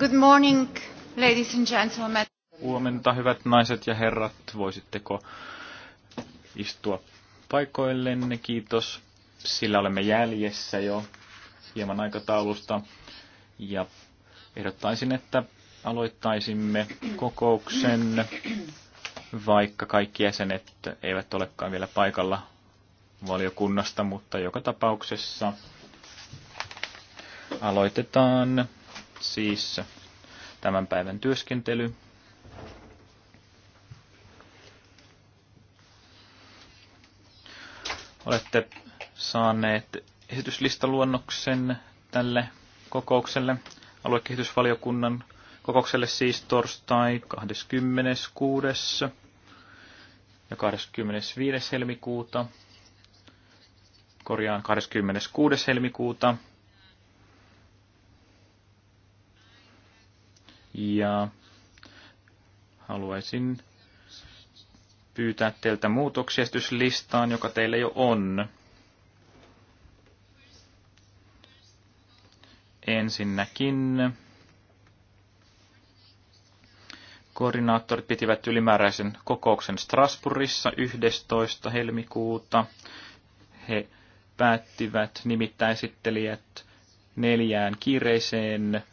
Good morning, ladies and gentlemen. Huomenta, hyvät naiset ja herrat. Voisitteko istua paikoillenne? Kiitos. Sillä olemme jäljessä jo hieman aikataulusta. Ja ehdottaisin, että aloittaisimme kokouksen, vaikka kaikki jäsenet eivät olekaan vielä paikalla valiokunnasta, mutta joka tapauksessa aloitetaan siis tämän päivän työskentely. Olette saaneet esityslistaluonnoksen tälle kokoukselle, aluekehitysvaliokunnan kokoukselle siis torstai 26. ja 25. helmikuuta, korjaan 26. helmikuuta ja haluaisin pyytää teiltä muutoksiestyslistaan, joka teillä jo on. Ensinnäkin koordinaattorit pitivät ylimääräisen kokouksen Strasbourgissa 11. helmikuuta. He päättivät nimittäin esittelijät neljään kiireiseen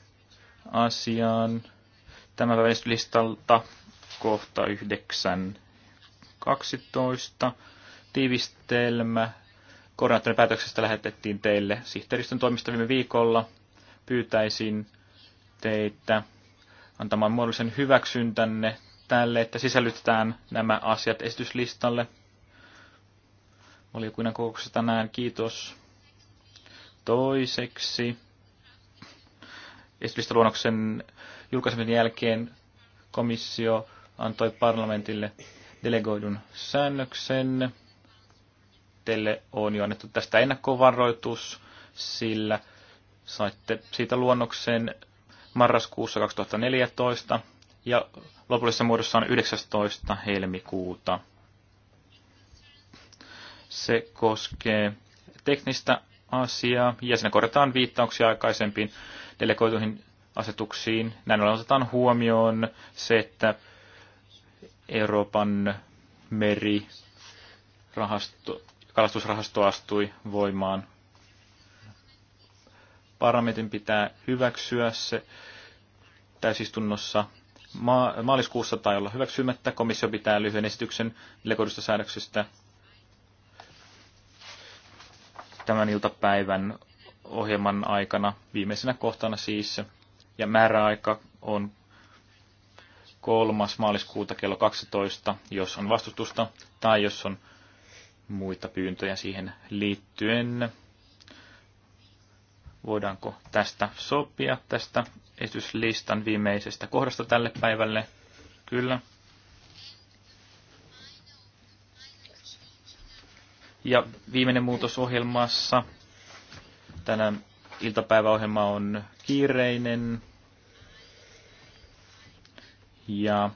asiaan, Tämä listalta kohta 9. 12. Tiivistelmä. Koordinaattorin päätöksestä lähetettiin teille sihteeristön toimista viime viikolla. Pyytäisin teitä antamaan muodollisen hyväksyntänne tälle, että sisällytetään nämä asiat esityslistalle. Valiokunnan kokouksessa tänään kiitos. Toiseksi esityslistaluonnoksen luonnoksen julkaisemisen jälkeen komissio antoi parlamentille delegoidun säännöksen. Teille on jo annettu tästä ennakkovaroitus, sillä saitte siitä luonnoksen marraskuussa 2014 ja lopullisessa muodossa on 19. helmikuuta. Se koskee teknistä asiaa ja siinä korjataan viittauksia aikaisempiin delegoituihin asetuksiin. Näin ollen otetaan huomioon se, että Euroopan meri rahasto, kalastusrahasto astui voimaan. Parametin pitää hyväksyä se täysistunnossa ma- maaliskuussa tai olla hyväksymättä. Komissio pitää lyhyen esityksen delegoidusta säädöksestä tämän iltapäivän ohjelman aikana viimeisenä kohtana siis ja määräaika on kolmas maaliskuuta kello 12, jos on vastustusta tai jos on muita pyyntöjä siihen liittyen. Voidaanko tästä sopia, tästä esityslistan viimeisestä kohdasta tälle päivälle? Kyllä. Ja viimeinen muutos ohjelmassa. Tänään iltapäiväohjelma on kiireinen ja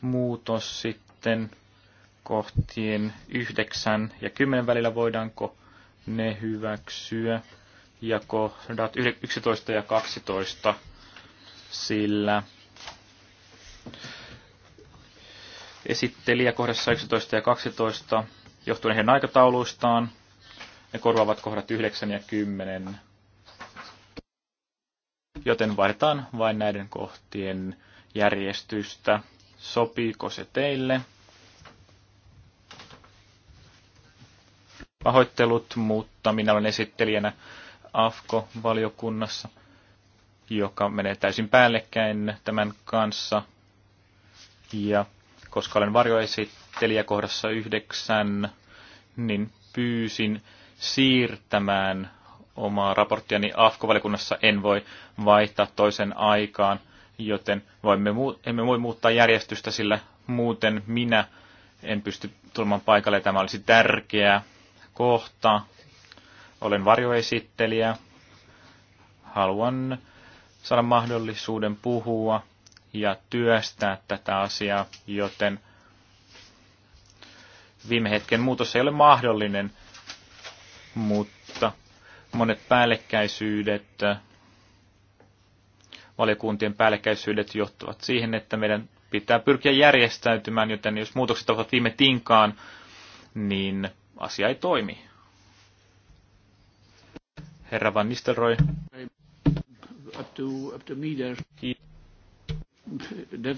muutos sitten kohtien 9 ja 10 välillä, voidaanko ne hyväksyä, ja kohdat 11 ja 12, sillä esittelijä kohdassa 11 ja 12 johtuen heidän aikatauluistaan. Ne korvaavat kohdat 9 ja 10. Joten vaihdetaan vain näiden kohtien järjestystä. Sopiiko se teille? Pahoittelut, mutta minä olen esittelijänä AFKO-valiokunnassa, joka menee täysin päällekkäin tämän kanssa. Ja koska olen varjoesittelijä kohdassa yhdeksän, niin pyysin siirtämään omaa niin afk valikunnassa en voi vaihtaa toisen aikaan, joten voimme, emme voi muuttaa järjestystä, sillä muuten minä en pysty tulemaan paikalle. Tämä olisi tärkeä kohta. Olen varjoesittelijä. Haluan saada mahdollisuuden puhua ja työstää tätä asiaa, joten viime hetken muutos ei ole mahdollinen – mutta monet päällekkäisyydet, valiokuntien päällekkäisyydet johtavat siihen, että meidän pitää pyrkiä järjestäytymään, joten jos muutokset ovat viime tinkaan, niin asia ei toimi. Herra Van Nistelrooy.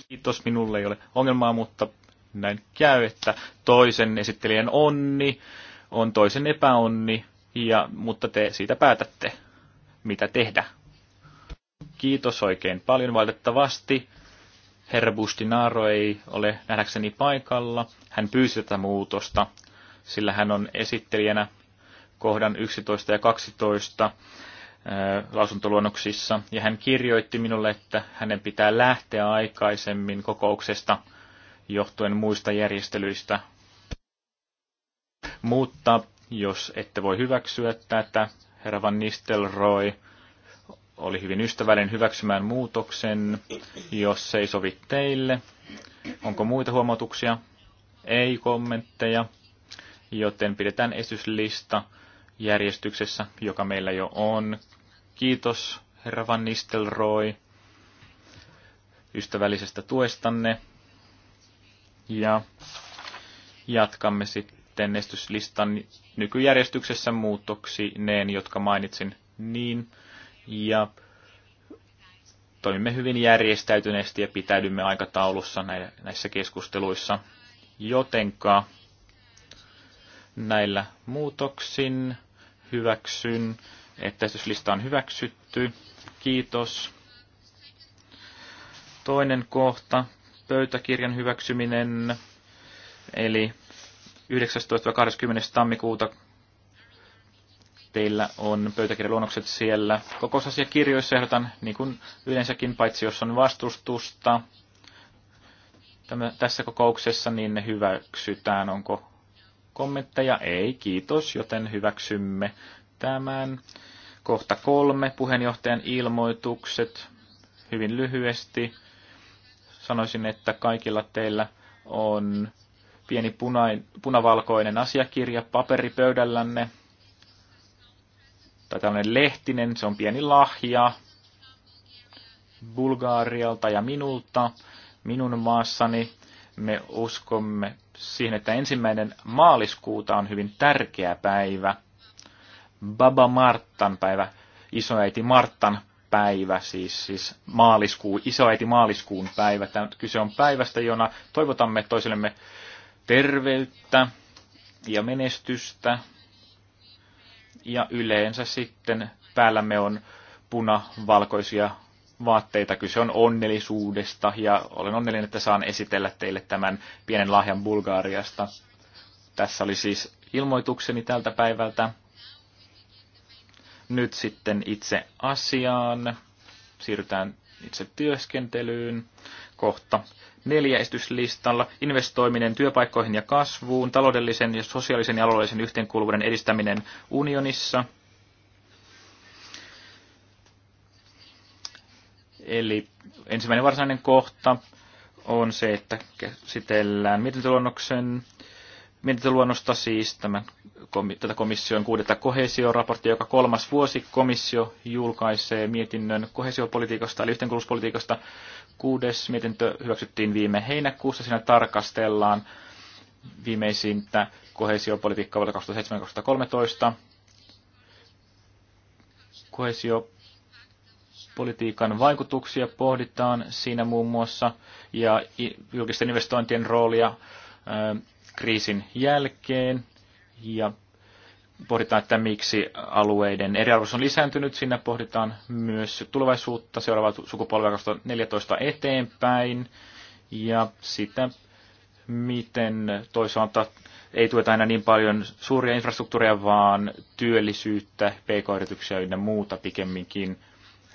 Kiitos, minulle ei ole ongelmaa, mutta näin käy, että toisen esittelijän onni on toisen epäonni, ja, mutta te siitä päätätte, mitä tehdä. Kiitos oikein paljon. Valitettavasti herra Bustinaro ei ole nähdäkseni paikalla. Hän pyysi tätä muutosta, sillä hän on esittelijänä kohdan 11 ja 12 äh, lausuntoluonnoksissa, ja hän kirjoitti minulle, että hänen pitää lähteä aikaisemmin kokouksesta johtuen muista järjestelyistä. Mutta jos ette voi hyväksyä tätä, herra Van Nistelrooy oli hyvin ystävällinen hyväksymään muutoksen, jos se ei sovi teille. Onko muita huomautuksia? Ei kommentteja, joten pidetään esityslista järjestyksessä, joka meillä jo on. Kiitos, herra Van Nistelrooy, ystävällisestä tuestanne. Ja jatkamme sitten sitten nykyjärjestyksessä nykyjärjestyksessä neen, jotka mainitsin niin. Ja toimimme hyvin järjestäytyneesti ja pitäydymme aikataulussa näissä keskusteluissa. Jotenka näillä muutoksin hyväksyn, että esityslista on hyväksytty. Kiitos. Toinen kohta, pöytäkirjan hyväksyminen, eli 19-20. tammikuuta teillä on pöytäkirjaluonnokset siellä. Kokousasiakirjoissa ehdotan, niin kuin yleensäkin, paitsi jos on vastustusta tämä, tässä kokouksessa, niin ne hyväksytään. Onko kommentteja? Ei, kiitos, joten hyväksymme tämän. Kohta kolme, puheenjohtajan ilmoitukset. Hyvin lyhyesti sanoisin, että kaikilla teillä on pieni punain, punavalkoinen asiakirja paperi pöydällänne, tai tällainen lehtinen, se on pieni lahja Bulgaarialta ja minulta, minun maassani. Me uskomme siihen, että ensimmäinen maaliskuuta on hyvin tärkeä päivä. Baba Marttan päivä, isoäiti Marttan päivä, siis, siis maaliskuu, isoäiti maaliskuun päivä. Tämä kyse on päivästä, jona toivotamme toisillemme terveyttä ja menestystä. Ja yleensä sitten päällämme on puna-valkoisia vaatteita. Kyse on onnellisuudesta ja olen onnellinen, että saan esitellä teille tämän pienen lahjan Bulgaariasta. Tässä oli siis ilmoitukseni tältä päivältä. Nyt sitten itse asiaan. Siirrytään itse työskentelyyn. Kohta neljäistyslistalla, investoiminen työpaikkoihin ja kasvuun, taloudellisen ja sosiaalisen ja alueellisen yhteenkuuluvuuden edistäminen unionissa. Eli ensimmäinen varsinainen kohta on se, että käsitellään mietintöluonnoksen mietintöluonnosta siis tämän, tätä komission kuudetta kohesioraporttia, joka kolmas vuosi komissio julkaisee mietinnön kohesiopolitiikasta eli yhteenkuuluspolitiikasta. Kuudes mietintö hyväksyttiin viime heinäkuussa. Siinä tarkastellaan viimeisintä kohesiopolitiikkaa vuodelta 2007-2013. Kohesiopolitiikan vaikutuksia pohditaan siinä muun muassa ja julkisten investointien roolia kriisin jälkeen ja pohditaan, että miksi alueiden eriarvoisuus on lisääntynyt. Siinä pohditaan myös tulevaisuutta seuraavaa sukupolvea 2014 eteenpäin ja sitä, miten toisaalta ei tueta aina niin paljon suuria infrastruktuureja, vaan työllisyyttä, pk-yrityksiä ynnä muuta pikemminkin.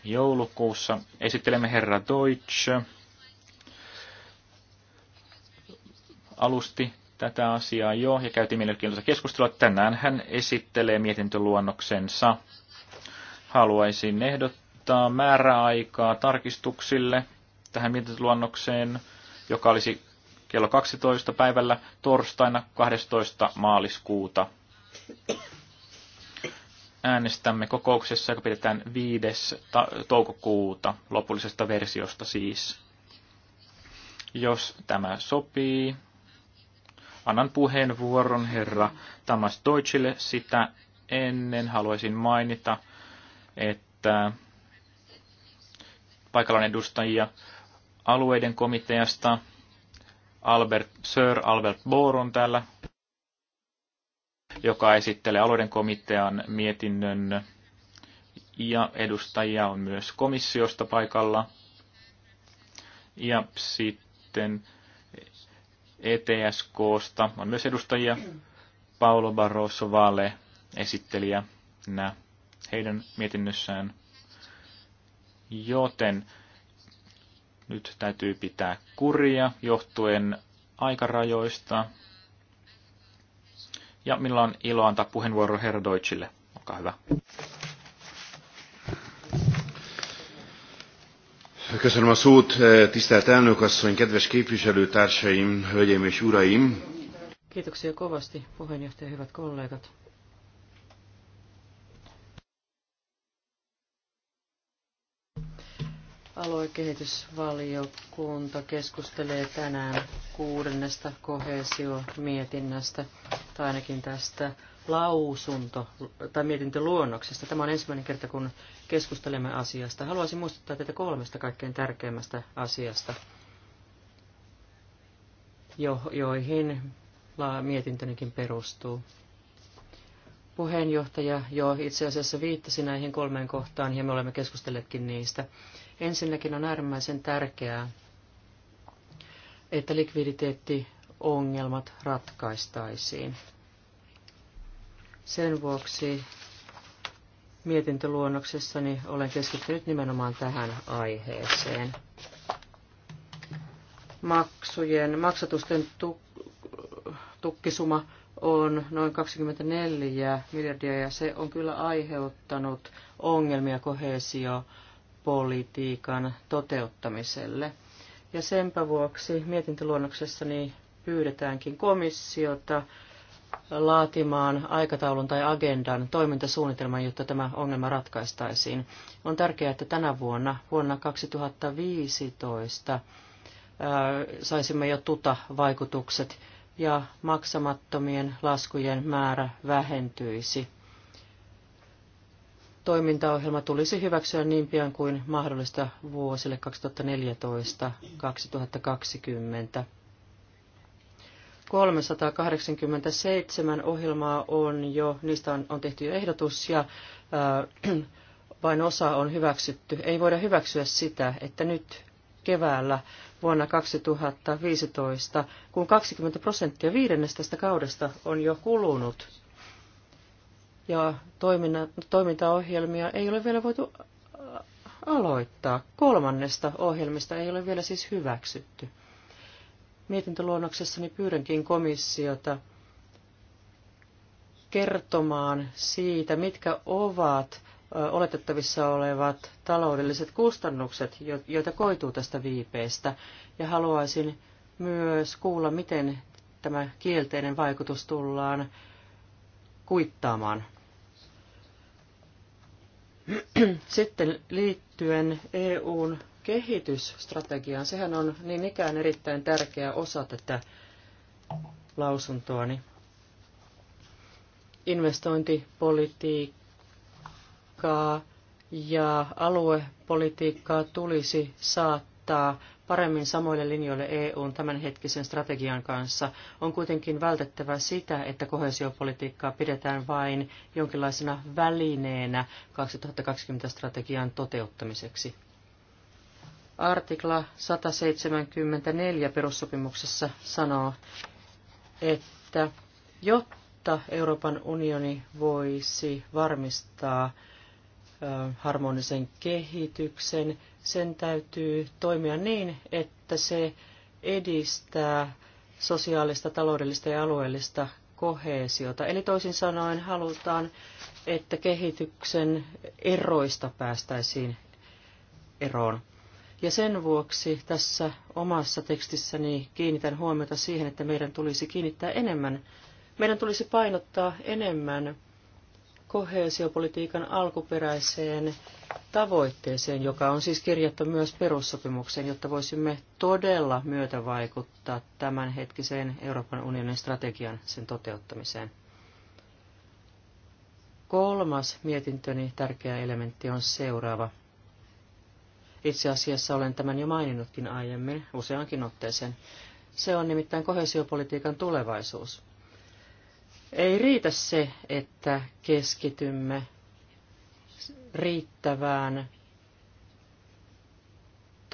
Joulukuussa esittelemme Herra Deutsch. Alusti tätä asiaa jo ja käytiin mielenkiintoista keskustelua. Tänään hän esittelee mietintöluonnoksensa. Haluaisin ehdottaa määräaikaa tarkistuksille tähän mietintöluonnokseen, joka olisi kello 12 päivällä torstaina 12. maaliskuuta. Äänestämme kokouksessa, joka pidetään 5. toukokuuta, lopullisesta versiosta siis. Jos tämä sopii, Annan puheenvuoron herra Tamas Deutschille sitä ennen. Haluaisin mainita, että paikallinen edustajia alueiden komiteasta Albert, Sir Albert Boron täällä, joka esittelee alueiden komitean mietinnön ja edustajia on myös komissiosta paikalla. Ja sitten ETSKsta on myös edustajia. Paolo Barroso Vale esittelijä heidän mietinnössään. Joten nyt täytyy pitää kuria johtuen aikarajoista. Ja millä on ilo antaa puheenvuoro Herra Deutschille. Olkaa hyvä. Köszönöm a szót, eh, tisztelt elnök asszony, kedves képviselőtársaim, hölgyeim és uraim! Kiitoksia kovasti, puheenjohtaja, hyvät kollegat. Aluekehitysvaliokunta keskustelee tänään kuudennesta kohesiomietinnästä, tai ainakin tästä lausunto tai luonnoksesta. Tämä on ensimmäinen kerta, kun keskustelemme asiasta. Haluaisin muistuttaa teitä kolmesta kaikkein tärkeimmästä asiasta, jo, joihin mietintönikin perustuu. Puheenjohtaja jo itse asiassa viittasi näihin kolmeen kohtaan ja me olemme keskustelleetkin niistä. Ensinnäkin on äärimmäisen tärkeää, että ongelmat ratkaistaisiin. Sen vuoksi mietintöluonnoksessani olen keskittynyt nimenomaan tähän aiheeseen. Maksujen, maksatusten tuk, tukkisuma on noin 24 miljardia ja se on kyllä aiheuttanut ongelmia kohesiopolitiikan toteuttamiselle. Ja senpä vuoksi mietintöluonnoksessani pyydetäänkin komissiota laatimaan aikataulun tai agendan toimintasuunnitelman, jotta tämä ongelma ratkaistaisiin. On tärkeää, että tänä vuonna, vuonna 2015, saisimme jo tuta vaikutukset ja maksamattomien laskujen määrä vähentyisi. Toimintaohjelma tulisi hyväksyä niin pian kuin mahdollista vuosille 2014-2020. 387 ohjelmaa on jo, niistä on, on tehty jo ehdotus ja ää, äh, vain osa on hyväksytty. Ei voida hyväksyä sitä, että nyt keväällä vuonna 2015, kun 20 prosenttia viidennestä kaudesta on jo kulunut ja toiminna, toimintaohjelmia ei ole vielä voitu äh, aloittaa. Kolmannesta ohjelmista ei ole vielä siis hyväksytty mietintöluonnoksessani pyydänkin komissiota kertomaan siitä, mitkä ovat oletettavissa olevat taloudelliset kustannukset, joita koituu tästä viipeestä. Ja haluaisin myös kuulla, miten tämä kielteinen vaikutus tullaan kuittaamaan. Sitten liittyen EUn kehitysstrategiaan. Sehän on niin ikään erittäin tärkeä osa tätä lausuntoani. Investointipolitiikkaa ja aluepolitiikkaa tulisi saattaa paremmin samoille linjoille EUn tämänhetkisen strategian kanssa. On kuitenkin vältettävä sitä, että kohesiopolitiikkaa pidetään vain jonkinlaisena välineenä 2020 strategian toteuttamiseksi. Artikla 174 perussopimuksessa sanoo, että jotta Euroopan unioni voisi varmistaa harmonisen kehityksen, sen täytyy toimia niin, että se edistää sosiaalista, taloudellista ja alueellista koheesiota. Eli toisin sanoen halutaan, että kehityksen eroista päästäisiin eroon. Ja sen vuoksi tässä omassa tekstissäni kiinnitän huomiota siihen, että meidän tulisi kiinnittää enemmän, meidän tulisi painottaa enemmän koheesiopolitiikan alkuperäiseen tavoitteeseen, joka on siis kirjattu myös perussopimukseen, jotta voisimme todella myötävaikuttaa tämänhetkiseen Euroopan unionin strategian sen toteuttamiseen. Kolmas mietintöni tärkeä elementti on seuraava – itse asiassa olen tämän jo maininnutkin aiemmin useankin otteeseen. Se on nimittäin kohesiopolitiikan tulevaisuus. Ei riitä se, että keskitymme riittävään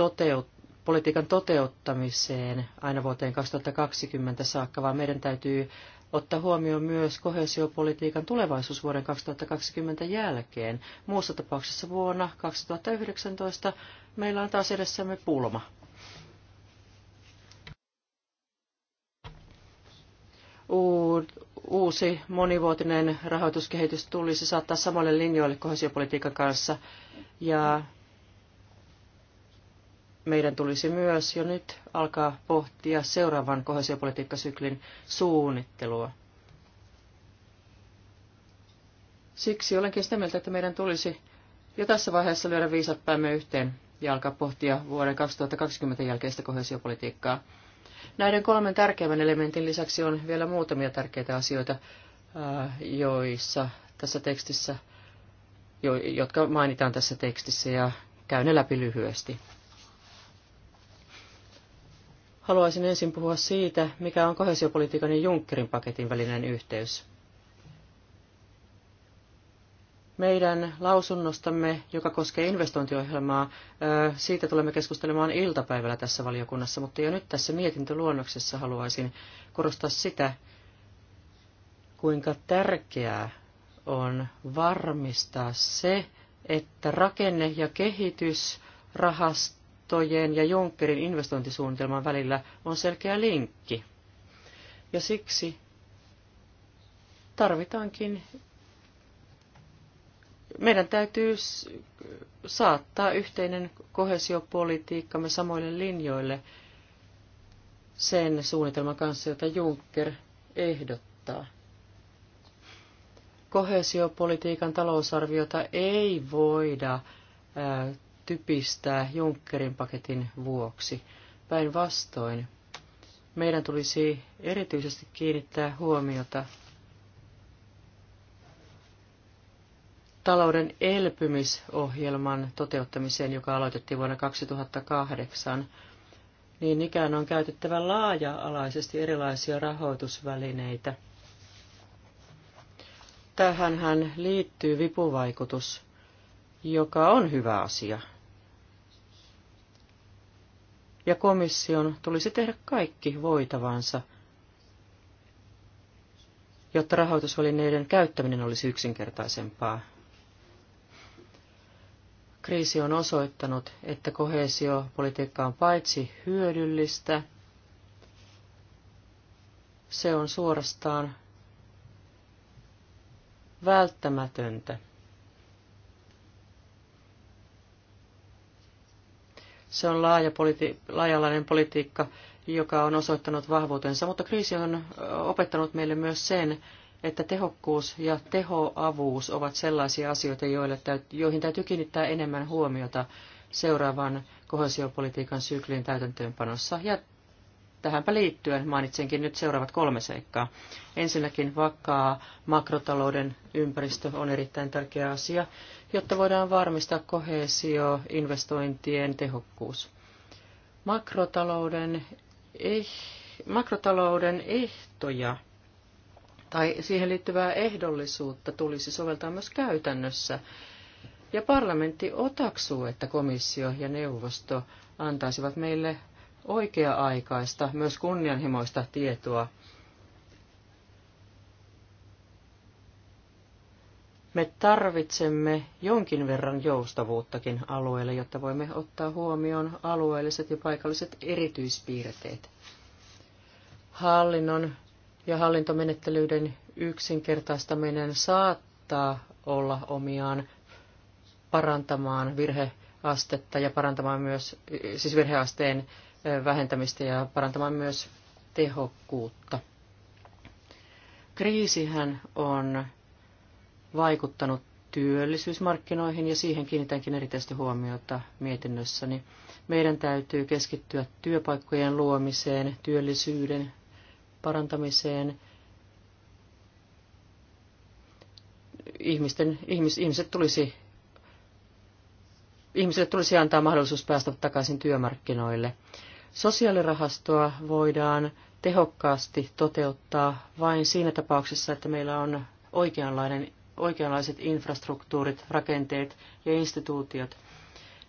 toteut- politiikan toteuttamiseen aina vuoteen 2020 saakka, vaan meidän täytyy ottaa huomioon myös kohesiopolitiikan tulevaisuus vuoden 2020 jälkeen. Muussa tapauksessa vuonna 2019 meillä on taas edessämme pulma. Uusi monivuotinen rahoituskehitys tulisi saattaa samalle linjoille kohesiopolitiikan kanssa ja meidän tulisi myös jo nyt alkaa pohtia seuraavan kohesiopolitiikkasyklin suunnittelua. Siksi olenkin sitä mieltä, että meidän tulisi jo tässä vaiheessa lyödä viisat päämme yhteen ja alkaa pohtia vuoden 2020 jälkeistä kohesiopolitiikkaa. Näiden kolmen tärkeimmän elementin lisäksi on vielä muutamia tärkeitä asioita, äh, joissa tässä tekstissä, jotka mainitaan tässä tekstissä ja käyn ne läpi lyhyesti. Haluaisin ensin puhua siitä, mikä on kohesiopolitiikan ja Junckerin paketin välinen yhteys. Meidän lausunnostamme, joka koskee investointiohjelmaa, siitä tulemme keskustelemaan iltapäivällä tässä valiokunnassa, mutta jo nyt tässä mietintöluonnoksessa haluaisin korostaa sitä, kuinka tärkeää on varmistaa se, että rakenne- ja kehitysrahasto rahastojen ja Junckerin investointisuunnitelman välillä on selkeä linkki. Ja siksi tarvitaankin, meidän täytyy saattaa yhteinen kohesiopolitiikkamme samoille linjoille sen suunnitelman kanssa, jota Juncker ehdottaa. Kohesiopolitiikan talousarviota ei voida typistää Junckerin paketin vuoksi. Päinvastoin, meidän tulisi erityisesti kiinnittää huomiota talouden elpymisohjelman toteuttamiseen, joka aloitettiin vuonna 2008, niin ikään on käytettävä laaja-alaisesti erilaisia rahoitusvälineitä. Tähän liittyy vipuvaikutus, joka on hyvä asia ja komission tulisi tehdä kaikki voitavansa, jotta rahoitusvälineiden käyttäminen olisi yksinkertaisempaa. Kriisi on osoittanut, että kohesiopolitiikka on paitsi hyödyllistä, se on suorastaan välttämätöntä. Se on laaja politi- laajalainen politiikka, joka on osoittanut vahvuutensa, mutta kriisi on opettanut meille myös sen, että tehokkuus ja tehoavuus ovat sellaisia asioita, joille joihin täytyy kiinnittää enemmän huomiota seuraavan kohesiopolitiikan syklin täytäntöönpanossa ja Tähänpä liittyen mainitsenkin nyt seuraavat kolme seikkaa. Ensinnäkin vakaa makrotalouden ympäristö on erittäin tärkeä asia, jotta voidaan varmistaa kohesio investointien tehokkuus. Makrotalouden, eh, makrotalouden ehtoja tai siihen liittyvää ehdollisuutta tulisi soveltaa myös käytännössä. Ja parlamentti otaksuu, että komissio ja neuvosto antaisivat meille oikea-aikaista, myös kunnianhimoista tietoa. Me tarvitsemme jonkin verran joustavuuttakin alueelle, jotta voimme ottaa huomioon alueelliset ja paikalliset erityispiirteet. Hallinnon ja hallintomenettelyiden yksinkertaistaminen saattaa olla omiaan parantamaan virheastetta ja parantamaan myös siis virheasteen vähentämistä ja parantamaan myös tehokkuutta. Kriisihän on vaikuttanut työllisyysmarkkinoihin ja siihen kiinnitänkin erityisesti huomiota mietinnössäni. Meidän täytyy keskittyä työpaikkojen luomiseen, työllisyyden parantamiseen. Ihmisten, ihmis, ihmiset tulisi ihmisille tulisi antaa mahdollisuus päästä takaisin työmarkkinoille. Sosiaalirahastoa voidaan tehokkaasti toteuttaa vain siinä tapauksessa, että meillä on oikeanlainen, oikeanlaiset infrastruktuurit, rakenteet ja instituutiot.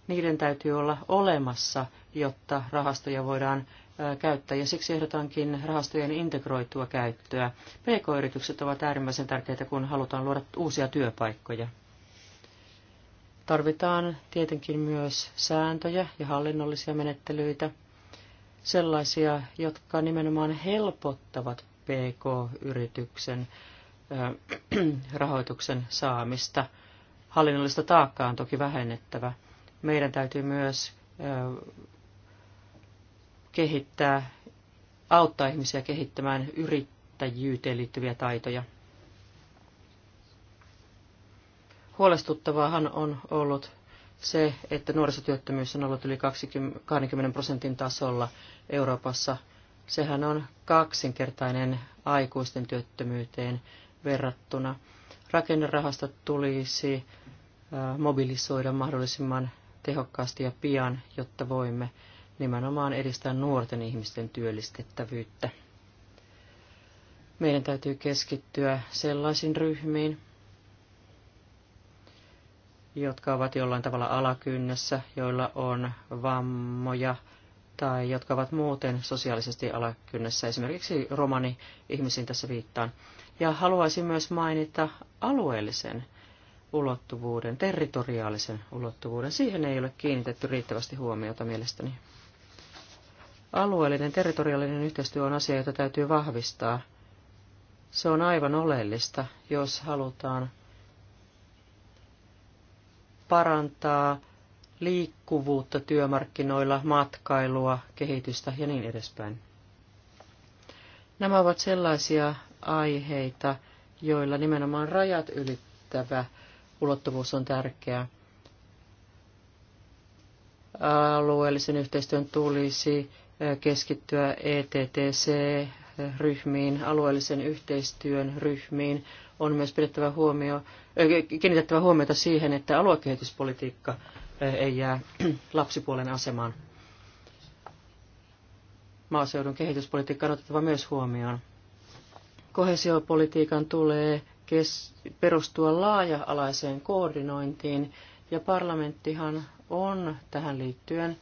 Niiden täytyy olla olemassa, jotta rahastoja voidaan käyttää, ja siksi ehdotankin rahastojen integroitua käyttöä. PK-yritykset ovat äärimmäisen tärkeitä, kun halutaan luoda uusia työpaikkoja. Tarvitaan tietenkin myös sääntöjä ja hallinnollisia menettelyitä, sellaisia, jotka nimenomaan helpottavat PK-yrityksen rahoituksen saamista. Hallinnollista taakkaa on toki vähennettävä. Meidän täytyy myös kehittää, auttaa ihmisiä kehittämään yrittäjyyteen liittyviä taitoja. Huolestuttavaahan on ollut se, että nuorisotyöttömyys on ollut yli 20, 20 prosentin tasolla Euroopassa. Sehän on kaksinkertainen aikuisten työttömyyteen verrattuna. Rakennerahasta tulisi mobilisoida mahdollisimman tehokkaasti ja pian, jotta voimme nimenomaan edistää nuorten ihmisten työllistettävyyttä. Meidän täytyy keskittyä sellaisiin ryhmiin, jotka ovat jollain tavalla alakynnessä, joilla on vammoja tai jotka ovat muuten sosiaalisesti alakynnessä. Esimerkiksi romani ihmisiin tässä viittaan. Ja haluaisin myös mainita alueellisen ulottuvuuden, territoriaalisen ulottuvuuden. Siihen ei ole kiinnitetty riittävästi huomiota mielestäni. Alueellinen, territoriaalinen yhteistyö on asia, jota täytyy vahvistaa. Se on aivan oleellista, jos halutaan parantaa liikkuvuutta työmarkkinoilla, matkailua, kehitystä ja niin edespäin. Nämä ovat sellaisia aiheita, joilla nimenomaan rajat ylittävä ulottuvuus on tärkeä. Alueellisen yhteistyön tulisi keskittyä ETTC-ryhmiin, alueellisen yhteistyön ryhmiin, on myös pidettävä huomio, kiinnitettävä huomiota siihen, että aluekehityspolitiikka ei jää lapsipuolen asemaan. Maaseudun kehityspolitiikka on otettava myös huomioon. Kohesiopolitiikan tulee kes- perustua laaja-alaiseen koordinointiin, ja parlamenttihan on tähän liittyen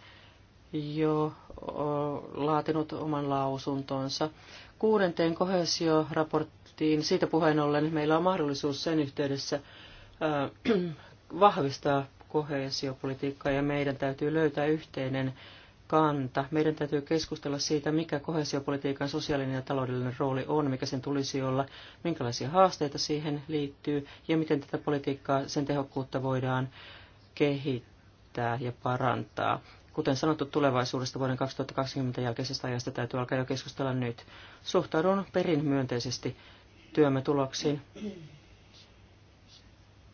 jo laatinut oman lausuntonsa. Kuudenteen kohesioraporttiin, siitä puheen ollen, meillä on mahdollisuus sen yhteydessä äh, vahvistaa kohesiopolitiikkaa ja meidän täytyy löytää yhteinen kanta. Meidän täytyy keskustella siitä, mikä kohesiopolitiikan sosiaalinen ja taloudellinen rooli on, mikä sen tulisi olla, minkälaisia haasteita siihen liittyy ja miten tätä politiikkaa, sen tehokkuutta voidaan kehittää ja parantaa. Kuten sanottu, tulevaisuudesta vuoden 2020 jälkeisestä ajasta täytyy alkaa jo keskustella nyt. Suhtaudun perin myönteisesti työmme tuloksiin.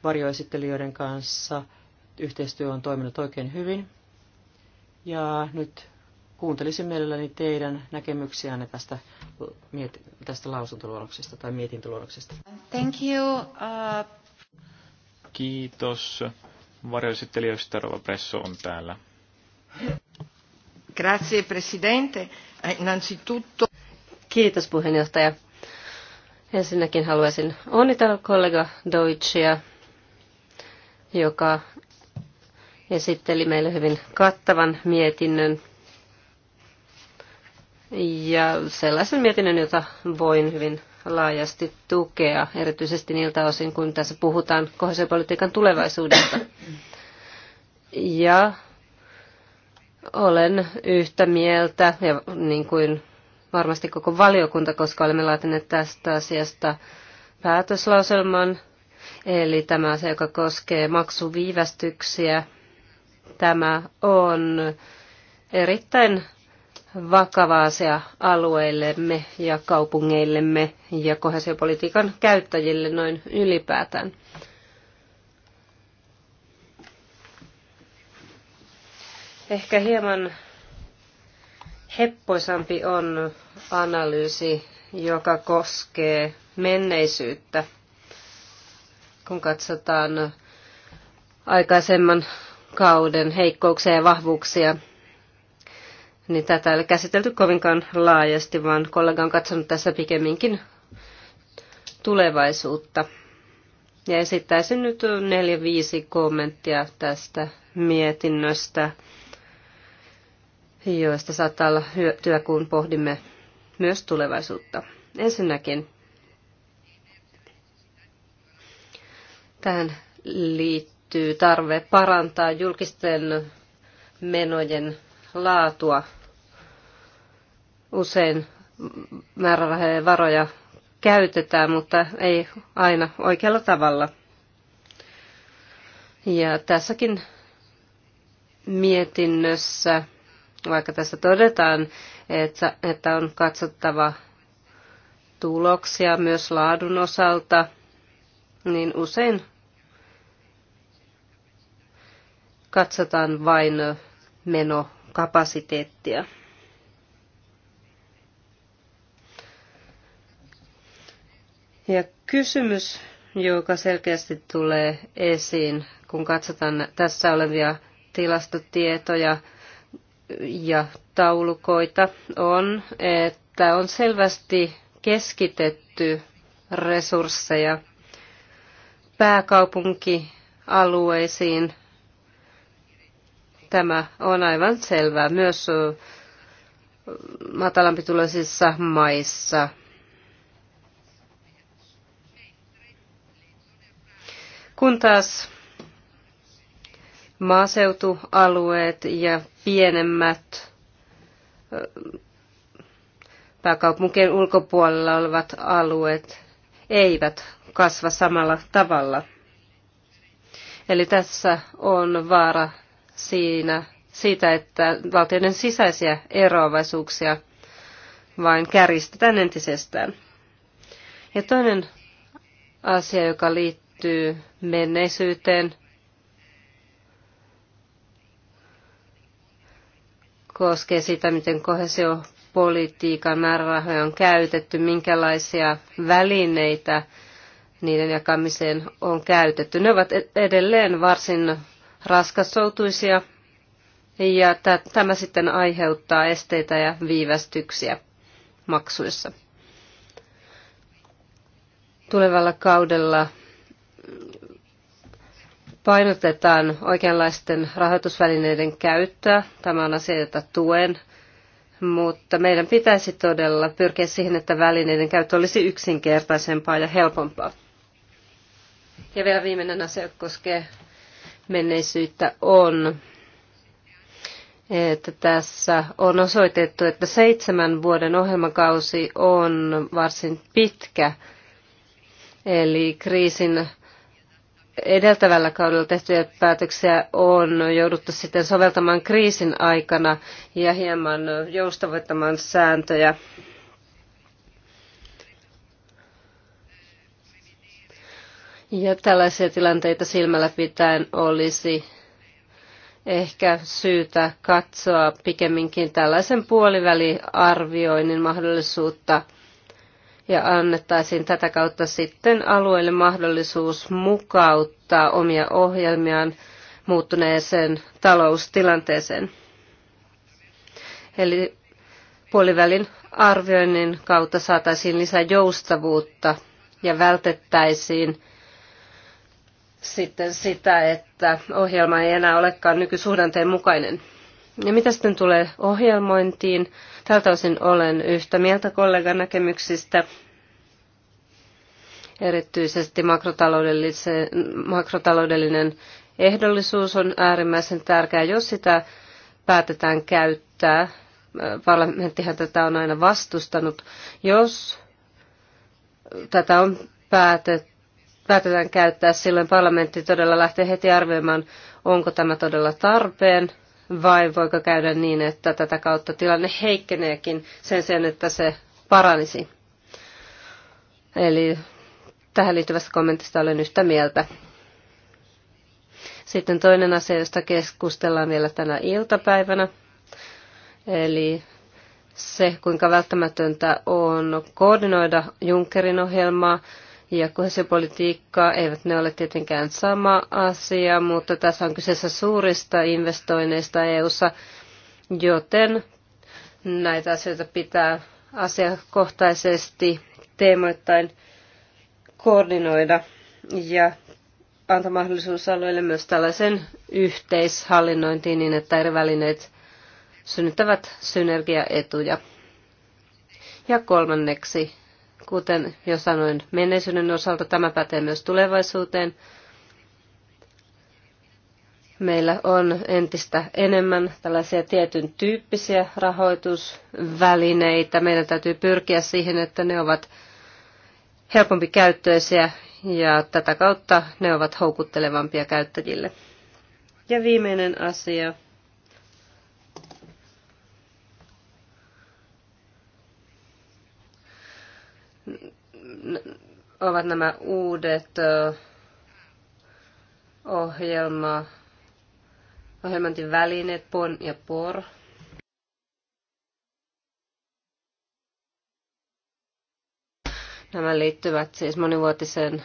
Varjoesittelijöiden kanssa yhteistyö on toiminut oikein hyvin. Ja nyt kuuntelisin mielelläni teidän näkemyksiänne tästä, tästä lausuntoluonnoksesta tai mietintöluonnoksesta. Thank you. Uh... Kiitos. Varjoesittelijöistä Rova Presso on täällä. Grazie, presidente. Eh, innanzitutto... Kiitos puheenjohtaja. Ensinnäkin haluaisin onnitella kollega Deutschia, joka esitteli meille hyvin kattavan mietinnön ja sellaisen mietinnön, jota voin hyvin laajasti tukea, erityisesti niiltä osin, kun tässä puhutaan kohdallisen tulevaisuudesta. Ja olen yhtä mieltä, ja niin kuin varmasti koko valiokunta, koska olemme laatineet tästä asiasta päätöslauselman, eli tämä asia, joka koskee maksuviivästyksiä, tämä on erittäin vakava asia alueillemme ja kaupungeillemme ja kohesiopolitiikan käyttäjille noin ylipäätään. Ehkä hieman heppoisampi on analyysi, joka koskee menneisyyttä. Kun katsotaan aikaisemman kauden heikkouksia ja vahvuuksia, niin tätä ei ole käsitelty kovinkaan laajasti, vaan kollega on katsonut tässä pikemminkin tulevaisuutta. Ja esittäisin nyt neljä viisi kommenttia tästä mietinnöstä joista saattaa olla hyötyä, kun pohdimme myös tulevaisuutta. Ensinnäkin tähän liittyy tarve parantaa julkisten menojen laatua. Usein määrärahoja varoja käytetään, mutta ei aina oikealla tavalla. Ja tässäkin mietinnössä vaikka tässä todetaan, että on katsottava tuloksia myös laadun osalta, niin usein katsotaan vain menokapasiteettia. Ja kysymys, joka selkeästi tulee esiin, kun katsotaan tässä olevia tilastotietoja, ja taulukoita on, että on selvästi keskitetty resursseja pääkaupunkialueisiin. Tämä on aivan selvää myös matalampituloisissa maissa. Kun taas maaseutualueet ja pienemmät pääkaupunkien ulkopuolella olevat alueet eivät kasva samalla tavalla. Eli tässä on vaara siinä, siitä, että valtioiden sisäisiä eroavaisuuksia vain kärjistetään entisestään. Ja toinen asia, joka liittyy menneisyyteen, koskee sitä, miten kohesiopolitiikan määrärahoja on käytetty, minkälaisia välineitä niiden jakamiseen on käytetty. Ne ovat e- edelleen varsin raskasoutuisia ja tämä sitten aiheuttaa esteitä ja viivästyksiä maksuissa. Tulevalla kaudella painotetaan oikeanlaisten rahoitusvälineiden käyttöä. Tämä on asia, jota tuen, mutta meidän pitäisi todella pyrkiä siihen, että välineiden käyttö olisi yksinkertaisempaa ja helpompaa. Ja vielä viimeinen asia, joka koskee menneisyyttä, on, että tässä on osoitettu, että seitsemän vuoden ohjelmakausi on varsin pitkä, eli kriisin edeltävällä kaudella tehtyjä päätöksiä on jouduttu sitten soveltamaan kriisin aikana ja hieman joustavoittamaan sääntöjä. Ja tällaisia tilanteita silmällä pitäen olisi ehkä syytä katsoa pikemminkin tällaisen puoliväliarvioinnin mahdollisuutta – ja annettaisiin tätä kautta sitten alueelle mahdollisuus mukauttaa omia ohjelmiaan muuttuneeseen taloustilanteeseen. Eli puolivälin arvioinnin kautta saataisiin lisää joustavuutta ja vältettäisiin sitten sitä, että ohjelma ei enää olekaan nykysuhdanteen mukainen. Ja mitä sitten tulee ohjelmointiin? Tältä osin olen yhtä mieltä kollegan näkemyksistä, erityisesti makrotaloudellinen ehdollisuus on äärimmäisen tärkeää, jos sitä päätetään käyttää. Parlamenttihan tätä on aina vastustanut. Jos tätä on päätetty, päätetään käyttää, silloin parlamentti todella lähtee heti arvioimaan, onko tämä todella tarpeen – vai voiko käydä niin, että tätä kautta tilanne heikkeneekin sen sen, että se paranisi. Eli tähän liittyvästä kommentista olen yhtä mieltä. Sitten toinen asia, josta keskustellaan vielä tänä iltapäivänä, eli se, kuinka välttämätöntä on koordinoida Junckerin ohjelmaa ja kohesiopolitiikkaa eivät ne ole tietenkään sama asia, mutta tässä on kyseessä suurista investoinneista EU:ssa, joten näitä asioita pitää asiakohtaisesti teemoittain koordinoida ja antaa mahdollisuus alueille myös tällaisen yhteishallinnointiin niin, että eri välineet synnyttävät synergiaetuja. Ja kolmanneksi Kuten jo sanoin menneisyyden osalta, tämä pätee myös tulevaisuuteen. Meillä on entistä enemmän tällaisia tietyn tyyppisiä rahoitusvälineitä. Meidän täytyy pyrkiä siihen, että ne ovat helpompi käyttöisiä ja tätä kautta ne ovat houkuttelevampia käyttäjille. Ja viimeinen asia. ovat nämä uudet ohjelma, välineet PON ja POR. Nämä liittyvät siis monivuotiseen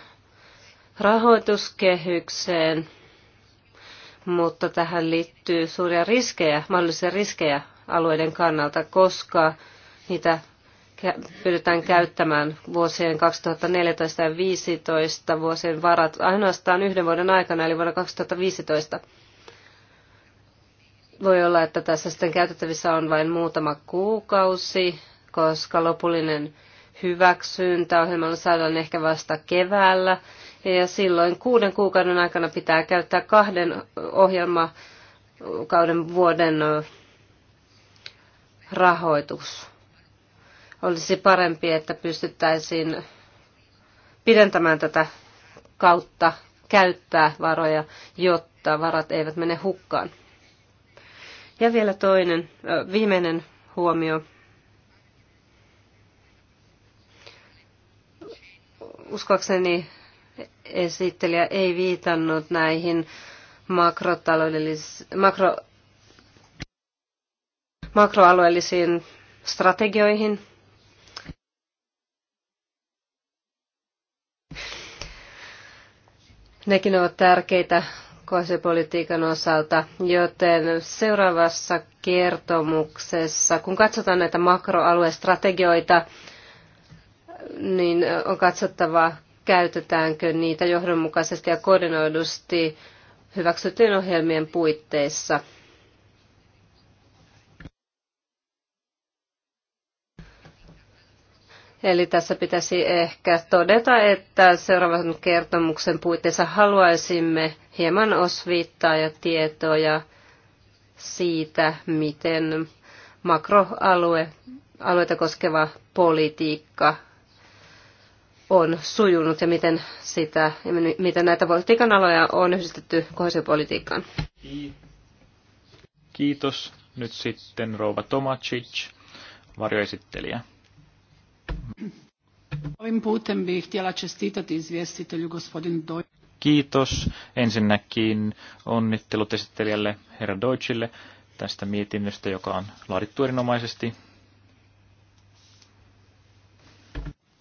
rahoituskehykseen, mutta tähän liittyy suuria riskejä, mahdollisia riskejä alueiden kannalta, koska niitä pyritään käyttämään vuosien 2014 ja 2015 vuosien varat ainoastaan yhden vuoden aikana, eli vuonna 2015. Voi olla, että tässä sitten käytettävissä on vain muutama kuukausi, koska lopullinen hyväksyntä ohjelmalla saadaan ehkä vasta keväällä. Ja silloin kuuden kuukauden aikana pitää käyttää kahden ohjelmakauden vuoden rahoitus olisi parempi, että pystyttäisiin pidentämään tätä kautta käyttää varoja, jotta varat eivät mene hukkaan. Ja vielä toinen, viimeinen huomio. Uskoakseni esittelijä ei viitannut näihin makrotaloudellis- makro- makroalueellisiin strategioihin. Nekin ovat tärkeitä kohesiopolitiikan osalta, joten seuraavassa kertomuksessa, kun katsotaan näitä makroaluestrategioita, niin on katsottava, käytetäänkö niitä johdonmukaisesti ja koordinoidusti hyväksyttyjen ohjelmien puitteissa. Eli tässä pitäisi ehkä todeta, että seuraavan kertomuksen puitteissa haluaisimme hieman osviittaa ja tietoja siitä, miten makroalue, alueita koskeva politiikka on sujunut ja miten, sitä, miten näitä politiikan aloja on yhdistetty kohesiopolitiikkaan. Kiitos. Nyt sitten Rouva Tomacic, varjoesittelijä. Ovim putem bih htjela čestitati izvjestitelju gospodin Doj. Kiitos ensinnäkin onnittelut esittelijälle herra Deutschille tästä mietinnöstä, joka on laadittu erinomaisesti.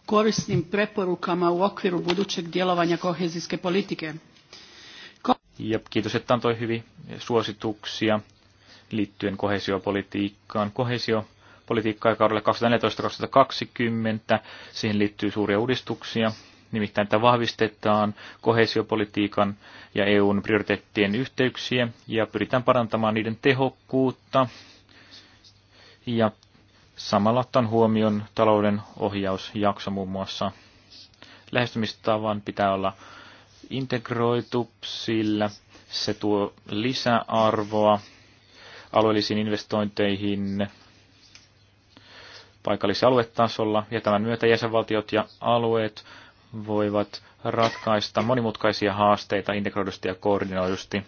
korisnim preporukama u okviru budućeg djelovanja kohezijske politike. Ko ja kiitos, että antoi hyvin suosituksia liittyen kohesiopolitiikkaan. Kohesio politiikkaa kaudelle 2014-2020. Siihen liittyy suuria uudistuksia, nimittäin että vahvistetaan kohesiopolitiikan ja EUn prioriteettien yhteyksiä ja pyritään parantamaan niiden tehokkuutta ja samalla ottaen huomioon talouden ohjausjakso muun muassa. Lähestymistavan pitää olla integroitu, sillä se tuo lisäarvoa alueellisiin investointeihin, paikallis- ja aluetasolla, ja tämän myötä jäsenvaltiot ja alueet voivat ratkaista monimutkaisia haasteita integroidusti ja koordinoidusti.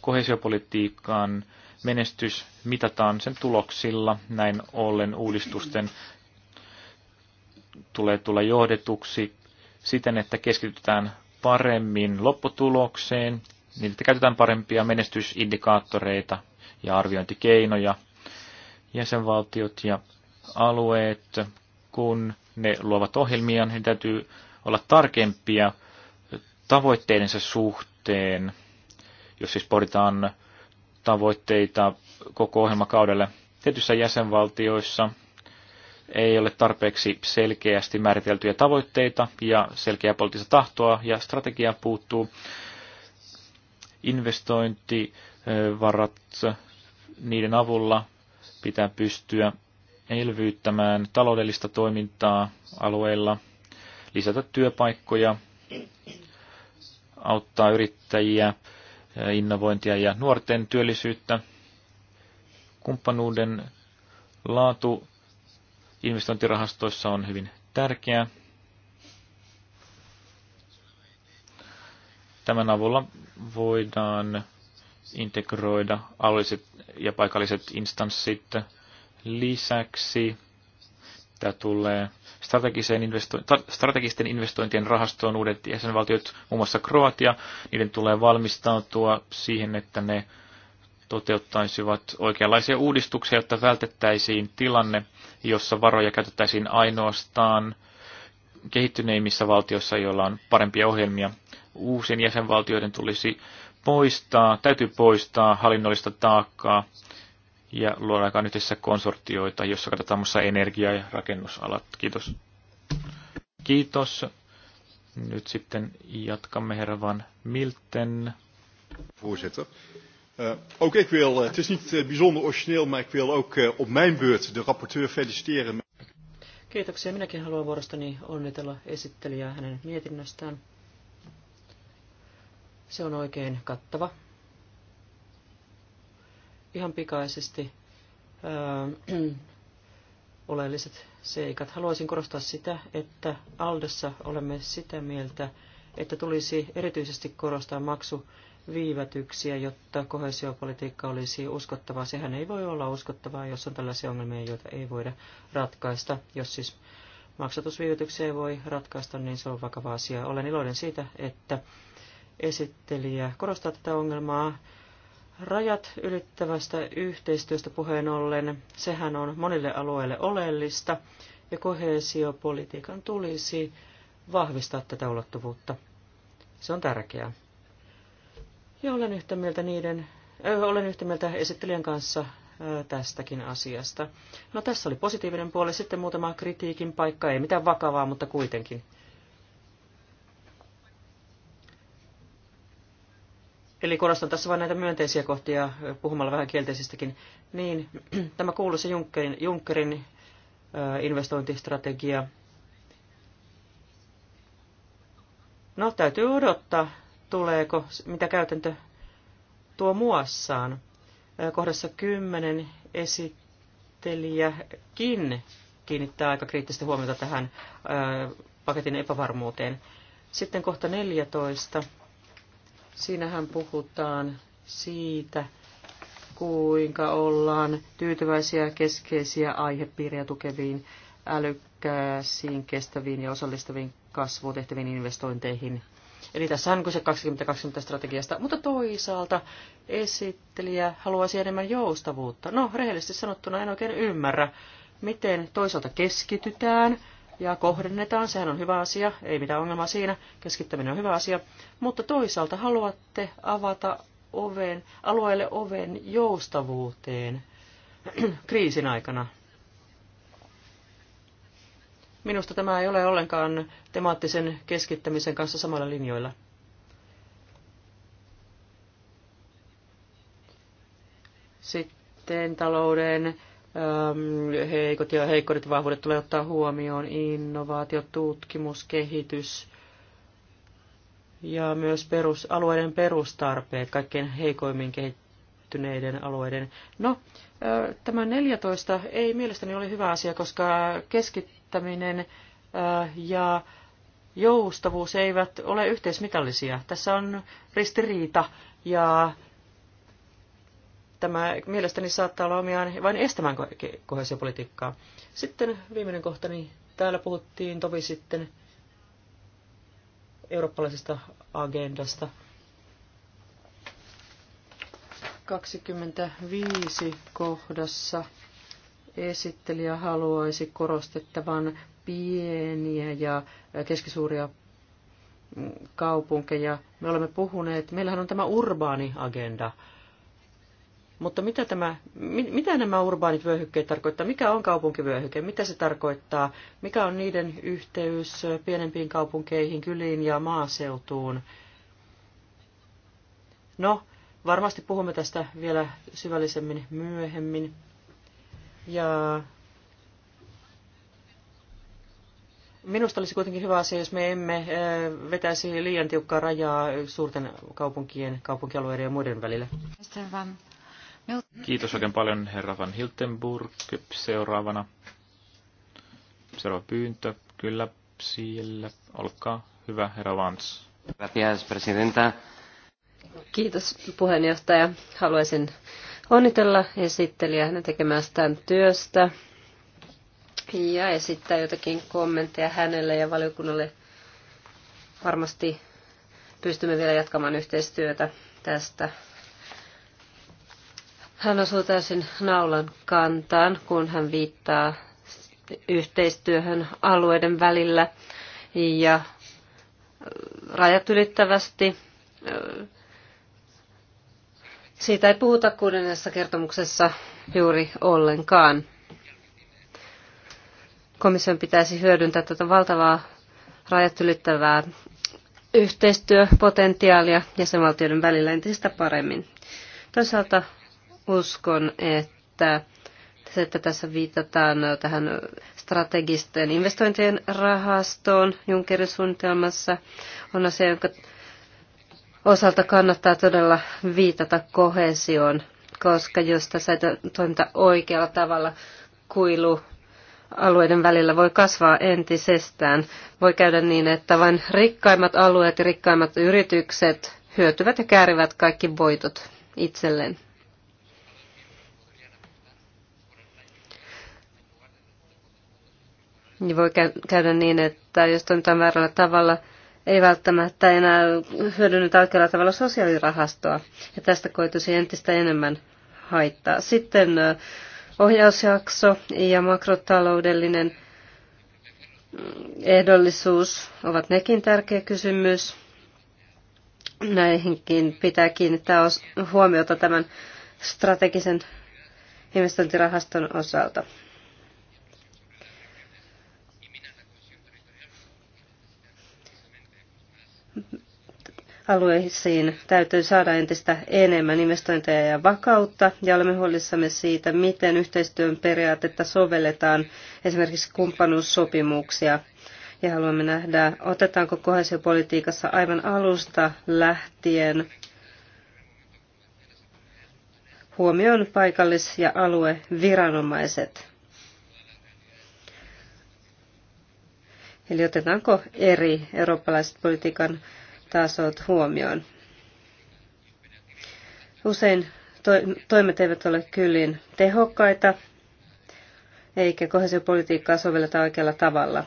Kohesiopolitiikan menestys mitataan sen tuloksilla, näin ollen uudistusten tulee tulla johdetuksi siten, että keskitytään paremmin lopputulokseen, niin että käytetään parempia menestysindikaattoreita ja arviointikeinoja. Jäsenvaltiot ja alueet, kun ne luovat ohjelmia, niin täytyy olla tarkempia tavoitteidensa suhteen, jos siis pohditaan tavoitteita koko ohjelmakaudelle. Tietyissä jäsenvaltioissa ei ole tarpeeksi selkeästi määriteltyjä tavoitteita ja selkeää poliittista tahtoa ja strategiaa puuttuu. Investointivarat, niiden avulla pitää pystyä elvyyttämään taloudellista toimintaa alueella, lisätä työpaikkoja, auttaa yrittäjiä, eh, innovointia ja nuorten työllisyyttä. Kumppanuuden laatu investointirahastoissa on hyvin tärkeää. Tämän avulla voidaan integroida alueelliset ja paikalliset instanssit Lisäksi tämä tulee strategiseen investo- strategisten investointien rahastoon uudet jäsenvaltiot, muun muassa Kroatia, niiden tulee valmistautua siihen, että ne toteuttaisivat oikeanlaisia uudistuksia, jotta vältettäisiin tilanne, jossa varoja käytettäisiin ainoastaan kehittyneimmissä valtioissa, joilla on parempia ohjelmia. Uusien jäsenvaltioiden tulisi poistaa, täytyy poistaa hallinnollista taakkaa ja luodaan aikaan yhdessä konsortioita, jossa katsotaan muassa energia- ja rakennusalat. Kiitos. Kiitos. Nyt sitten jatkamme herra Van Milten. Voorzitter. Uh, ook ik wil, eh, het is niet eh, bijzonder origineel, maar ik wil ook uh, op mijn beurt de rapporteur feliciteren. Kiitoksia. Minäkin haluan vuorostani onnitella esittelijää hänen mietinnöstään. Se on oikein kattava ihan pikaisesti öö, oleelliset seikat. Haluaisin korostaa sitä, että Aldessa olemme sitä mieltä, että tulisi erityisesti korostaa maksuviivätyksiä, jotta kohesiopolitiikka olisi uskottavaa. Sehän ei voi olla uskottavaa, jos on tällaisia ongelmia, joita ei voida ratkaista. Jos siis maksatusviivätyksiä ei voi ratkaista, niin se on vakava asia. Olen iloinen siitä, että esittelijä korostaa tätä ongelmaa Rajat ylittävästä yhteistyöstä puheen ollen, sehän on monille alueille oleellista, ja kohesiopolitiikan tulisi vahvistaa tätä ulottuvuutta. Se on tärkeää. Ja olen yhtä mieltä, niiden, äh, olen yhtä mieltä esittelijän kanssa tästäkin asiasta. No tässä oli positiivinen puoli, sitten muutama kritiikin paikka, ei mitään vakavaa, mutta kuitenkin. Eli korostan tässä vain näitä myönteisiä kohtia puhumalla vähän kielteisistäkin. Niin, tämä kuuluisa Junckerin, Junckerin investointistrategia. No, täytyy odottaa, tuleeko, mitä käytäntö tuo muassaan. Kohdassa 10 esittelijäkin kiinnittää aika kriittistä huomiota tähän paketin epävarmuuteen. Sitten kohta 14 Siinähän puhutaan siitä, kuinka ollaan tyytyväisiä keskeisiä aihepiirejä tukeviin älykkääsiin, kestäviin ja osallistaviin kasvuun tehtäviin investointeihin. Eli tässä on kyse 2020-strategiasta, mutta toisaalta esittelijä haluaisi enemmän joustavuutta. No, rehellisesti sanottuna en oikein ymmärrä, miten toisaalta keskitytään ja kohdennetaan, sehän on hyvä asia, ei mitään ongelmaa siinä, keskittäminen on hyvä asia, mutta toisaalta haluatte avata oven, alueelle oven joustavuuteen kriisin aikana. Minusta tämä ei ole ollenkaan temaattisen keskittämisen kanssa samalla linjoilla. Sitten talouden Ähm, heikot ja heikkorit vahvuudet tulee ottaa huomioon, innovaatio, tutkimus, kehitys ja myös perus, alueiden perustarpeet, kaikkein heikoimmin kehittyneiden alueiden. No, äh, tämä 14 ei mielestäni ole hyvä asia, koska keskittäminen äh, ja joustavuus eivät ole yhteismitallisia. Tässä on ristiriita ja tämä mielestäni saattaa olla omiaan vain estämään kohesiopolitiikkaa. Sitten viimeinen kohta, niin täällä puhuttiin tovi sitten eurooppalaisesta agendasta. 25 kohdassa esittelijä haluaisi korostettavan pieniä ja keskisuuria kaupunkeja. Me olemme puhuneet, meillähän on tämä urbaani agenda, mutta mitä, tämä, mitä nämä urbaanit vyöhykkeet tarkoittaa? Mikä on kaupunkivyöhyke? Mitä se tarkoittaa? Mikä on niiden yhteys pienempiin kaupunkeihin, kyliin ja maaseutuun? No, varmasti puhumme tästä vielä syvällisemmin myöhemmin. Ja minusta olisi kuitenkin hyvä asia, jos me emme vetäisi liian tiukkaa rajaa suurten kaupunkien, kaupunkialueiden ja muiden välillä. Mr. Van Kiitos oikein paljon herra Van Hiltenburg. Seuraavana. Seuraava pyyntö. Kyllä, siellä. Olkaa hyvä, herra Vans. Gracias, presidenta. Kiitos puheenjohtaja. Haluaisin onnitella esittelijä hänen tekemästään työstä ja esittää jotakin kommentteja hänelle ja valiokunnalle. Varmasti pystymme vielä jatkamaan yhteistyötä tästä hän osuu täysin naulan kantaan, kun hän viittaa yhteistyöhön alueiden välillä ja äh, rajat ylittävästi. Äh, siitä ei puhuta kuudennessa kertomuksessa juuri ollenkaan. Komission pitäisi hyödyntää tätä valtavaa rajat ylittävää yhteistyöpotentiaalia jäsenvaltioiden välillä entistä paremmin. Toisaalta Uskon, että se, että tässä viitataan tähän strategisten investointien rahastoon Junckerin suunnitelmassa, on asia, jonka osalta kannattaa todella viitata kohesioon, koska jos tässä ei toimita oikealla tavalla, kuilu alueiden välillä voi kasvaa entisestään. Voi käydä niin, että vain rikkaimmat alueet ja rikkaimmat yritykset hyötyvät ja käärivät kaikki voitot itselleen. niin voi käydä niin, että jos toimitaan väärällä tavalla, ei välttämättä enää hyödynnetä oikealla tavalla sosiaalirahastoa. Ja tästä koituisi entistä enemmän haittaa. Sitten ohjausjakso ja makrotaloudellinen mm, ehdollisuus ovat nekin tärkeä kysymys. Näihinkin pitää kiinnittää huomiota tämän strategisen investointirahaston osalta. alueisiin täytyy saada entistä enemmän investointeja ja vakautta, ja olemme huolissamme siitä, miten yhteistyön periaatetta sovelletaan esimerkiksi kumppanuussopimuksia. Ja haluamme nähdä, otetaanko kohesiopolitiikassa aivan alusta lähtien huomioon paikallis- ja alueviranomaiset. Eli otetaanko eri eurooppalaiset politiikan tasot huomioon. Usein toimet eivät ole kyllin tehokkaita, eikä kohesiopolitiikkaa sovelleta oikealla tavalla.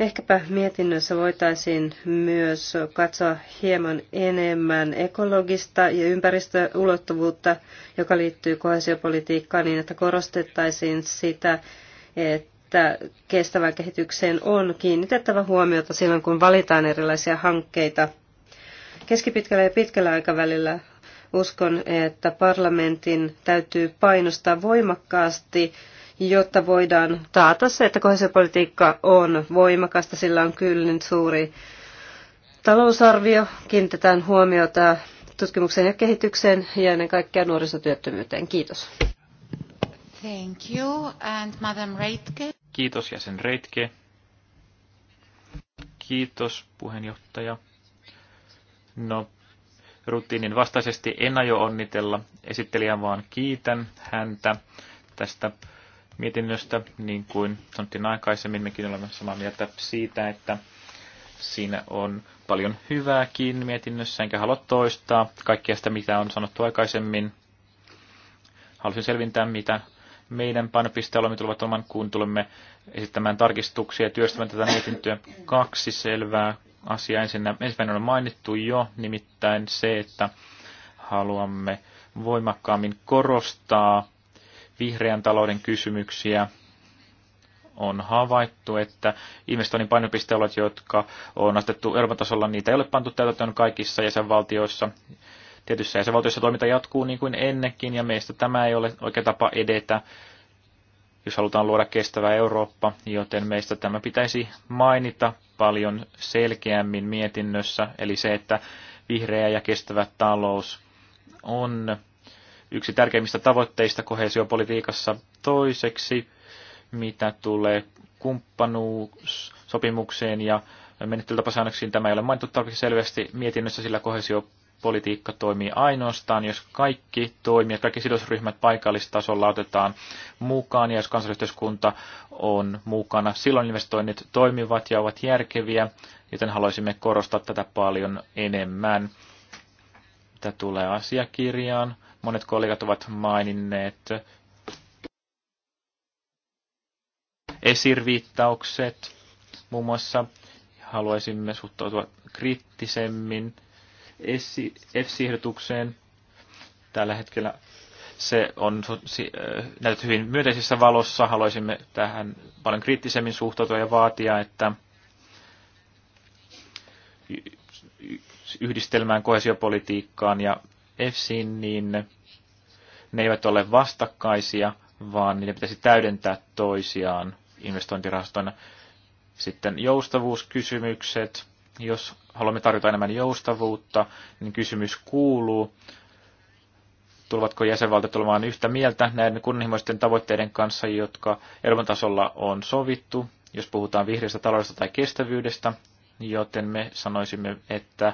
Ehkäpä mietinnössä voitaisiin myös katsoa hieman enemmän ekologista ja ympäristöulottuvuutta, joka liittyy kohesiopolitiikkaan niin, että korostettaisiin sitä, että kestävään kehitykseen on kiinnitettävä huomiota silloin, kun valitaan erilaisia hankkeita – Keskipitkällä ja pitkällä aikavälillä uskon, että parlamentin täytyy painostaa voimakkaasti, jotta voidaan taata se, että kohesiopolitiikka on voimakasta, sillä on kyllin suuri talousarvio, kiinnitetään huomiota tutkimukseen ja kehitykseen ja ennen kaikkea nuorisotyöttömyyteen. Kiitos. Thank you. And Madam Reitke. Kiitos jäsen Reitke. Kiitos puheenjohtaja. No, rutiinin vastaisesti en aio onnitella esittelijän, vaan kiitän häntä tästä mietinnöstä, niin kuin sanottiin aikaisemmin, mekin olemme samaa mieltä siitä, että siinä on paljon hyvääkin mietinnössä, enkä halua toistaa kaikkea sitä, mitä on sanottu aikaisemmin. Halusin selvintää, mitä meidän painopistealueemme tulevat oman kuuntelumme esittämään tarkistuksia ja työstämään tätä mietintöä. Kaksi selvää Asia Ensinnä, ensimmäinen on mainittu jo, nimittäin se, että haluamme voimakkaammin korostaa vihreän talouden kysymyksiä. On havaittu, että investoinnin painopisteolot, jotka on astettu Euroopan tasolla, niitä ei ole pantu täytäntöön kaikissa jäsenvaltioissa. Tietyissä jäsenvaltioissa toiminta jatkuu niin kuin ennenkin, ja meistä tämä ei ole oikea tapa edetä jos halutaan luoda kestävä Eurooppa, joten meistä tämä pitäisi mainita paljon selkeämmin mietinnössä, eli se, että vihreä ja kestävä talous on yksi tärkeimmistä tavoitteista kohesiopolitiikassa. Toiseksi, mitä tulee kumppanuussopimukseen ja menettelytapasäännöksiin, tämä ei ole mainittu tarpeeksi selvästi mietinnössä, sillä kohesio politiikka toimii ainoastaan, jos kaikki toimijat, kaikki sidosryhmät paikallistasolla otetaan mukaan ja jos kansallisyhteiskunta on mukana. Silloin investoinnit toimivat ja ovat järkeviä, joten haluaisimme korostaa tätä paljon enemmän. Tämä tulee asiakirjaan, monet kollegat ovat maininneet esirviittaukset, muun muassa haluaisimme suhtautua kriittisemmin EFSI-ehdotukseen. Tällä hetkellä se on äh, näytetty hyvin myönteisessä valossa. Haluaisimme tähän paljon kriittisemmin suhtautua ja vaatia, että yhdistelmään kohesiopolitiikkaan ja EFSIin, niin ne eivät ole vastakkaisia, vaan niiden pitäisi täydentää toisiaan investointirahastoina. Sitten joustavuuskysymykset. Jos haluamme tarjota enemmän joustavuutta, niin kysymys kuuluu, tulevatko jäsenvaltiot olemaan yhtä mieltä näiden kunnianhimoisten tavoitteiden kanssa, jotka Euroopan tasolla on sovittu, jos puhutaan vihreästä taloudesta tai kestävyydestä, joten me sanoisimme, että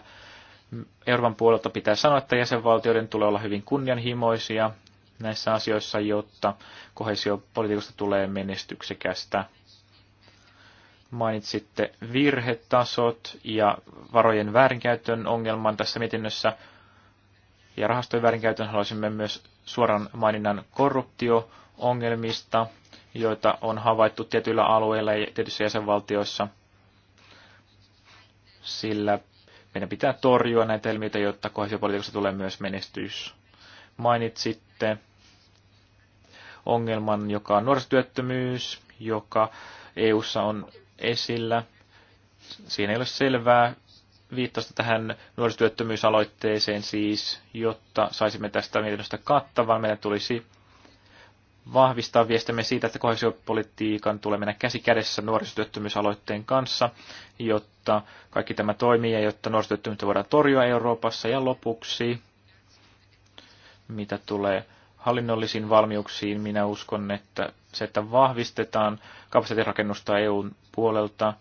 Euroopan puolelta pitää sanoa, että jäsenvaltioiden tulee olla hyvin kunnianhimoisia näissä asioissa, jotta kohesiopolitiikasta tulee menestyksekästä. Mainitsitte virhetasot ja varojen väärinkäytön ongelman tässä mietinnössä. Ja rahastojen väärinkäytön haluaisimme myös suoran maininnan korruptioongelmista, joita on havaittu tietyillä alueilla ja tietyissä jäsenvaltioissa. Sillä meidän pitää torjua näitä ilmiöitä, jotta kohesiopolitiikasta tulee myös menestys. Mainitsitte ongelman, joka on nuorisotyöttömyys, joka EU:ssa on esillä. Siinä ei ole selvää viittausta tähän nuorisotyöttömyysaloitteeseen siis, jotta saisimme tästä mietinnöstä kattavan. Meidän tulisi vahvistaa viestimme siitä, että kohesiopolitiikan tulee mennä käsi kädessä nuorisotyöttömyysaloitteen kanssa, jotta kaikki tämä toimii ja jotta nuorisotyöttömyyttä voidaan torjua Euroopassa. Ja lopuksi, mitä tulee hallinnollisiin valmiuksiin, minä uskon, että se, että vahvistetaan kapasiteettirakennusta EUn puolelta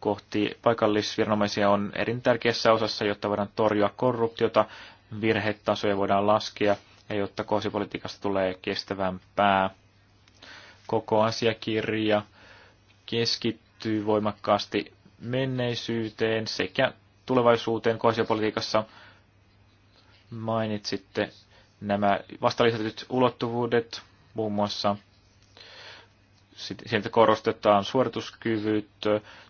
kohti paikallisviranomaisia on erintärkeässä osassa, jotta voidaan torjua korruptiota, virhetasoja voidaan laskea ja jotta koosipolitiikasta tulee kestävämpää. Koko asiakirja keskittyy voimakkaasti menneisyyteen sekä tulevaisuuteen koisiopolitiikassa mainitsitte nämä vastalisätyt ulottuvuudet, Muun muassa sieltä korostetaan suorituskyvyt,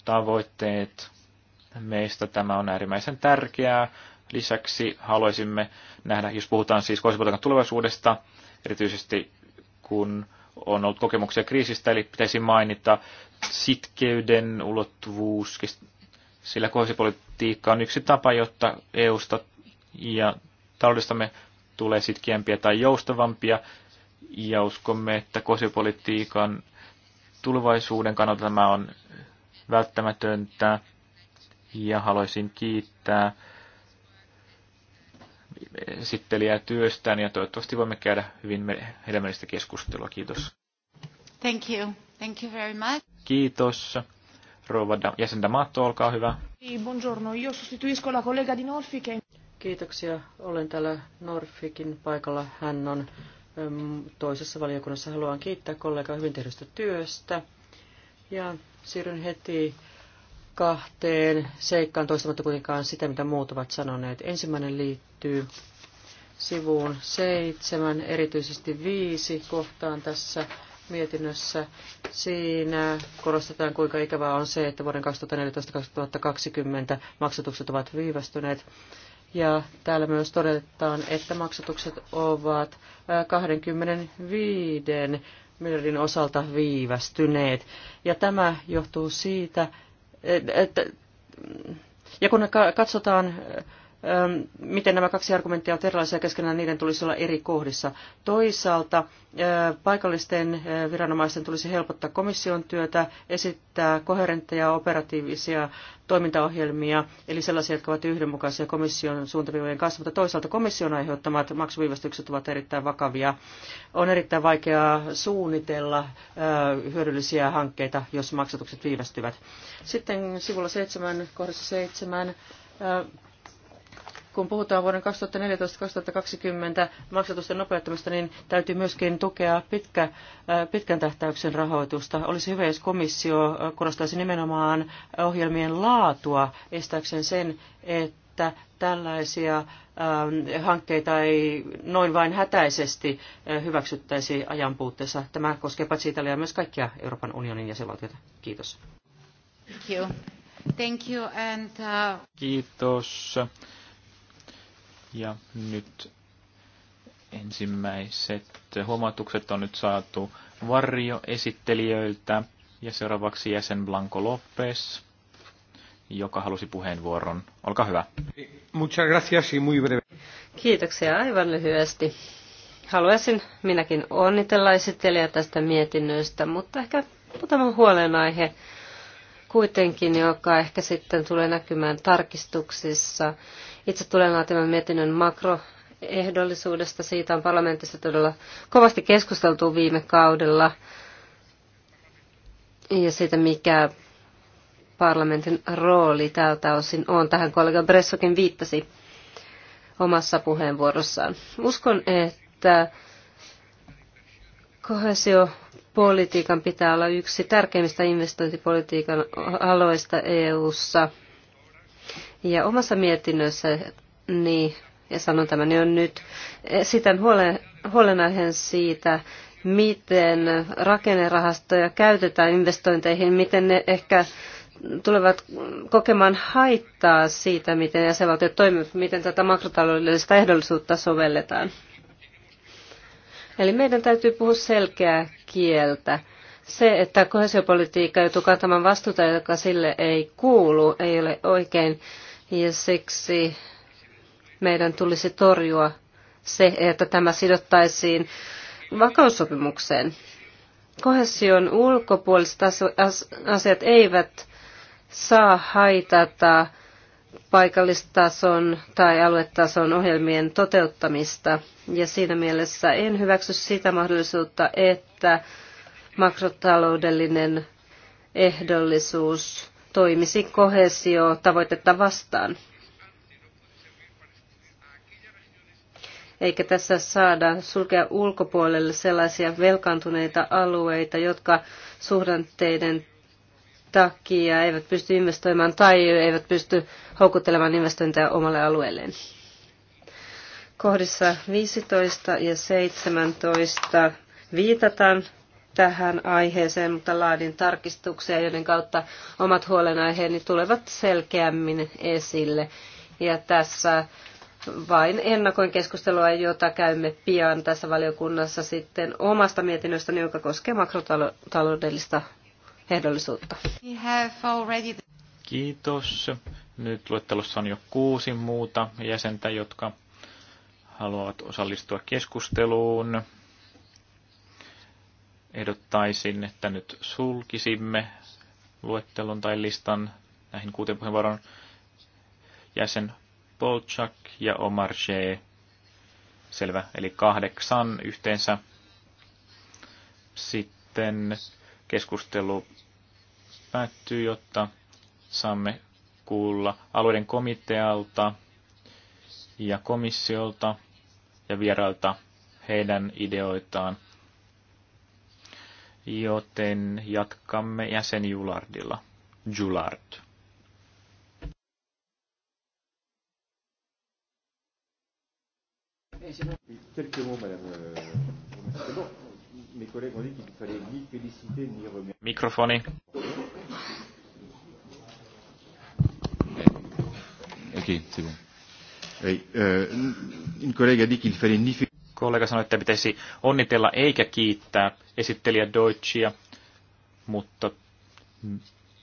tavoitteet. Meistä tämä on äärimmäisen tärkeää. Lisäksi haluaisimme nähdä, jos puhutaan siis koisipotilan tulevaisuudesta, erityisesti kun on ollut kokemuksia kriisistä, eli pitäisi mainita sitkeyden ulottuvuus, sillä kohdallisuuspolitiikka on yksi tapa, jotta EUsta ja taloudestamme tulee sitkeämpiä tai joustavampia ja uskomme, että kosiopolitiikan tulevaisuuden kannalta tämä on välttämätöntä ja haluaisin kiittää esittelijää työstään ja toivottavasti voimme käydä hyvin hedelmällistä keskustelua. Kiitos. Thank you. Thank you very much. Kiitos. Rouva jäsen Damato, olkaa hyvä. Kiitoksia. Olen täällä Norfikin paikalla. Hän on toisessa valiokunnassa. Haluan kiittää kollegaa hyvin tehdystä työstä. Ja siirryn heti kahteen seikkaan toistamatta kuitenkaan sitä, mitä muut ovat sanoneet. Ensimmäinen liittyy sivuun seitsemän, erityisesti viisi kohtaan tässä mietinnössä. Siinä korostetaan, kuinka ikävää on se, että vuoden 2014-2020 maksatukset ovat viivästyneet. Ja täällä myös todetaan, että maksatukset ovat 25 miljardin osalta viivästyneet. Ja tämä johtuu siitä, että ja kun katsotaan miten nämä kaksi argumenttia ovat erilaisia keskenään, niiden tulisi olla eri kohdissa. Toisaalta paikallisten viranomaisten tulisi helpottaa komission työtä, esittää koherentteja operatiivisia toimintaohjelmia, eli sellaisia, jotka ovat yhdenmukaisia komission suuntaviivojen kanssa, mutta toisaalta komission aiheuttamat maksuviivästykset ovat erittäin vakavia. On erittäin vaikeaa suunnitella hyödyllisiä hankkeita, jos maksatukset viivästyvät. Sitten sivulla 7, kohdassa 7, kun puhutaan vuoden 2014-2020 maksatusten nopeuttamista, niin täytyy myöskin tukea pitkä, äh, pitkän tähtäyksen rahoitusta. Olisi hyvä, jos komissio äh, korostaisi nimenomaan ohjelmien laatua estääkseen sen, että tällaisia ähm, hankkeita ei noin vain hätäisesti äh, hyväksyttäisi ajan puutteessa. Tämä koskee paitsi Italiaa myös kaikkia Euroopan unionin jäsenvaltioita. Kiitos. Thank you. Thank you and, uh... Kiitos. Ja nyt ensimmäiset huomautukset on nyt saatu varjoesittelijöiltä ja seuraavaksi jäsen Blanco Lopez, joka halusi puheenvuoron. Olkaa hyvä. Muchas gracias y muy breve. Kiitoksia aivan lyhyesti. Haluaisin minäkin onnitella esittelijä tästä mietinnöstä, mutta ehkä muutama huolenaihe kuitenkin, joka ehkä sitten tulee näkymään tarkistuksissa itse tulen laatimaan mietinnön ehdollisuudesta. Siitä on parlamentissa todella kovasti keskusteltu viime kaudella ja siitä, mikä parlamentin rooli tältä osin on. Tähän kollega Bressokin viittasi omassa puheenvuorossaan. Uskon, että kohesiopolitiikan pitää olla yksi tärkeimmistä investointipolitiikan aloista EU:ssa. ssa ja omassa mietinnössä, niin, ja sanon tämän jo nyt, esitän huolen, huolenaiheen siitä, miten rakennerahastoja käytetään investointeihin, miten ne ehkä tulevat kokemaan haittaa siitä, miten jäsenvaltiot toimivat, miten tätä makrotaloudellista ehdollisuutta sovelletaan. Eli meidän täytyy puhua selkeää kieltä. Se, että kohesiopolitiikka joutuu kantamaan vastuuta, joka sille ei kuulu, ei ole oikein. Ja siksi meidän tulisi torjua se, että tämä sidottaisiin vakaussopimukseen. Kohesion ulkopuoliset asiat eivät saa haitata paikallistason tai aluetason ohjelmien toteuttamista. Ja siinä mielessä en hyväksy sitä mahdollisuutta, että makrotaloudellinen ehdollisuus toimisi kohesio tavoitetta vastaan. Eikä tässä saada sulkea ulkopuolelle sellaisia velkaantuneita alueita, jotka suhdanteiden takia eivät pysty investoimaan tai eivät pysty houkuttelemaan investointeja omalle alueelleen. Kohdissa 15 ja 17 viitataan tähän aiheeseen, mutta laadin tarkistuksia, joiden kautta omat huolenaiheeni tulevat selkeämmin esille. Ja tässä vain ennakoin keskustelua, jota käymme pian tässä valiokunnassa sitten omasta mietinnöstäni, joka koskee makrotaloudellista ehdollisuutta. Kiitos. Nyt luettelossa on jo kuusi muuta jäsentä, jotka haluavat osallistua keskusteluun ehdottaisin, että nyt sulkisimme luettelon tai listan näihin kuuteen puheenvuoron jäsen Polchak ja Omar Shee. Selvä, eli kahdeksan yhteensä. Sitten keskustelu päättyy, jotta saamme kuulla alueiden komitealta ja komissiolta ja vierailta heidän ideoitaan – joten jatkamme jäsen Julardilla. Julard. Euh, Mikrofoni. Ok, c'est bon. Oui, euh, une collègue a dit qu'il fallait ni kollega sanoi, että pitäisi onnitella eikä kiittää esittelijä Deutschia, mutta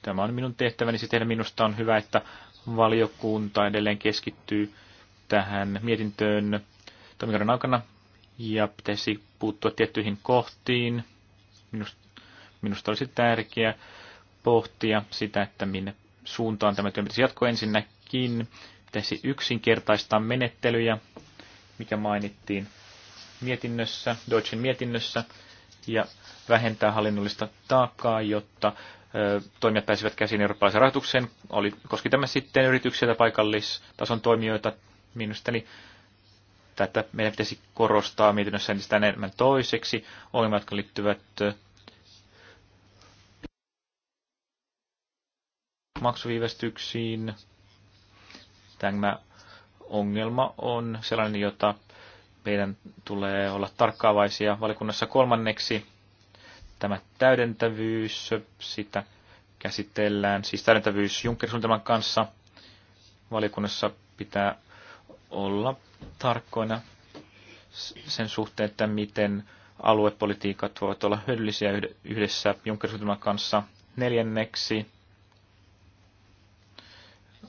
tämä on minun tehtäväni, siten minusta on hyvä, että valiokunta edelleen keskittyy tähän mietintöön toimikauden aikana ja pitäisi puuttua tiettyihin kohtiin. Minusta, minusta olisi tärkeää pohtia sitä, että minne suuntaan tämä työ pitäisi jatkoa ensinnäkin. Pitäisi yksinkertaistaa menettelyjä, mikä mainittiin mietinnössä, Deutschen mietinnössä, ja vähentää hallinnollista taakkaa, jotta toimijat pääsivät käsiin eurooppalaisen rahoitukseen. Oli, koski tämä sitten yrityksiä tai paikallistason toimijoita mielestäni tätä meidän pitäisi korostaa mietinnössä entistä enemmän toiseksi. Ongelmat, jotka liittyvät maksuviivästyksiin. Tämä ongelma on sellainen, jota meidän tulee olla tarkkaavaisia valikunnassa kolmanneksi. Tämä täydentävyys, sitä käsitellään, siis täydentävyys Junckersuunnitelman kanssa. Valikunnassa pitää olla tarkkoina sen suhteen, että miten aluepolitiikat voivat olla hyödyllisiä yhdessä Junckersuunnitelman kanssa. Neljänneksi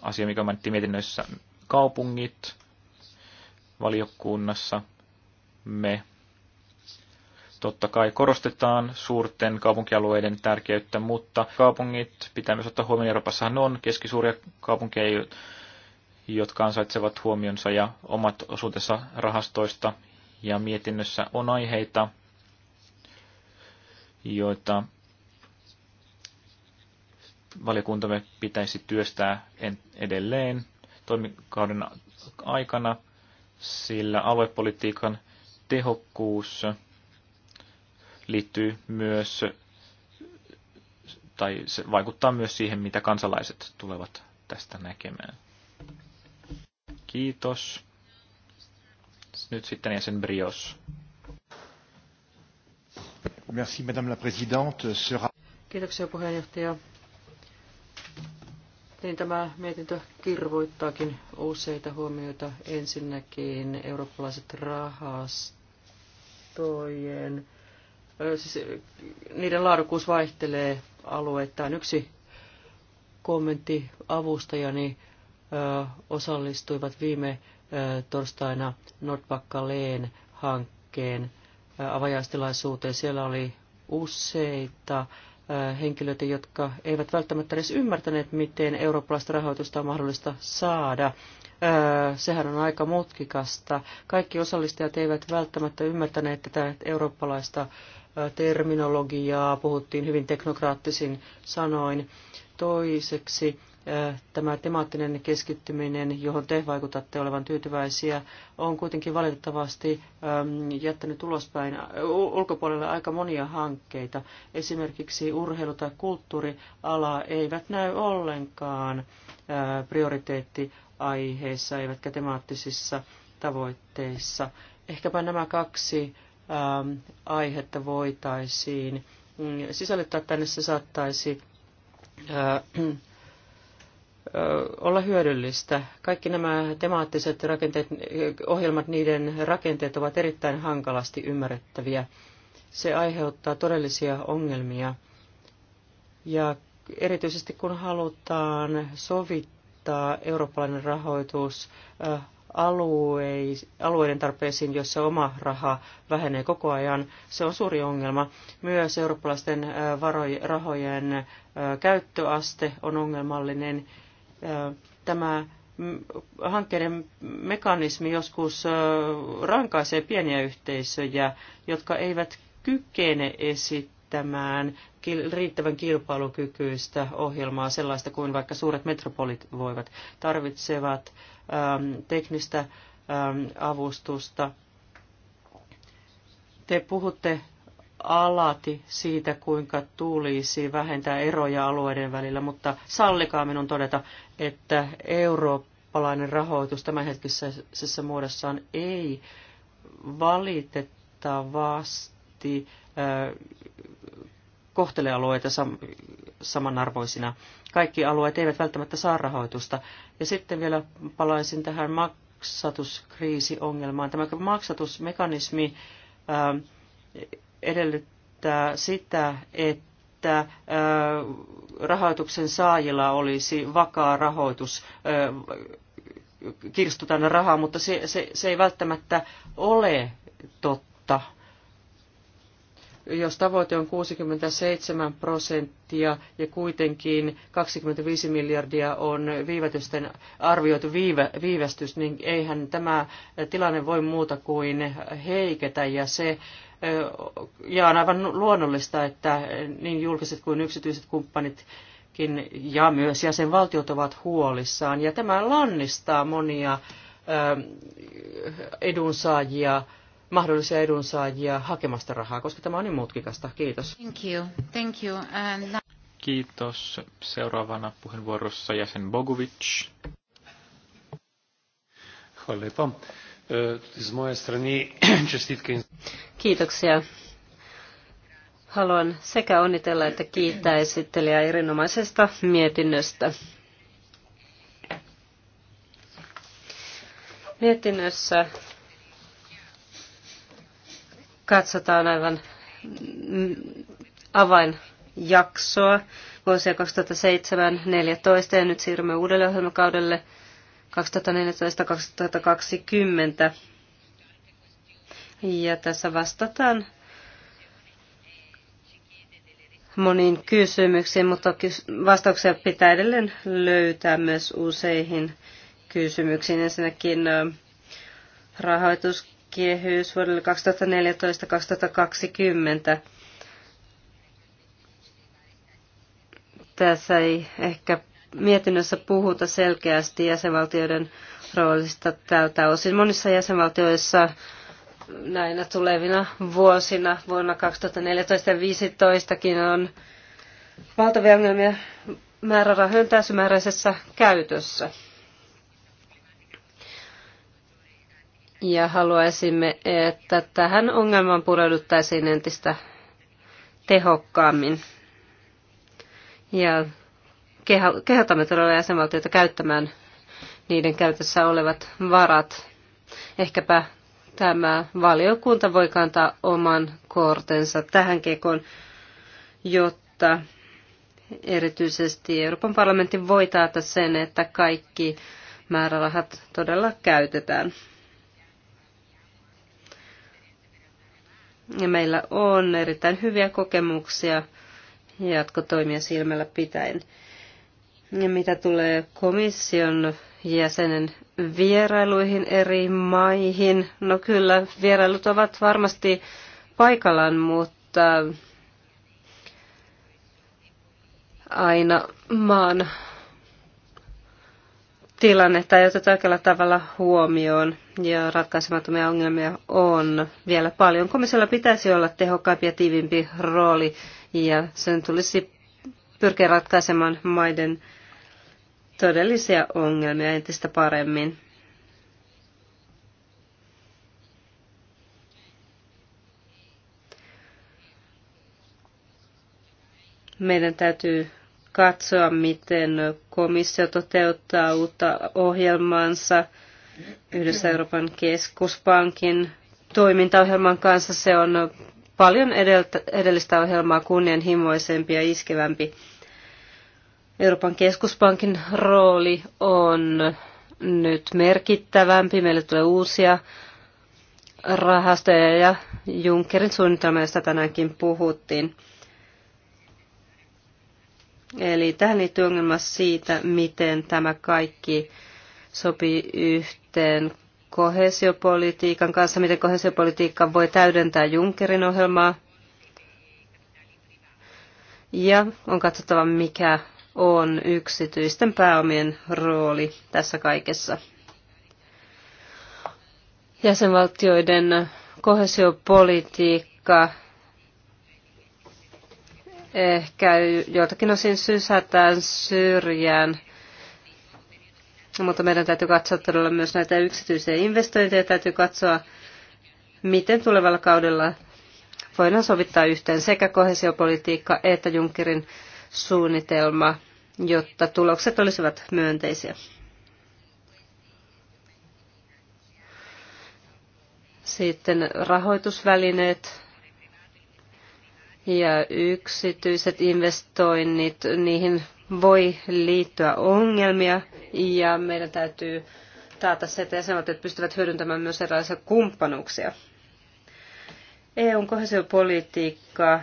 asia, mikä mainittiin mietinnöissä, kaupungit, valiokunnassa me totta kai korostetaan suurten kaupunkialueiden tärkeyttä, mutta kaupungit pitää myös ottaa huomioon. Euroopassahan on keskisuuria kaupunkeja, jotka ansaitsevat huomionsa ja omat osuutensa rahastoista. Ja mietinnössä on aiheita, joita valiokuntamme pitäisi työstää edelleen toimikauden aikana sillä aluepolitiikan tehokkuus liittyy myös tai se vaikuttaa myös siihen, mitä kansalaiset tulevat tästä näkemään. Kiitos. Nyt sitten jäsen Brios. Merci, Madame la Présidente. Kiitoksia puheenjohtaja. Niin tämä mietintö kirvoittaakin useita huomioita. Ensinnäkin eurooppalaiset rahastojen, siis niiden laadukkuus vaihtelee alueittain. Yksi kommentti avustajani osallistuivat viime torstaina Nordbakkaleen hankkeen avajaistilaisuuteen. Siellä oli useita Äh, henkilöitä, jotka eivät välttämättä edes ymmärtäneet, miten eurooppalaista rahoitusta on mahdollista saada. Äh, sehän on aika mutkikasta. Kaikki osallistujat eivät välttämättä ymmärtäneet tätä eurooppalaista äh, terminologiaa, puhuttiin hyvin teknokraattisin sanoin. Toiseksi tämä temaattinen keskittyminen, johon te vaikutatte olevan tyytyväisiä, on kuitenkin valitettavasti jättänyt ulospäin ulkopuolelle aika monia hankkeita. Esimerkiksi urheilu- tai kulttuuriala eivät näy ollenkaan prioriteettiaiheissa eivätkä temaattisissa tavoitteissa. Ehkäpä nämä kaksi aihetta voitaisiin mm, sisällyttää tänne, se saattaisi olla hyödyllistä. Kaikki nämä temaattiset rakenteet, ohjelmat, niiden rakenteet ovat erittäin hankalasti ymmärrettäviä. Se aiheuttaa todellisia ongelmia. Ja erityisesti kun halutaan sovittaa eurooppalainen rahoitus alueiden tarpeisiin, joissa oma raha vähenee koko ajan. Se on suuri ongelma. Myös eurooppalaisten varojen, rahojen käyttöaste on ongelmallinen tämä mm, hankkeiden mekanismi joskus rankaisee pieniä yhteisöjä, jotka eivät kykene esittämään riittävän kilpailukykyistä ohjelmaa, sellaista kuin vaikka suuret metropolit voivat, tarvitsevat teknistä avustusta. Te puhutte alati siitä, kuinka tulisi vähentää eroja alueiden välillä, mutta sallikaa minun todeta, että eurooppalainen rahoitus tämänhetkisessä muodossaan ei valitettavasti kohtele alueita samanarvoisina. Kaikki alueet eivät välttämättä saa rahoitusta. Ja sitten vielä palaisin tähän maksatuskriisiongelmaan. Tämä maksatusmekanismi edellyttää sitä, että että rahoituksen saajilla olisi vakaa rahoitus, kirstutaan rahaa, mutta se, se, se ei välttämättä ole totta. Jos tavoite on 67 prosenttia ja kuitenkin 25 miljardia on viivätysten arvioitu viivä, viivästys, niin eihän tämä tilanne voi muuta kuin heiketä ja se ja on aivan luonnollista, että niin julkiset kuin yksityiset kumppanitkin ja myös jäsenvaltiot ovat huolissaan. Ja tämä lannistaa monia edunsaajia, mahdollisia edunsaajia hakemasta rahaa, koska tämä on niin mutkikasta. Kiitos. Thank you. Thank you. And... Kiitos. Seuraavana puheenvuorossa jäsen Bogovic. Hvala Z moje strani čestitke. Kiitoksia. Haluan sekä onnitella että kiittää esittelijää erinomaisesta mietinnöstä. Mietinnössä katsotaan aivan mm, avainjaksoa vuosia 2007-2014 ja nyt siirrymme uudelle ohjelmakaudelle 2014-2020. Ja tässä vastataan moniin kysymyksiin, mutta vastauksia pitää edelleen löytää myös useihin kysymyksiin. Ensinnäkin rahoituskehys vuodelle 2014-2020. Tässä ei ehkä mietinnössä puhuta selkeästi jäsenvaltioiden roolista tältä osin. Monissa jäsenvaltioissa näinä tulevina vuosina, vuonna 2014 ja 2015kin on valtavia ongelmia määrärahojen täysimääräisessä käytössä. Ja haluaisimme, että tähän ongelmaan pureuduttaisiin entistä tehokkaammin. Ja kehotamme todella jäsenvaltioita käyttämään niiden käytössä olevat varat. Ehkäpä tämä valiokunta voi kantaa oman kortensa tähän kekoon, jotta erityisesti Euroopan parlamentti voi taata sen, että kaikki määrärahat todella käytetään. Ja meillä on erittäin hyviä kokemuksia jatkotoimia silmällä pitäen. Ja mitä tulee komission jäsenen vierailuihin eri maihin, no kyllä vierailut ovat varmasti paikallaan, mutta aina maan tilannetta ei oteta oikealla tavalla huomioon ja ratkaisemattomia ongelmia on vielä paljon. Komissiolla pitäisi olla tehokkaampi ja tiivimpi rooli ja sen tulisi pyrkiä ratkaisemaan maiden todellisia ongelmia entistä paremmin. Meidän täytyy katsoa, miten komissio toteuttaa uutta ohjelmaansa yhdessä Euroopan keskuspankin toimintaohjelman kanssa. Se on paljon edeltä, edellistä ohjelmaa kunnianhimoisempi ja iskevämpi. Euroopan keskuspankin rooli on nyt merkittävämpi. Meille tulee uusia rahastoja ja Junckerin suunnitelma, josta tänäänkin puhuttiin. Eli tähän liittyy ongelma siitä, miten tämä kaikki sopii yhteen kohesiopolitiikan kanssa, miten kohesiopolitiikka voi täydentää Junckerin ohjelmaa. Ja on katsottava, mikä on yksityisten pääomien rooli tässä kaikessa. Jäsenvaltioiden kohesiopolitiikka ehkä joiltakin osin sysätään syrjään, mutta meidän täytyy katsoa todella myös näitä yksityisiä investointeja, täytyy katsoa, miten tulevalla kaudella voidaan sovittaa yhteen sekä kohesiopolitiikka että Junckerin suunnitelma, jotta tulokset olisivat myönteisiä. Sitten rahoitusvälineet ja yksityiset investoinnit, niihin voi liittyä ongelmia ja meidän täytyy taata se, että jäsenvaltiot pystyvät hyödyntämään myös erilaisia kumppanuuksia. EUn kohesiopolitiikka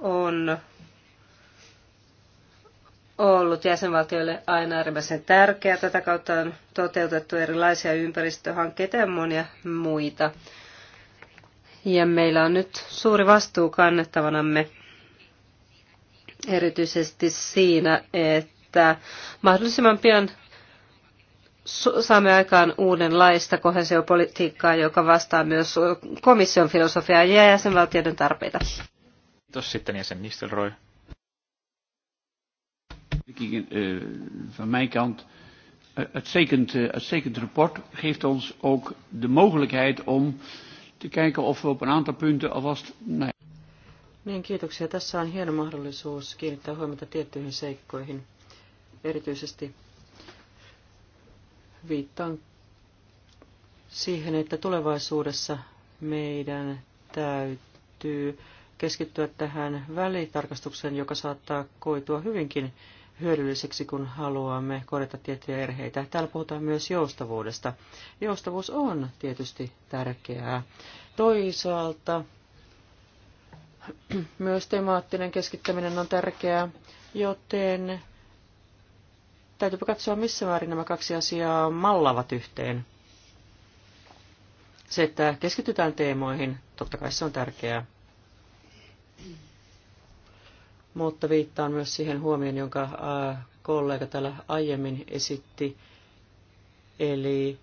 on ollut jäsenvaltioille aina äärimmäisen tärkeä. Tätä kautta on toteutettu erilaisia ympäristöhankkeita ja monia muita. Ja meillä on nyt suuri vastuu kannettavanamme erityisesti siinä, että mahdollisimman pian saamme aikaan uudenlaista kohesiopolitiikkaa, joka vastaa myös komission filosofiaa ja jäsenvaltioiden tarpeita. Kiitos sitten jäsen Nistelrooy gingen, uh, van mijn kant eh, uitstekend, eh, uitstekend rapport. Geeft ons ook de mogelijkheid om te kijken of we op een aantal punten alvast... Nee. Niin, kiitoksia. Tässä on hieno mahdollisuus kiinnittää huomiota tiettyihin seikkoihin. Erityisesti viittaan siihen, että tulevaisuudessa meidän täytyy keskittyä tähän välitarkastukseen, joka saattaa koitua hyvinkin hyödylliseksi, kun haluamme korjata tiettyjä erheitä. Täällä puhutaan myös joustavuudesta. Joustavuus on tietysti tärkeää. Toisaalta myös temaattinen keskittäminen on tärkeää, joten täytyypä katsoa, missä määrin nämä kaksi asiaa mallavat yhteen. Se, että keskitytään teemoihin, totta kai se on tärkeää mutta viittaan myös siihen huomioon, jonka äh, kollega täällä aiemmin esitti. Eli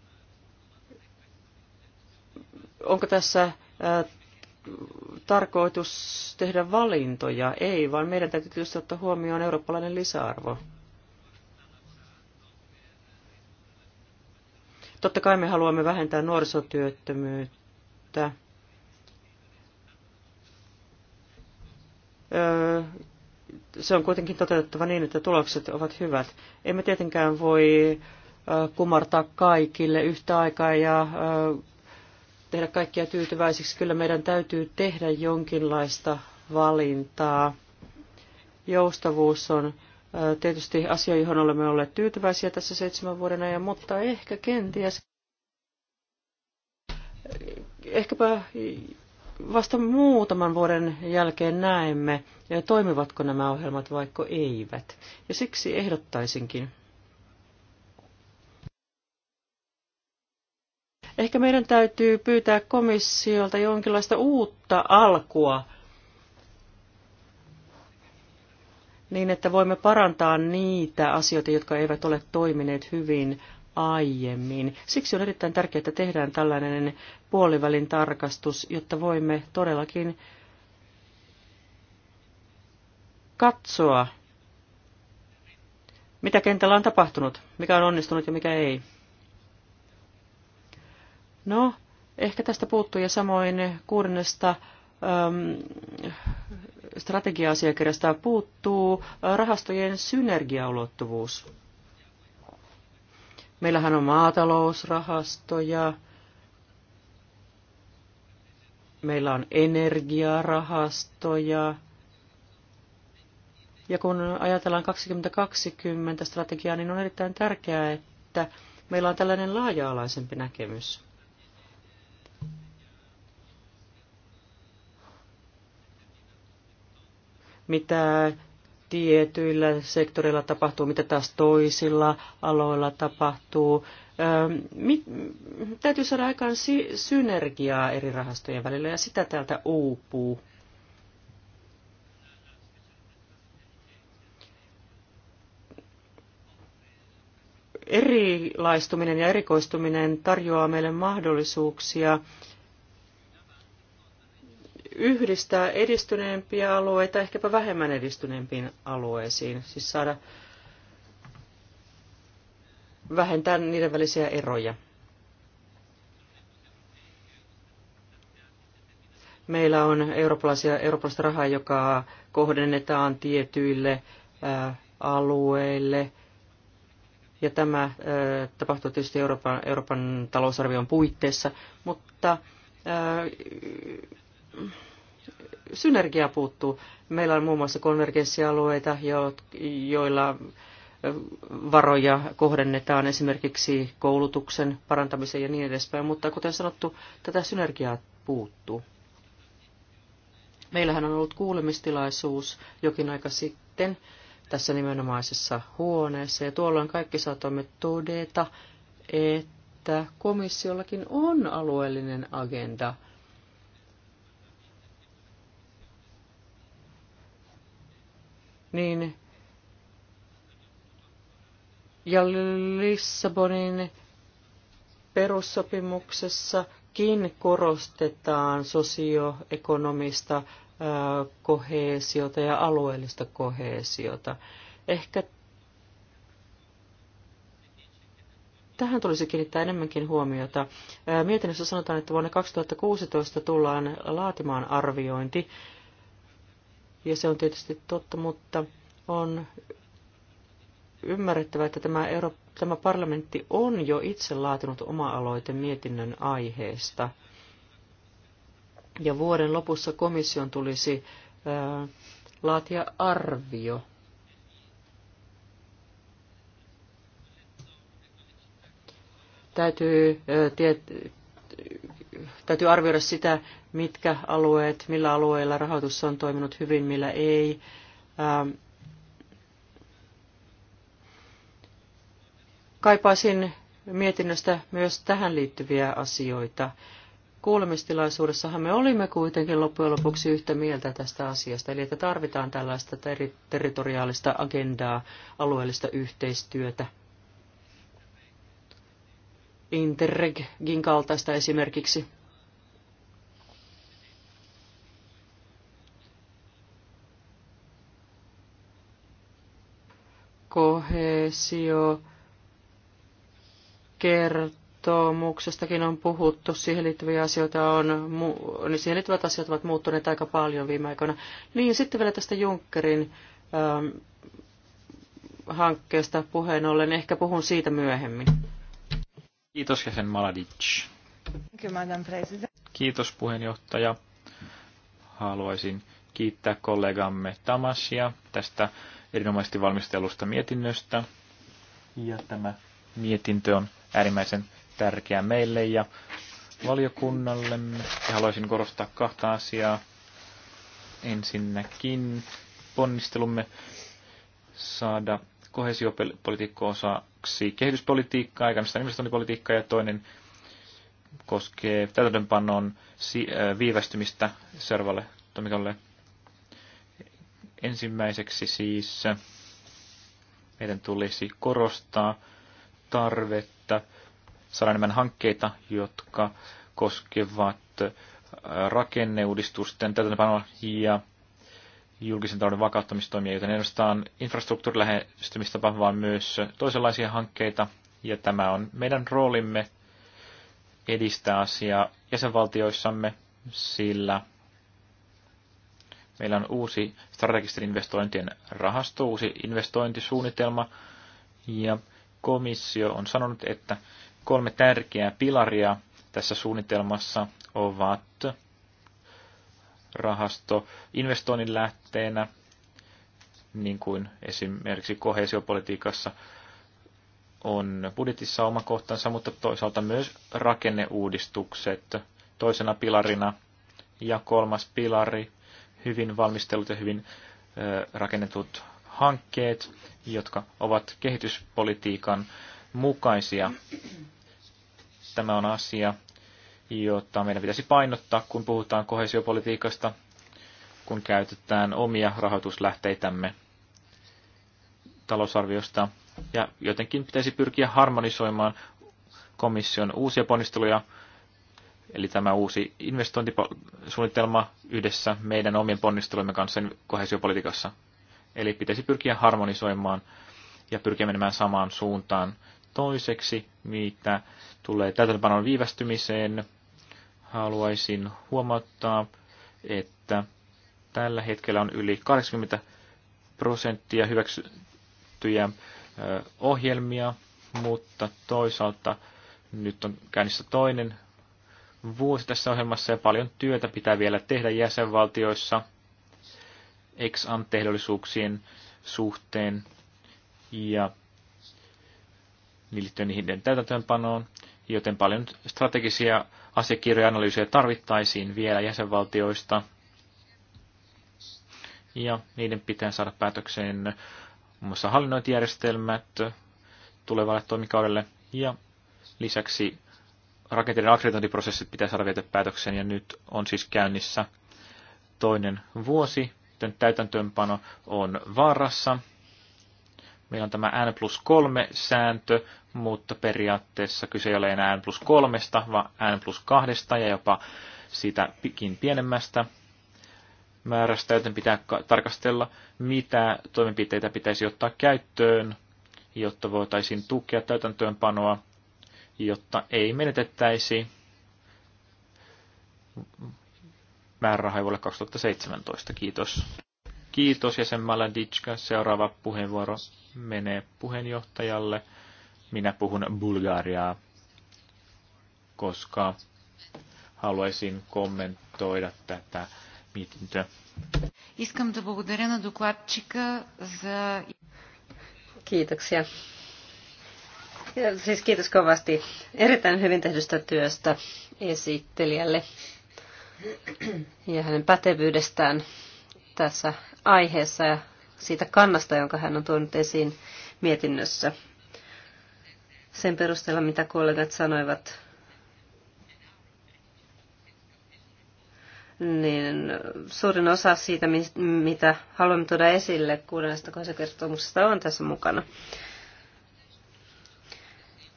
onko tässä äh, tarkoitus tehdä valintoja? Ei, vaan meidän täytyy tietysti ottaa huomioon eurooppalainen lisäarvo. Totta kai me haluamme vähentää nuorisotyöttömyyttä. Öö, se on kuitenkin toteutettava niin, että tulokset ovat hyvät. Emme tietenkään voi kumartaa kaikille yhtä aikaa ja tehdä kaikkia tyytyväisiksi. Kyllä meidän täytyy tehdä jonkinlaista valintaa. Joustavuus on tietysti asia, johon olemme olleet tyytyväisiä tässä seitsemän vuoden ajan, mutta ehkä kenties ehkäpä vasta muutaman vuoden jälkeen näemme, toimivatko nämä ohjelmat vaikka eivät. Ja siksi ehdottaisinkin. Ehkä meidän täytyy pyytää komissiolta jonkinlaista uutta alkua, niin että voimme parantaa niitä asioita, jotka eivät ole toimineet hyvin aiemmin. Siksi on erittäin tärkeää, että tehdään tällainen puolivälin tarkastus, jotta voimme todellakin katsoa, mitä kentällä on tapahtunut, mikä on onnistunut ja mikä ei. No, ehkä tästä puuttuu ja samoin kuudennesta äm, strategia-asiakirjasta puuttuu rahastojen synergiaulottuvuus. Meillähän on maatalousrahastoja, meillä on energiarahastoja. Ja kun ajatellaan 2020 strategiaa, niin on erittäin tärkeää, että meillä on tällainen laaja-alaisempi näkemys. Mitä tietyillä sektoreilla tapahtuu, mitä taas toisilla aloilla tapahtuu. Ähm, mit, täytyy saada aikaan sy- synergiaa eri rahastojen välillä ja sitä täältä uupuu. Erilaistuminen ja erikoistuminen tarjoaa meille mahdollisuuksia yhdistää edistyneempiä alueita ehkäpä vähemmän edistyneempiin alueisiin, siis saada vähentää niiden välisiä eroja. Meillä on eurooppalaisia, eurooppalaista rahaa, joka kohdennetaan tietyille alueille. Ja tämä tapahtuu tietysti Euroopan, Euroopan talousarvion puitteissa, mutta synergia puuttuu. Meillä on muun muassa konvergenssialueita, joilla varoja kohdennetaan esimerkiksi koulutuksen parantamiseen ja niin edespäin, mutta kuten sanottu, tätä synergiaa puuttuu. Meillähän on ollut kuulemistilaisuus jokin aika sitten tässä nimenomaisessa huoneessa, ja tuolloin kaikki saatoimme todeta, että komissiollakin on alueellinen agenda – niin ja Lissabonin perussopimuksessakin korostetaan sosioekonomista koheesiota ja alueellista koheesiota. Ehkä tähän tulisi kiinnittää enemmänkin huomiota. Mietinnössä sanotaan, että vuonna 2016 tullaan laatimaan arviointi ja se on tietysti totta, mutta on ymmärrettävä, että tämä, Euro- tämä parlamentti on jo itse laatinut oma-aloite mietinnön aiheesta. Ja vuoden lopussa komission tulisi ää, laatia arvio. Täytyy, ää, tiet, täytyy arvioida sitä, mitkä alueet, millä alueilla rahoitus on toiminut hyvin, millä ei. Ähm, kaipaisin mietinnöstä myös tähän liittyviä asioita. Kuulemistilaisuudessahan me olimme kuitenkin loppujen lopuksi yhtä mieltä tästä asiasta, eli että tarvitaan tällaista ter- territoriaalista agendaa, alueellista yhteistyötä. Interregin kaltaista esimerkiksi. kohesio kertomuksestakin on puhuttu, siihen liittyviä asioita on, niin siihen liittyvät asiat ovat muuttuneet aika paljon viime aikoina. Niin, sitten vielä tästä Junckerin ähm, hankkeesta puheen ollen, ehkä puhun siitä myöhemmin. Kiitos jäsen Maladic. Kiitos puheenjohtaja. Haluaisin kiittää kollegamme Tamasia tästä erinomaisesti valmistelusta mietinnöstä. Ja tämä mietintö on äärimmäisen tärkeä meille ja valiokunnalle. Ja haluaisin korostaa kahta asiaa. Ensinnäkin ponnistelumme saada kohesiopolitiikko osaksi kehityspolitiikkaa, eikä mistä investointipolitiikkaa, ja toinen koskee täytäntöönpanon äh, viivästymistä seuraavalle toimikalle Ensimmäiseksi siis meidän tulisi korostaa tarvetta saada enemmän hankkeita, jotka koskevat äh, rakenneuudistusten täytäntöpanoa ja julkisen talouden vakauttamistoimia, joten ainoastaan infrastruktuurilähestymistapa, vaan myös toisenlaisia hankkeita. Ja tämä on meidän roolimme edistää asiaa jäsenvaltioissamme, sillä Meillä on uusi strategisten investointien rahasto, uusi investointisuunnitelma, ja komissio on sanonut, että kolme tärkeää pilaria tässä suunnitelmassa ovat rahasto investoinnin lähteenä, niin kuin esimerkiksi kohesiopolitiikassa on budjetissa oma kohtansa, mutta toisaalta myös rakenneuudistukset toisena pilarina. Ja kolmas pilari hyvin valmistelut ja hyvin rakennetut hankkeet, jotka ovat kehityspolitiikan mukaisia. Tämä on asia, jota meidän pitäisi painottaa, kun puhutaan kohesiopolitiikasta, kun käytetään omia rahoituslähteitämme talousarviosta. Ja jotenkin pitäisi pyrkiä harmonisoimaan komission uusia ponnisteluja Eli tämä uusi investointisuunnitelma yhdessä meidän omien ponnistelujemme kanssa kohesiopolitiikassa. Eli pitäisi pyrkiä harmonisoimaan ja pyrkiä menemään samaan suuntaan. Toiseksi, mitä tulee täytäntöpanon viivästymiseen, haluaisin huomauttaa, että tällä hetkellä on yli 80 prosenttia hyväksyttyjä ohjelmia, mutta toisaalta nyt on käynnissä toinen vuosi tässä ohjelmassa ja paljon työtä pitää vielä tehdä jäsenvaltioissa ex ante suhteen ja liittyen niiden täytäntöönpanoon, joten paljon strategisia asiakirjoja analyysejä tarvittaisiin vielä jäsenvaltioista. Ja niiden pitää saada päätökseen muun mm. muassa hallinnointijärjestelmät tulevalle toimikaudelle ja lisäksi rakenteiden akkreditointiprosessit pitää saada vietä päätökseen ja nyt on siis käynnissä toinen vuosi. Tämän täytäntöönpano on vaarassa. Meillä on tämä N plus 3 sääntö, mutta periaatteessa kyse ei ole enää N plus 3, vaan N plus 2 ja jopa siitä pikin pienemmästä määrästä, joten pitää tarkastella, mitä toimenpiteitä pitäisi ottaa käyttöön, jotta voitaisiin tukea täytäntöönpanoa jotta ei menetettäisi määrärahoja vuodelle 2017. Kiitos. Kiitos jäsen Maladitska. Seuraava puheenvuoro menee puheenjohtajalle. Minä puhun Bulgariaa, koska haluaisin kommentoida tätä mietintöä. Искам да благодаря на докладчика за... Kiitoksia ja siis kiitos kovasti erittäin hyvin tehdystä työstä esittelijälle ja hänen pätevyydestään tässä aiheessa ja siitä kannasta, jonka hän on tuonut esiin mietinnössä. Sen perusteella, mitä kollegat sanoivat, niin suurin osa siitä, mitä haluamme tuoda esille kuudennesta kertomuksesta on tässä mukana.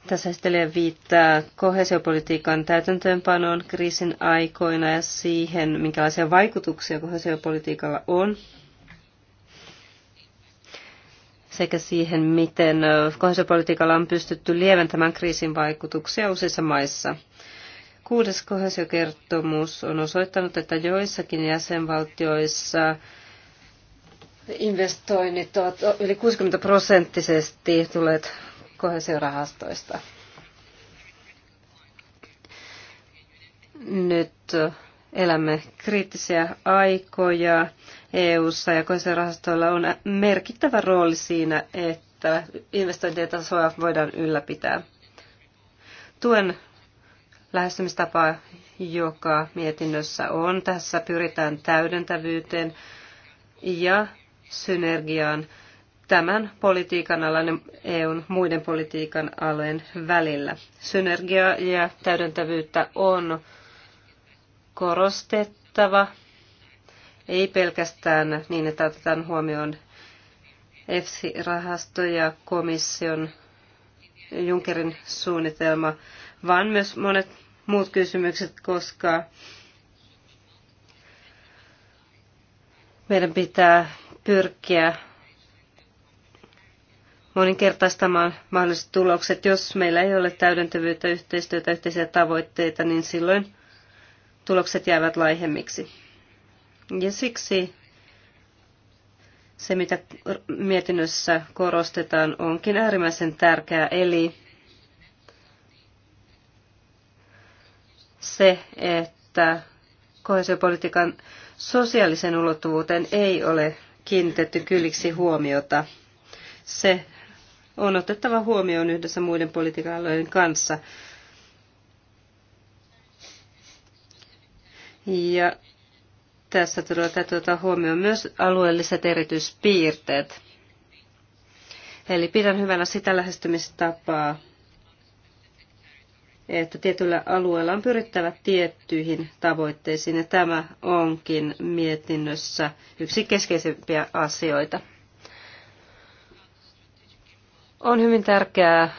Tässä viittaa kohesiopolitiikan täytäntöönpanoon kriisin aikoina ja siihen, minkälaisia vaikutuksia kohesiopolitiikalla on sekä siihen, miten kohesiopolitiikalla on pystytty lieventämään kriisin vaikutuksia useissa maissa. Kuudes kohesiokertomus on osoittanut, että joissakin jäsenvaltioissa investoinnit ovat yli 60 prosenttisesti tulleet kohesiorahastoista. Nyt elämme kriittisiä aikoja EU-ssa ja kohesiorahastoilla on merkittävä rooli siinä, että investointien tasoa voidaan ylläpitää. Tuen lähestymistapaa, joka mietinnössä on. Tässä pyritään täydentävyyteen ja synergiaan tämän politiikan alan ja EUn muiden politiikan alojen välillä. Synergiaa ja täydentävyyttä on korostettava, ei pelkästään niin, että otetaan huomioon EFSI-rahasto ja komission Junckerin suunnitelma, vaan myös monet muut kysymykset, koska meidän pitää pyrkiä moninkertaistamaan mahdolliset tulokset. Jos meillä ei ole täydentävyyttä, yhteistyötä, yhteisiä tavoitteita, niin silloin tulokset jäävät laihemmiksi. Ja siksi se, mitä mietinnössä korostetaan, onkin äärimmäisen tärkeää, eli se, että kohesiopolitiikan sosiaalisen ulottuvuuteen ei ole kiinnitetty kylliksi huomiota. Se on otettava huomioon yhdessä muiden politiikan alojen kanssa. Ja tässä tulee täytyy ottaa huomioon myös alueelliset erityispiirteet. Eli pidän hyvänä sitä lähestymistapaa, että tietyllä alueella on pyrittävä tiettyihin tavoitteisiin, ja tämä onkin mietinnössä yksi keskeisimpiä asioita. On hyvin tärkeää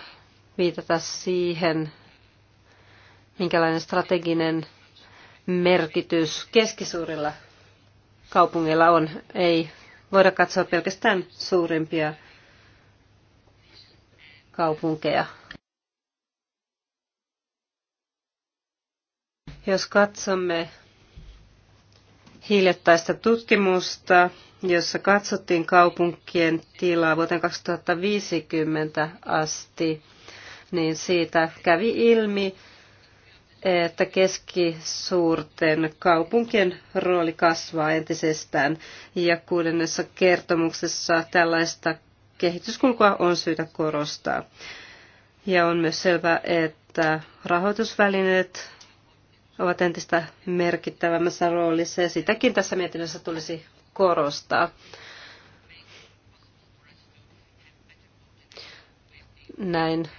viitata siihen, minkälainen strateginen merkitys keskisuurilla kaupungeilla on. Ei voida katsoa pelkästään suurimpia kaupunkeja. Jos katsomme hiljattaista tutkimusta, jossa katsottiin kaupunkien tilaa vuoteen 2050 asti, niin siitä kävi ilmi, että keskisuurten kaupunkien rooli kasvaa entisestään ja kuudennessa kertomuksessa tällaista kehityskulkua on syytä korostaa. Ja on myös selvää, että rahoitusvälineet ovat entistä merkittävämmässä roolissa ja sitäkin tässä mietinnössä tulisi korostaa. Näin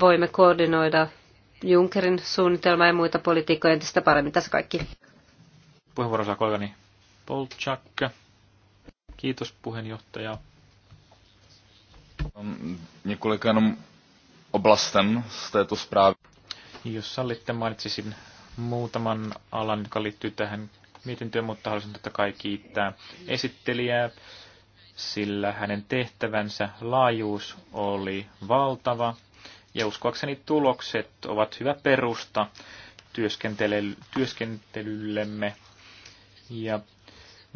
voimme koordinoida Junckerin suunnitelmaa ja muita politiikkoja entistä paremmin. Tässä kaikki. Puheenvuoro saa kollegani Polchak. Kiitos puheenjohtaja. Několika jenom oblastem z této zprávy. Jos sallitte, mainitsisin muutaman alan, joka liittyy tähän mietintöön, mutta haluaisin totta kai kiittää esittelijää, sillä hänen tehtävänsä laajuus oli valtava ja uskoakseni tulokset ovat hyvä perusta työskentelyllemme. Ja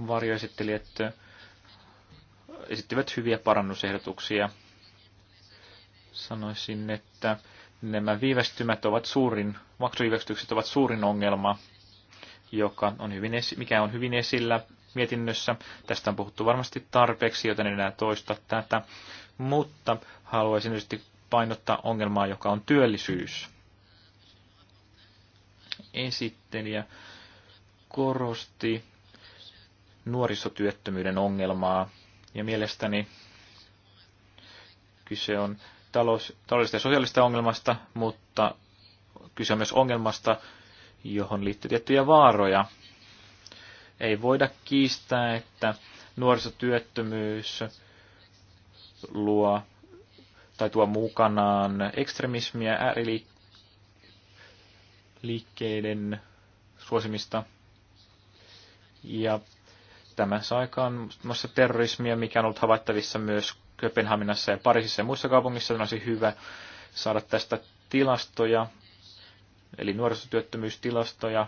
varjoesittelijät esittivät hyviä parannusehdotuksia. Sanoisin, että nämä viivästymät ovat suurin, maksuviivästykset ovat suurin ongelma, joka on hyvin esi- mikä on hyvin esillä mietinnössä. Tästä on puhuttu varmasti tarpeeksi, joten en enää toista tätä. Mutta haluaisin tietysti painottaa ongelmaa, joka on työllisyys. Esittelijä korosti nuorisotyöttömyyden ongelmaa, ja mielestäni kyse on talous, taloudellisesta ja sosiaalista ongelmasta, mutta kyse on myös ongelmasta, johon liittyy tiettyjä vaaroja. Ei voida kiistää, että nuorisotyöttömyys luo tai tuo mukanaan ekstremismiä, ääriliikkeiden suosimista. Ja tämä saa aikaan muassa terrorismia, mikä on ollut havaittavissa myös Kööpenhaminassa ja Pariisissa ja muissa kaupungissa. on olisi hyvä saada tästä tilastoja, eli nuorisotyöttömyystilastoja.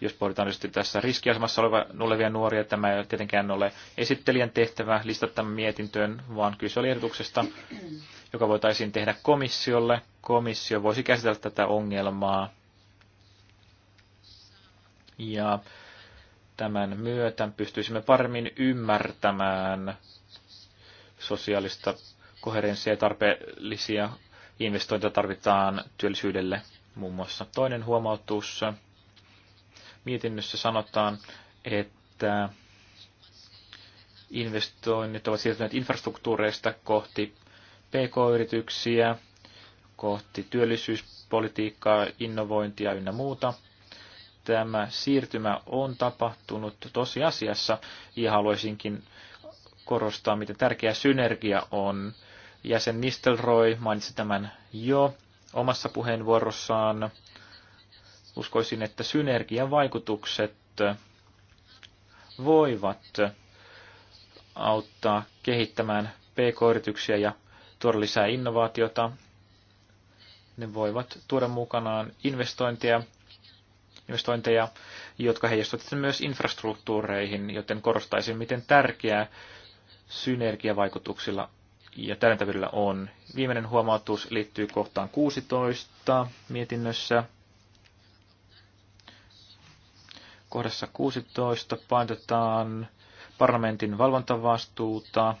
Jos pohditaan tietysti tässä riskiasemassa olevia nuoria, tämä ei tietenkään ole esittelijän tehtävä listata tämän mietintöön, vaan kyse oli ehdotuksesta, joka voitaisiin tehdä komissiolle. Komissio voisi käsitellä tätä ongelmaa. Ja Tämän myötä pystyisimme paremmin ymmärtämään sosiaalista koherenssia ja tarpeellisia investointeja tarvitaan työllisyydelle muun muassa. Toinen huomautus. Mietinnössä sanotaan, että investoinnit ovat siirtyneet infrastruktuureista kohti PK-yrityksiä, kohti työllisyyspolitiikkaa, innovointia ynnä muuta tämä siirtymä on tapahtunut tosiasiassa ja haluaisinkin korostaa, miten tärkeä synergia on. Jäsen Nistelrooy mainitsi tämän jo omassa puheenvuorossaan. Uskoisin, että synergian vaikutukset voivat auttaa kehittämään pk-yrityksiä ja tuoda lisää innovaatiota. Ne voivat tuoda mukanaan investointeja investointeja, jotka heijastuvat myös infrastruktuureihin, joten korostaisin, miten tärkeää synergiavaikutuksilla ja täydentävyydellä on. Viimeinen huomautus liittyy kohtaan 16 mietinnössä. Kohdassa 16 painotetaan parlamentin valvontavastuuta,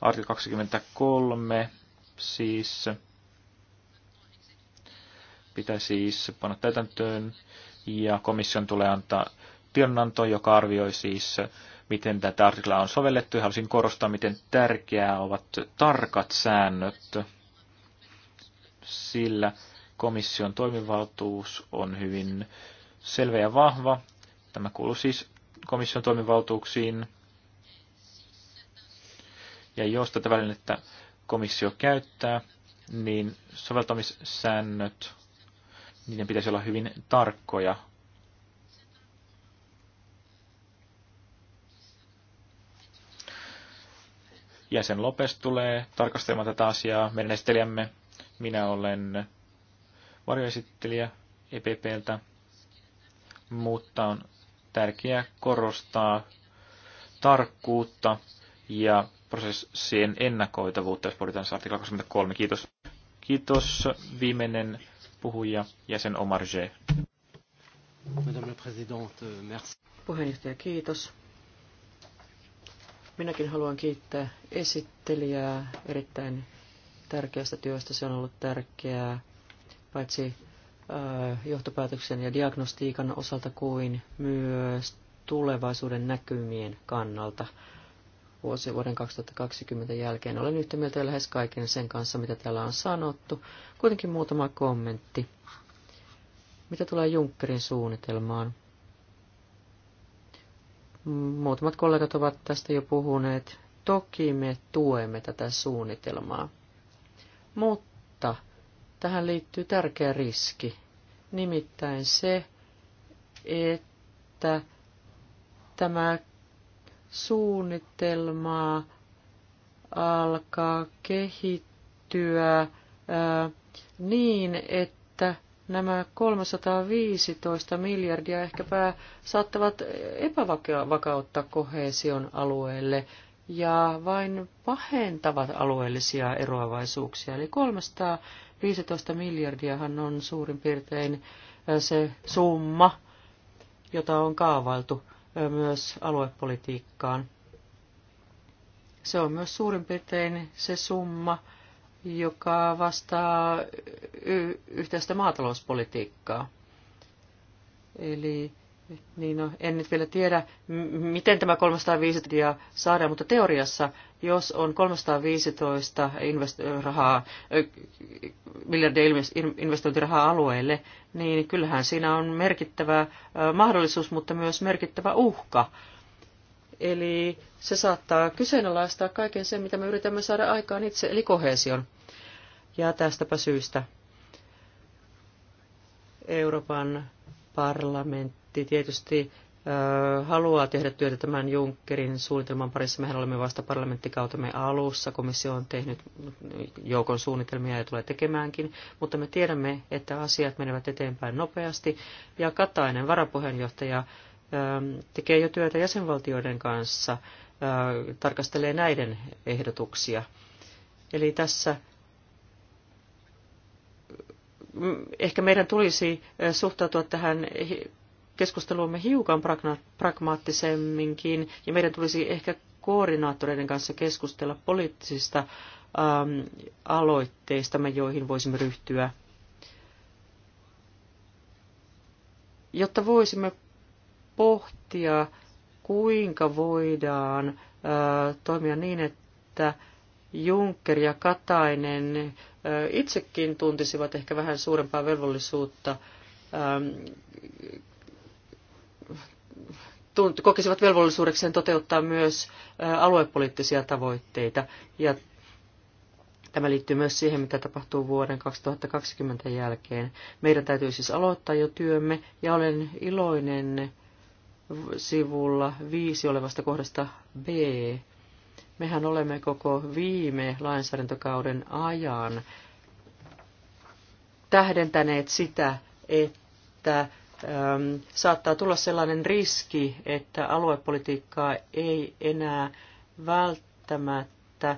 artikla 23, siis pitää siis panna täytäntöön ja komission tulee antaa tiedonanto, joka arvioi siis, miten tätä artiklaa on sovellettu. Ja haluaisin korostaa, miten tärkeää ovat tarkat säännöt, sillä komission toimivaltuus on hyvin selvä ja vahva. Tämä kuuluu siis komission toimivaltuuksiin. Ja jos tätä välinettä komissio käyttää, niin soveltamissäännöt niiden pitäisi olla hyvin tarkkoja. Jäsen Lopes tulee tarkastelemaan tätä asiaa. Meidän esittelijämme, minä olen varjoesittelijä EPPltä, mutta on tärkeää korostaa tarkkuutta ja prosessien ennakoitavuutta, jos pohditaan artikla 23. Kiitos. Kiitos. Viimeinen puhuja, jäsen Omarje. Madame euh, Puheenjohtaja, kiitos. Minäkin haluan kiittää esittelijää erittäin tärkeästä työstä. Se on ollut tärkeää paitsi äh, johtopäätöksen ja diagnostiikan osalta kuin myös tulevaisuuden näkymien kannalta vuosi vuoden 2020 jälkeen. Olen yhtä mieltä lähes kaiken sen kanssa, mitä täällä on sanottu. Kuitenkin muutama kommentti. Mitä tulee Junckerin suunnitelmaan? Muutamat kollegat ovat tästä jo puhuneet. Toki me tuemme tätä suunnitelmaa. Mutta tähän liittyy tärkeä riski, nimittäin se, että tämä suunnitelmaa alkaa kehittyä äh, niin, että nämä 315 miljardia ehkäpä saattavat epävakautta kohesion alueelle ja vain pahentavat alueellisia eroavaisuuksia. Eli 315 miljardiahan on suurin piirtein äh, se summa, jota on kaavailtu myös aluepolitiikkaan. Se on myös suurin piirtein se summa, joka vastaa y- yhteistä maatalouspolitiikkaa. Eli niin no, en nyt vielä tiedä, miten tämä 315 saadaan, mutta teoriassa, jos on 315 invest- rahaa, miljardia investointirahaa alueelle, niin kyllähän siinä on merkittävä mahdollisuus, mutta myös merkittävä uhka. Eli se saattaa kyseenalaistaa kaiken sen, mitä me yritämme saada aikaan itse, eli kohesion. Ja tästäpä syystä Euroopan parlamentti parlamentti tietysti haluaa tehdä työtä tämän Junckerin suunnitelman parissa. Mehän olemme vasta parlamenttikautemme alussa. Komissio on tehnyt joukon suunnitelmia ja tulee tekemäänkin, mutta me tiedämme, että asiat menevät eteenpäin nopeasti. Ja Katainen, varapuheenjohtaja, tekee jo työtä jäsenvaltioiden kanssa, tarkastelee näiden ehdotuksia. Eli tässä ehkä meidän tulisi suhtautua tähän keskusteluamme hiukan pragmaattisemminkin, ja meidän tulisi ehkä koordinaattoreiden kanssa keskustella poliittisista ähm, aloitteistamme, joihin voisimme ryhtyä, jotta voisimme pohtia, kuinka voidaan äh, toimia niin, että Juncker ja Katainen äh, itsekin tuntisivat ehkä vähän suurempaa velvollisuutta äh, kokisivat velvollisuudekseen toteuttaa myös aluepoliittisia tavoitteita. Ja tämä liittyy myös siihen, mitä tapahtuu vuoden 2020 jälkeen. Meidän täytyy siis aloittaa jo työmme ja olen iloinen sivulla viisi olevasta kohdasta B. Mehän olemme koko viime lainsäädäntökauden ajan tähdentäneet sitä, että saattaa tulla sellainen riski, että aluepolitiikkaa ei enää välttämättä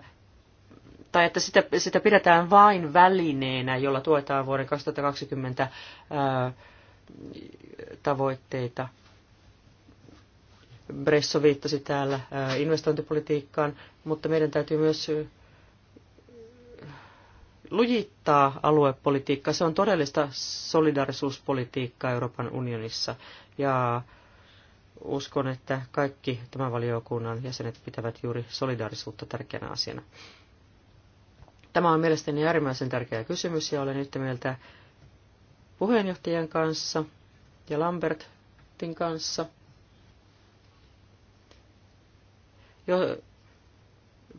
tai että sitä, sitä pidetään vain välineenä, jolla tuetaan vuoden 2020 ää, tavoitteita. Bresso viittasi täällä investointipolitiikkaan, mutta meidän täytyy myös lujittaa aluepolitiikkaa. Se on todellista solidarisuuspolitiikkaa Euroopan unionissa. Ja uskon, että kaikki tämän valiokunnan jäsenet pitävät juuri solidaarisuutta tärkeänä asiana. Tämä on mielestäni äärimmäisen tärkeä kysymys ja olen yhtä mieltä puheenjohtajan kanssa ja Lambertin kanssa. Jo,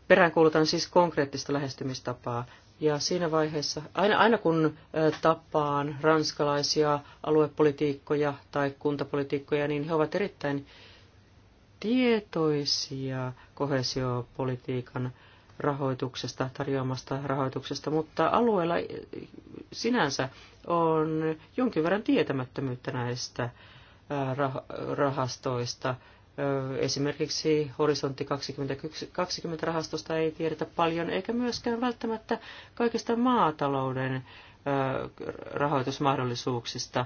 peräänkuulutan siis konkreettista lähestymistapaa. Ja siinä vaiheessa, aina, aina kun tapaan ranskalaisia aluepolitiikkoja tai kuntapolitiikkoja, niin he ovat erittäin tietoisia kohesiopolitiikan rahoituksesta, tarjoamasta rahoituksesta, mutta alueella sinänsä on jonkin verran tietämättömyyttä näistä rahastoista, Esimerkiksi horisontti 2020 rahastosta ei tiedetä paljon, eikä myöskään välttämättä kaikista maatalouden rahoitusmahdollisuuksista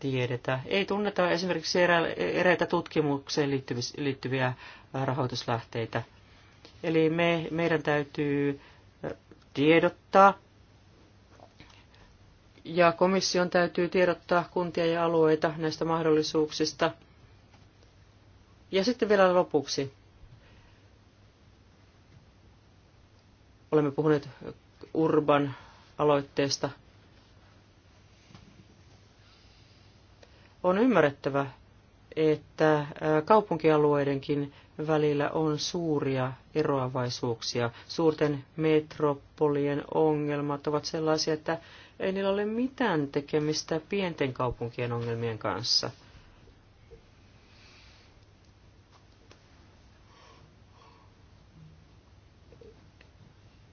tiedetä. Ei tunneta esimerkiksi eräitä tutkimukseen liittyviä rahoituslähteitä. Eli me, meidän täytyy tiedottaa ja komission täytyy tiedottaa kuntia ja alueita näistä mahdollisuuksista – ja sitten vielä lopuksi. Olemme puhuneet Urban aloitteesta. On ymmärrettävä, että kaupunkialueidenkin välillä on suuria eroavaisuuksia. Suurten metropolien ongelmat ovat sellaisia, että ei niillä ole mitään tekemistä pienten kaupunkien ongelmien kanssa –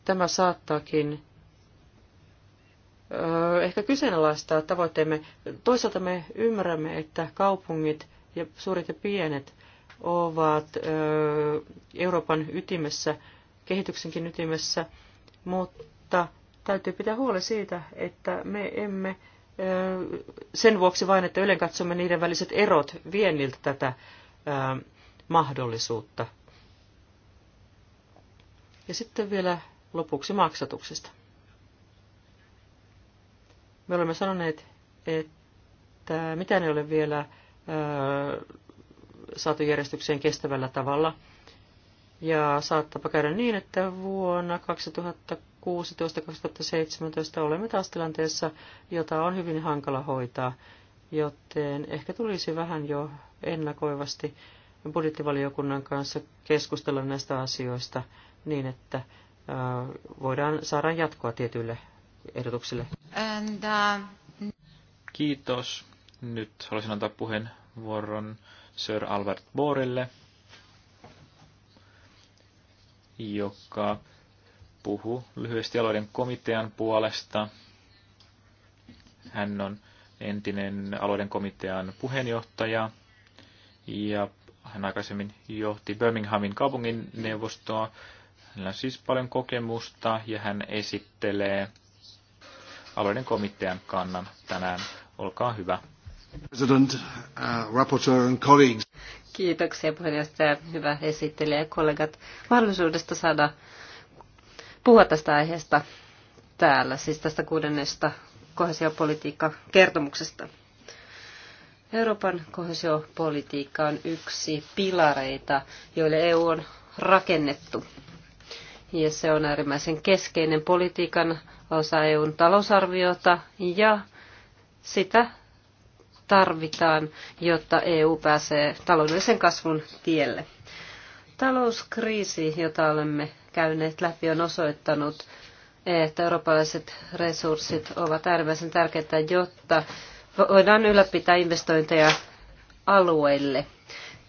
Tämä saattaakin ehkä kyseenalaistaa tavoitteemme. Toisaalta me ymmärrämme, että kaupungit ja suuret ja pienet ovat Euroopan ytimessä, kehityksenkin ytimessä, mutta täytyy pitää huoli siitä, että me emme sen vuoksi vain, että ylen katsomme niiden väliset erot vienniltä tätä mahdollisuutta. Ja sitten vielä lopuksi maksatuksesta. Me olemme sanoneet, että mitään ei ole vielä saatu järjestykseen kestävällä tavalla. Ja saattaa käydä niin, että vuonna 2016-2017 olemme taas tilanteessa, jota on hyvin hankala hoitaa. Joten ehkä tulisi vähän jo ennakoivasti budjettivaliokunnan kanssa keskustella näistä asioista niin, että voidaan saada jatkoa tietyille ehdotuksille. And, uh... Kiitos. Nyt haluaisin antaa puheenvuoron Sir Albert Boorille, joka puhuu lyhyesti alueiden komitean puolesta. Hän on entinen alueiden komitean puheenjohtaja ja hän aikaisemmin johti Birminghamin kaupungin neuvostoa Hänellä on siis paljon kokemusta ja hän esittelee alueiden komitean kannan tänään. Olkaa hyvä. President, uh, rapporteur and colleagues. Kiitoksia puheenjohtaja, hyvä esittelijä ja kollegat mahdollisuudesta saada puhua tästä aiheesta täällä, siis tästä kuudennesta kohesiopolitiikka-kertomuksesta. Euroopan kohesiopolitiikka on yksi pilareita, joille EU on rakennettu ja se on äärimmäisen keskeinen politiikan osa EUn talousarviota ja sitä tarvitaan, jotta EU pääsee taloudellisen kasvun tielle. Talouskriisi, jota olemme käyneet läpi, on osoittanut, että eurooppalaiset resurssit ovat äärimmäisen tärkeitä, jotta voidaan ylläpitää investointeja alueille.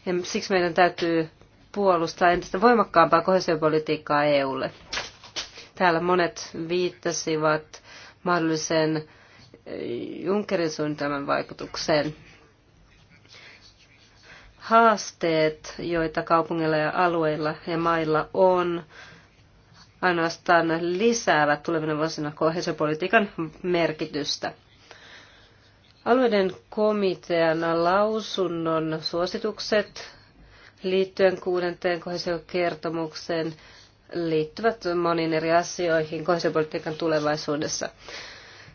Ja siksi meidän täytyy puolustaa entistä voimakkaampaa kohesiopolitiikkaa EUlle. Täällä monet viittasivat mahdolliseen eh, Junckerin suunnitelman vaikutukseen. Haasteet, joita kaupungeilla ja alueilla ja mailla on, ainoastaan lisäävät tulevina vuosina kohesiopolitiikan merkitystä. Alueiden komitean lausunnon suositukset liittyen kuudenteen kohesiokertomukseen liittyvät moniin eri asioihin kohesiopolitiikan tulevaisuudessa.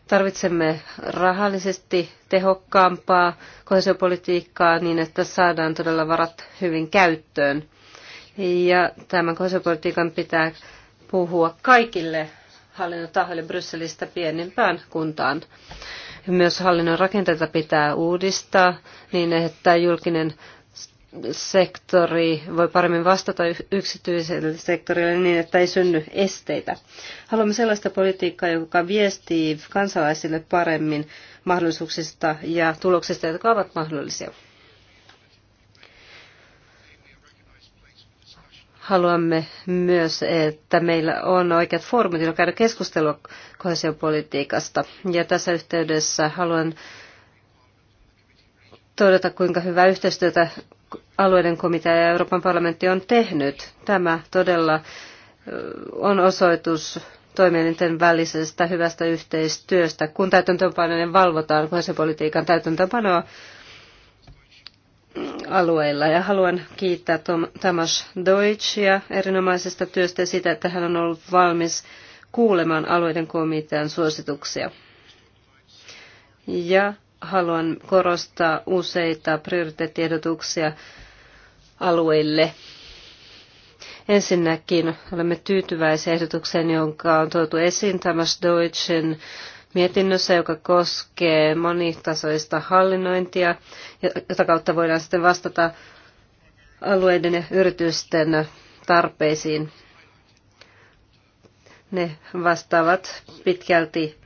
Tarvitsemme rahallisesti tehokkaampaa kohesiopolitiikkaa niin, että saadaan todella varat hyvin käyttöön. Ja tämän kohesiopolitiikan pitää puhua kaikille hallinnon tahoille Brysselistä pienimpään kuntaan. Myös hallinnon rakenteita pitää uudistaa niin, että julkinen sektori voi paremmin vastata yksityiselle sektorille niin, että ei synny esteitä. Haluamme sellaista politiikkaa, joka viestii kansalaisille paremmin mahdollisuuksista ja tuloksista, jotka ovat mahdollisia. Haluamme myös, että meillä on oikeat foorumit, joilla käydä keskustelua kohesiopolitiikasta. Ja tässä yhteydessä haluan todeta, kuinka hyvää yhteistyötä alueiden komitea ja Euroopan parlamentti on tehnyt. Tämä todella on osoitus toimielinten välisestä hyvästä yhteistyöstä, kun täytäntöönpanojen valvotaan kohesiopolitiikan täytäntöönpanoa alueilla. Ja haluan kiittää Tom, Tamas Deutschia erinomaisesta työstä ja siitä, että hän on ollut valmis kuulemaan alueiden komitean suosituksia. Ja haluan korostaa useita prioriteettiehdotuksia alueille. Ensinnäkin olemme tyytyväisiä ehdotukseen, jonka on tuotu esiin Thomas Deutschen mietinnössä, joka koskee monitasoista hallinnointia, jota kautta voidaan sitten vastata alueiden ja yritysten tarpeisiin. Ne vastaavat pitkälti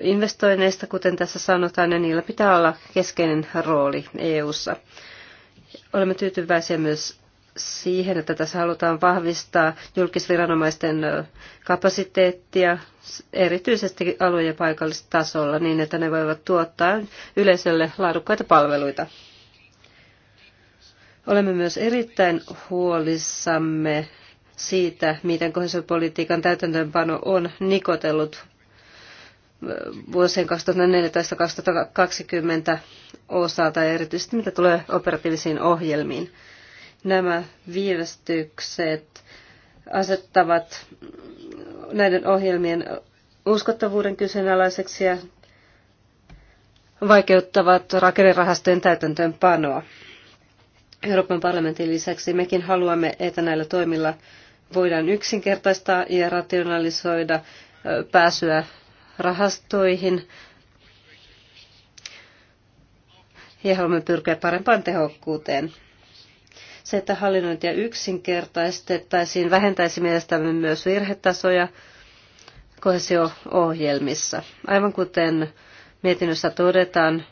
investoinneista, kuten tässä sanotaan, ja niillä pitää olla keskeinen rooli EU:ssa. Olemme tyytyväisiä myös siihen, että tässä halutaan vahvistaa julkisviranomaisten kapasiteettia erityisesti alue- ja paikallistasolla niin, että ne voivat tuottaa yleisölle laadukkaita palveluita. Olemme myös erittäin huolissamme siitä, miten kohesiopolitiikan täytäntöönpano on nikotellut vuosien 2014-2020 osalta ja erityisesti mitä tulee operatiivisiin ohjelmiin. Nämä viivästykset asettavat näiden ohjelmien uskottavuuden kyseenalaiseksi ja vaikeuttavat rakennerahastojen täytäntöönpanoa. Euroopan parlamentin lisäksi mekin haluamme, että näillä toimilla voidaan yksinkertaistaa ja rationalisoida pääsyä rahastoihin. Ja haluamme pyrkiä parempaan tehokkuuteen. Se, että hallinnointia yksinkertaistettaisiin, vähentäisi mielestämme myös virhetasoja kohesio-ohjelmissa. Aivan kuten mietinnössä todetaan,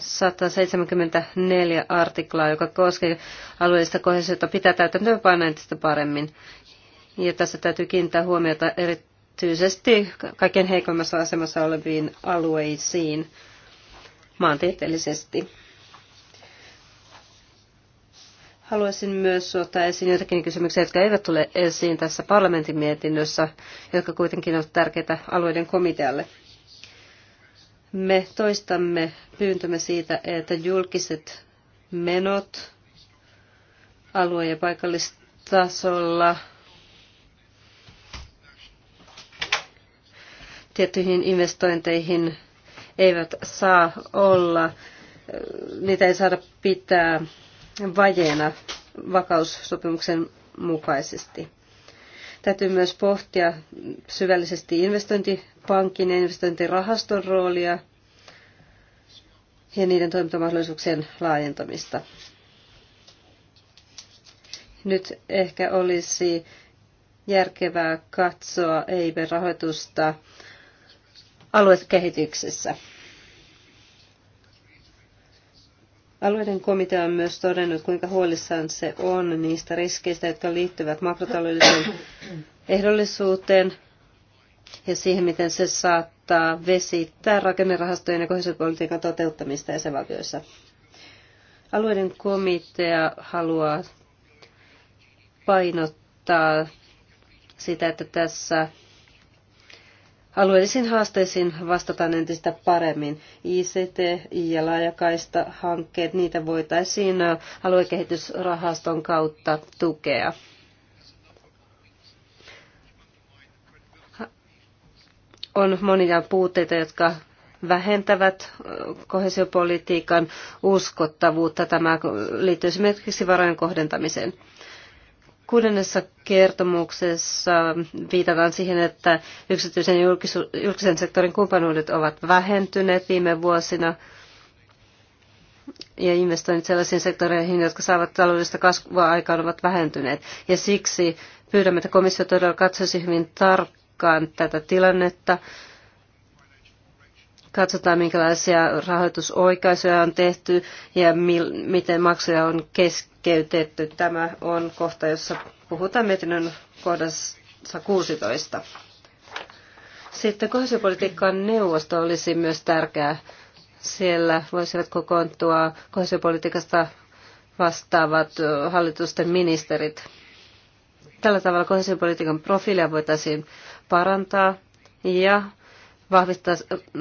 174 artiklaa, joka koskee alueellista kohesiota, pitää täytäntöönpanna entistä paremmin. Ja tässä täytyy kiinnittää huomiota erityisesti kaiken heikommassa asemassa oleviin alueisiin maantieteellisesti. Haluaisin myös ottaa esiin joitakin kysymyksiä, jotka eivät tule esiin tässä parlamentin mietinnössä, jotka kuitenkin ovat tärkeitä alueiden komitealle. Me toistamme pyyntömme siitä, että julkiset menot alue- ja paikallistasolla tiettyihin investointeihin eivät saa olla, niitä ei saada pitää vajeena vakaussopimuksen mukaisesti. Täytyy myös pohtia syvällisesti investointipankin ja investointirahaston roolia ja niiden toimintamahdollisuuksien laajentamista. Nyt ehkä olisi järkevää katsoa eib rahoitusta aluekehityksessä. Alueiden komitea on myös todennut, kuinka huolissaan se on niistä riskeistä, jotka liittyvät makrotaloudelliseen ehdollisuuteen ja siihen, miten se saattaa vesittää rakennerahastojen ja kohdistuspolitiikan toteuttamista jäsenvaltioissa. Alueiden komitea haluaa painottaa sitä, että tässä Alueellisiin haasteisiin vastataan entistä paremmin. ICT- ja laajakaista hankkeet, niitä voitaisiin aluekehitysrahaston kautta tukea. On monia puutteita, jotka vähentävät kohesiopolitiikan uskottavuutta. Tämä liittyy esimerkiksi varojen kohdentamiseen. Kuudennessa kertomuksessa viitataan siihen, että yksityisen ja julkisen sektorin kumppanuudet ovat vähentyneet viime vuosina ja investoinnit sellaisiin sektoreihin, jotka saavat taloudellista kasvua aikaan, ovat vähentyneet. Ja siksi pyydämme, että komissio todella katsoisi hyvin tarkkaan tätä tilannetta Katsotaan, minkälaisia rahoitusoikaisuja on tehty ja mil, miten maksuja on keskeytetty. Tämä on kohta, jossa puhutaan mietinnön kohdassa 16. Sitten kohesiopolitiikan neuvosto olisi myös tärkeää. Siellä voisivat kokoontua kohesiopolitiikasta vastaavat hallitusten ministerit. Tällä tavalla kohesiopolitiikan profiilia voitaisiin parantaa ja vahvistaa,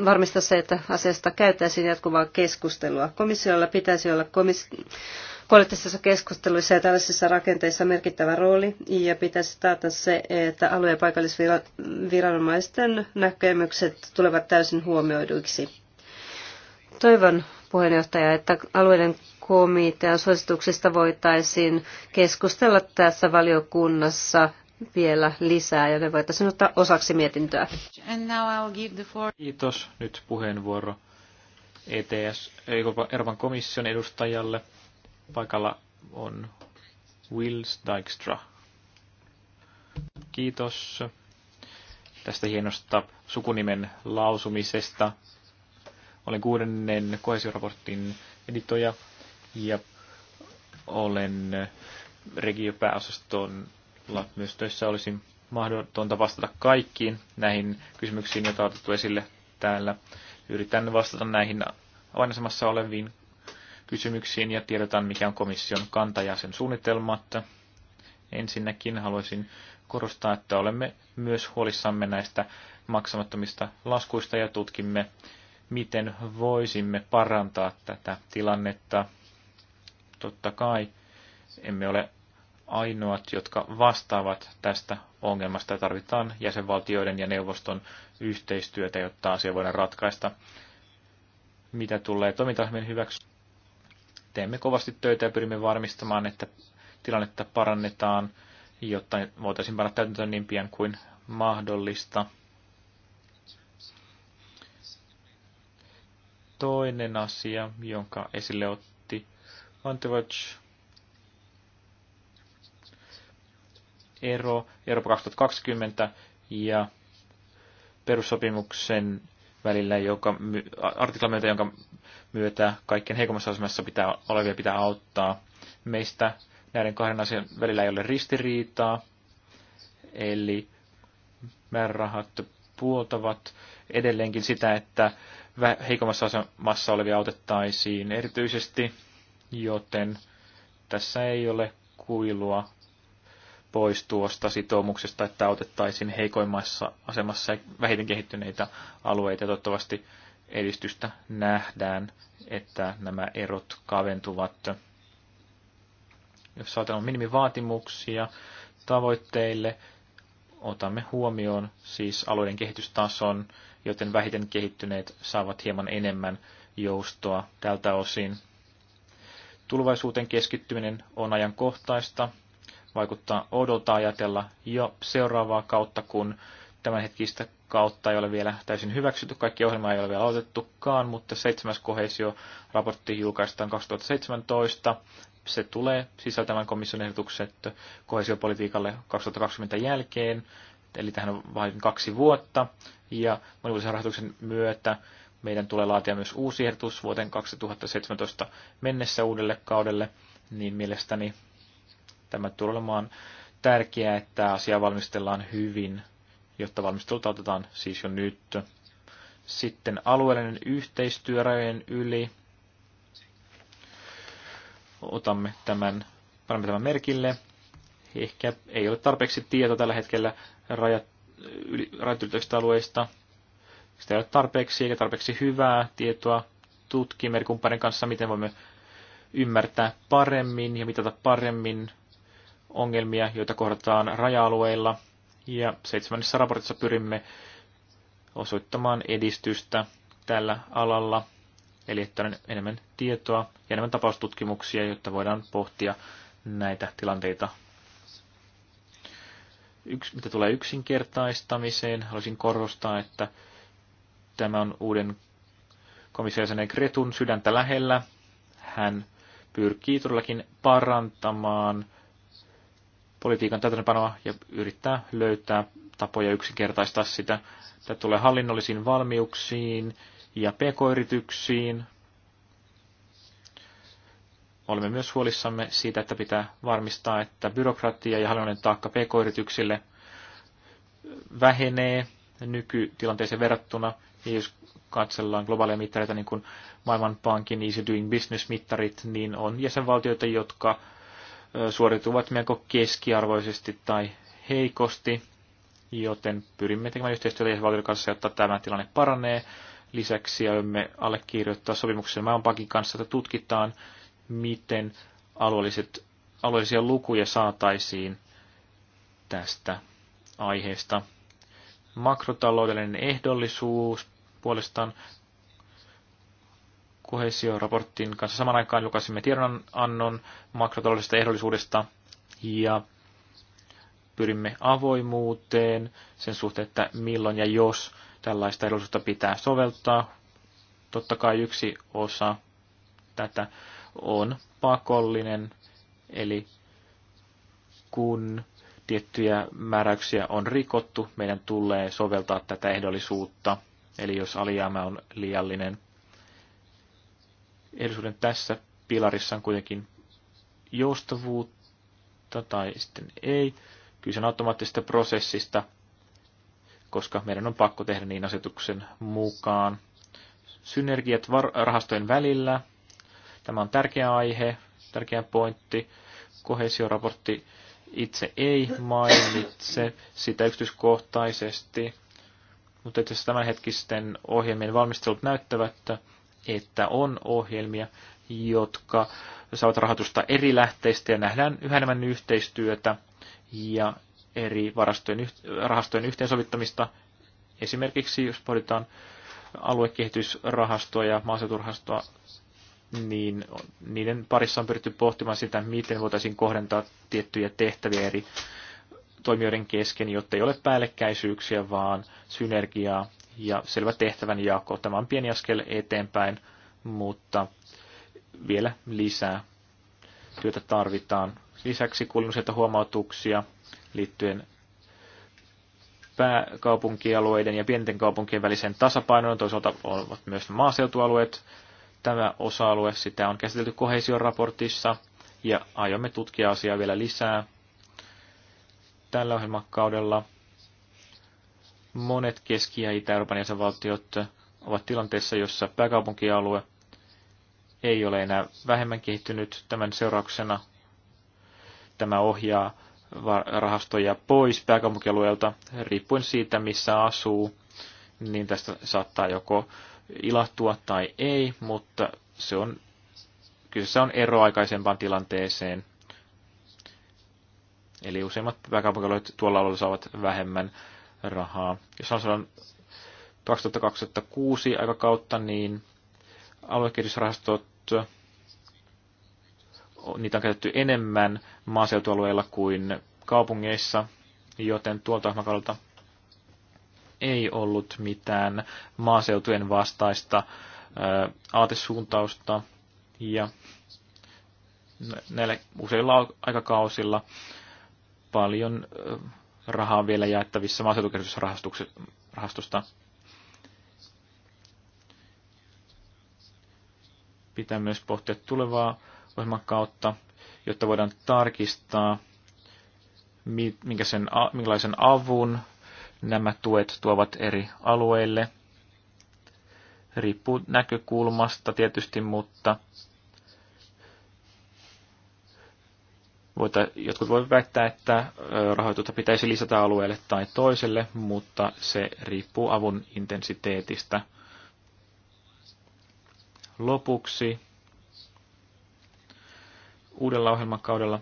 varmistaa se, että asiasta käytäisiin jatkuvaa keskustelua. Komissiolla pitäisi olla komis- poliittisissa keskusteluissa ja tällaisissa rakenteissa merkittävä rooli ja pitäisi taata se, että alue- ja paikallisviranomaisten näkemykset tulevat täysin huomioiduiksi. Toivon puheenjohtaja, että alueiden komitean suosituksista voitaisiin keskustella tässä valiokunnassa vielä lisää ja ne voitaisiin ottaa osaksi mietintöä. Kiitos. Nyt puheenvuoro ETS, Euroopan komission edustajalle. Paikalla on Wills Dijkstra. Kiitos tästä hienosta sukunimen lausumisesta. Olen kuudennen kohesioraportin editoja ja olen regiopääosaston olla myös töissä. Olisi mahdotonta vastata kaikkiin näihin kysymyksiin, joita on otettu esille täällä. Yritän vastata näihin avainasemassa oleviin kysymyksiin ja tiedotan, mikä on komission kanta ja sen suunnitelmat. Ensinnäkin haluaisin korostaa, että olemme myös huolissamme näistä maksamattomista laskuista ja tutkimme, miten voisimme parantaa tätä tilannetta. Totta kai emme ole ainoat, jotka vastaavat tästä ongelmasta. Tarvitaan jäsenvaltioiden ja neuvoston yhteistyötä, jotta asia voidaan ratkaista. Mitä tulee toimintaohjelmien hyväksi? Teemme kovasti töitä ja pyrimme varmistamaan, että tilannetta parannetaan, jotta voitaisiin panna täytäntöön niin pian kuin mahdollista. Toinen asia, jonka esille otti Antivatch, ero Eurooppa 2020 ja perussopimuksen välillä, joka, artikla myötä, jonka myötä kaikkien heikommassa asemassa pitää, olevia pitää auttaa. Meistä näiden kahden asian välillä ei ole ristiriitaa, eli määrärahat puoltavat edelleenkin sitä, että heikommassa asemassa olevia autettaisiin erityisesti, joten tässä ei ole kuilua pois tuosta sitoumuksesta, että autettaisiin heikoimmassa asemassa vähiten kehittyneitä alueita. Toivottavasti edistystä nähdään, että nämä erot kaventuvat. Jos saatellaan minimivaatimuksia tavoitteille, otamme huomioon siis alueiden kehitystason, joten vähiten kehittyneet saavat hieman enemmän joustoa tältä osin. Tulevaisuuteen keskittyminen on ajankohtaista, vaikuttaa odolta ajatella jo seuraavaa kautta, kun hetkistä kautta ei ole vielä täysin hyväksytty, kaikki ohjelma ei ole vielä aloitettukaan, mutta seitsemäs raportti julkaistaan 2017. Se tulee sisältämään komission ehdotukset kohesiopolitiikalle 2020 jälkeen, eli tähän on vain kaksi vuotta, ja monivuotisen rahoituksen myötä meidän tulee laatia myös uusi ehdotus vuoteen 2017 mennessä uudelle kaudelle, niin mielestäni Tämä tulee olemaan tärkeää, että asia valmistellaan hyvin, jotta valmistelut otetaan siis jo nyt. Sitten alueellinen yhteistyö rajojen yli. Otamme tämän, panemme tämän merkille. Ehkä ei ole tarpeeksi tietoa tällä hetkellä rajat, yli, rajat alueista. Sitä ei ole tarpeeksi eikä tarpeeksi hyvää tietoa. Tutkimme kumppanin kanssa, miten voimme ymmärtää paremmin ja mitata paremmin ongelmia, joita kohdataan raja-alueilla. Ja seitsemännessä raportissa pyrimme osoittamaan edistystä tällä alalla, eli että on enemmän tietoa ja enemmän tapaustutkimuksia, jotta voidaan pohtia näitä tilanteita. Yksi, mitä tulee yksinkertaistamiseen, haluaisin korostaa, että tämä on uuden komissiojäsenen Kretun sydäntä lähellä. Hän pyrkii todellakin parantamaan – politiikan täytäntöpanoa ja yrittää löytää tapoja yksinkertaistaa sitä. Tämä tulee hallinnollisiin valmiuksiin ja pk-yrityksiin. Olemme myös huolissamme siitä, että pitää varmistaa, että byrokratia ja hallinnollinen taakka pk-yrityksille vähenee nykytilanteeseen verrattuna. Ja jos katsellaan globaaleja mittareita, niin kuin Maailmanpankin Easy Doing Business-mittarit, niin on jäsenvaltioita, jotka suorituvat melko keskiarvoisesti tai heikosti, joten pyrimme tekemään yhteistyötä jäsenvaltioiden kanssa, jotta tämä tilanne paranee. Lisäksi aiomme allekirjoittaa sopimuksen Maailmanpankin kanssa, että tutkitaan, miten alueelliset, alueellisia lukuja saataisiin tästä aiheesta. Makrotaloudellinen ehdollisuus puolestaan koheesioraportin kanssa saman aikaan julkaisimme tiedonannon makrotaloudellisesta ehdollisuudesta ja pyrimme avoimuuteen sen suhteen, että milloin ja jos tällaista ehdollisuutta pitää soveltaa. Totta kai yksi osa tätä on pakollinen, eli kun tiettyjä määräyksiä on rikottu, meidän tulee soveltaa tätä ehdollisuutta, eli jos alijäämä on liiallinen – Edullisuuden tässä pilarissa on kuitenkin joustavuutta tai sitten ei. Kyse on automaattisesta prosessista, koska meidän on pakko tehdä niin asetuksen mukaan. Synergiat rahastojen välillä. Tämä on tärkeä aihe, tärkeä pointti. Kohesioraportti itse ei mainitse sitä yksityiskohtaisesti, mutta itse asiassa tämänhetkisten ohjelmien valmistelut näyttävät, että että on ohjelmia, jotka saavat rahoitusta eri lähteistä ja nähdään yhä enemmän yhteistyötä ja eri varastojen, rahastojen yhteensovittamista. Esimerkiksi jos pohditaan aluekehitysrahastoa ja maaseuturahastoa, niin niiden parissa on pyritty pohtimaan sitä, miten voitaisiin kohdentaa tiettyjä tehtäviä eri toimijoiden kesken, jotta ei ole päällekkäisyyksiä, vaan synergiaa ja selvä tehtävän jako. Tämä on pieni askel eteenpäin, mutta vielä lisää työtä tarvitaan. Lisäksi kuulin sieltä huomautuksia liittyen pääkaupunkialueiden ja pienten kaupunkien väliseen tasapainoon. Toisaalta ovat myös maaseutualueet. Tämä osa-alue, sitä on käsitelty kohesioraportissa ja aiomme tutkia asiaa vielä lisää tällä ohjelmakaudella monet Keski- ja Itä-Euroopan jäsenvaltiot ovat tilanteessa, jossa pääkaupunkialue ei ole enää vähemmän kehittynyt tämän seurauksena. Tämä ohjaa rahastoja pois pääkaupunkialueelta riippuen siitä, missä asuu, niin tästä saattaa joko ilahtua tai ei, mutta se on, kyseessä on ero aikaisempaan tilanteeseen. Eli useimmat pääkaupunkialueet tuolla alueella saavat vähemmän rahaa. Jos on 2006 aikakautta, niin aluekehitysrahastot, niitä on käytetty enemmän maaseutualueilla kuin kaupungeissa, joten tuolta ohjelmakaudelta ei ollut mitään maaseutujen vastaista aatesuuntausta. Ja näillä useilla aikakausilla paljon rahaa vielä jaettavissa maaseutukeskusrahastosta. Pitää myös pohtia tulevaa kautta, jotta voidaan tarkistaa, minkä sen, minkälaisen avun nämä tuet tuovat eri alueille. Riippuu näkökulmasta tietysti, mutta Voita, jotkut voivat väittää, että rahoitusta pitäisi lisätä alueelle tai toiselle, mutta se riippuu avun intensiteetistä. Lopuksi uudella ohjelmakaudella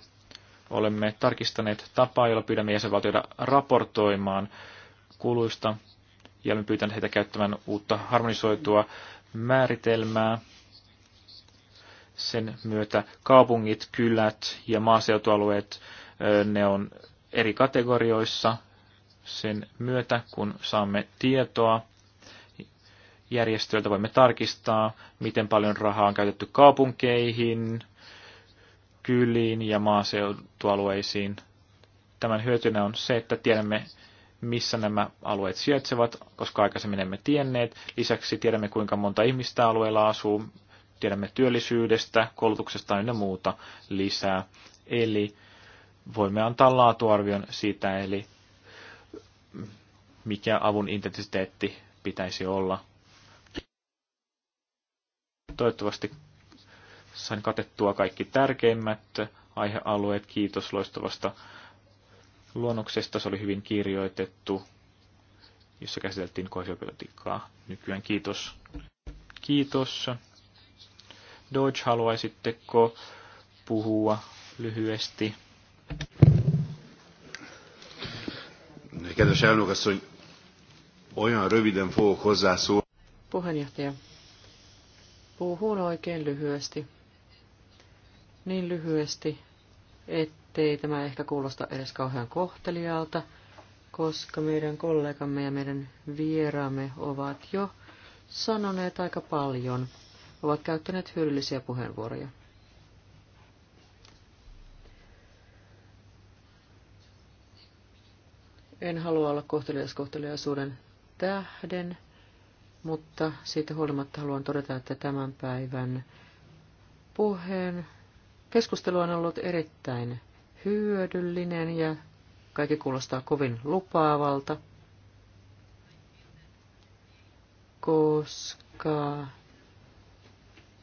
olemme tarkistaneet tapaa, jolla pyydämme jäsenvaltioita raportoimaan kuluista ja olemme pyytäneet heitä käyttämään uutta harmonisoitua määritelmää sen myötä kaupungit, kylät ja maaseutualueet, ne on eri kategorioissa. Sen myötä, kun saamme tietoa järjestöiltä, voimme tarkistaa, miten paljon rahaa on käytetty kaupunkeihin, kyliin ja maaseutualueisiin. Tämän hyötynä on se, että tiedämme, missä nämä alueet sijaitsevat, koska aikaisemmin emme tienneet. Lisäksi tiedämme, kuinka monta ihmistä alueella asuu, tiedämme työllisyydestä, koulutuksesta ja muuta lisää. Eli voimme antaa laatuarvion siitä, eli mikä avun intensiteetti pitäisi olla. Toivottavasti sain katettua kaikki tärkeimmät aihealueet. Kiitos loistavasta luonnoksesta. Se oli hyvin kirjoitettu, jossa käsiteltiin kohesiopolitiikkaa. Nykyään kiitos. Kiitos. Deutsch, haluaisitteko puhua lyhyesti? Kedves elnökasszony, olyan röviden fogok hozzászólni. Puheenjohtaja, puhun oikein lyhyesti. Niin lyhyesti, ettei tämä ehkä kuulosta edes kauhean kohtelijalta, koska meidän kollegamme ja meidän vieraamme ovat jo sanoneet aika paljon – ovat käyttäneet hyödyllisiä puheenvuoroja. En halua olla kohtelias kohteliaisuuden tähden, mutta siitä huolimatta haluan todeta, että tämän päivän puheen keskustelu on ollut erittäin hyödyllinen ja kaikki kuulostaa kovin lupaavalta, koska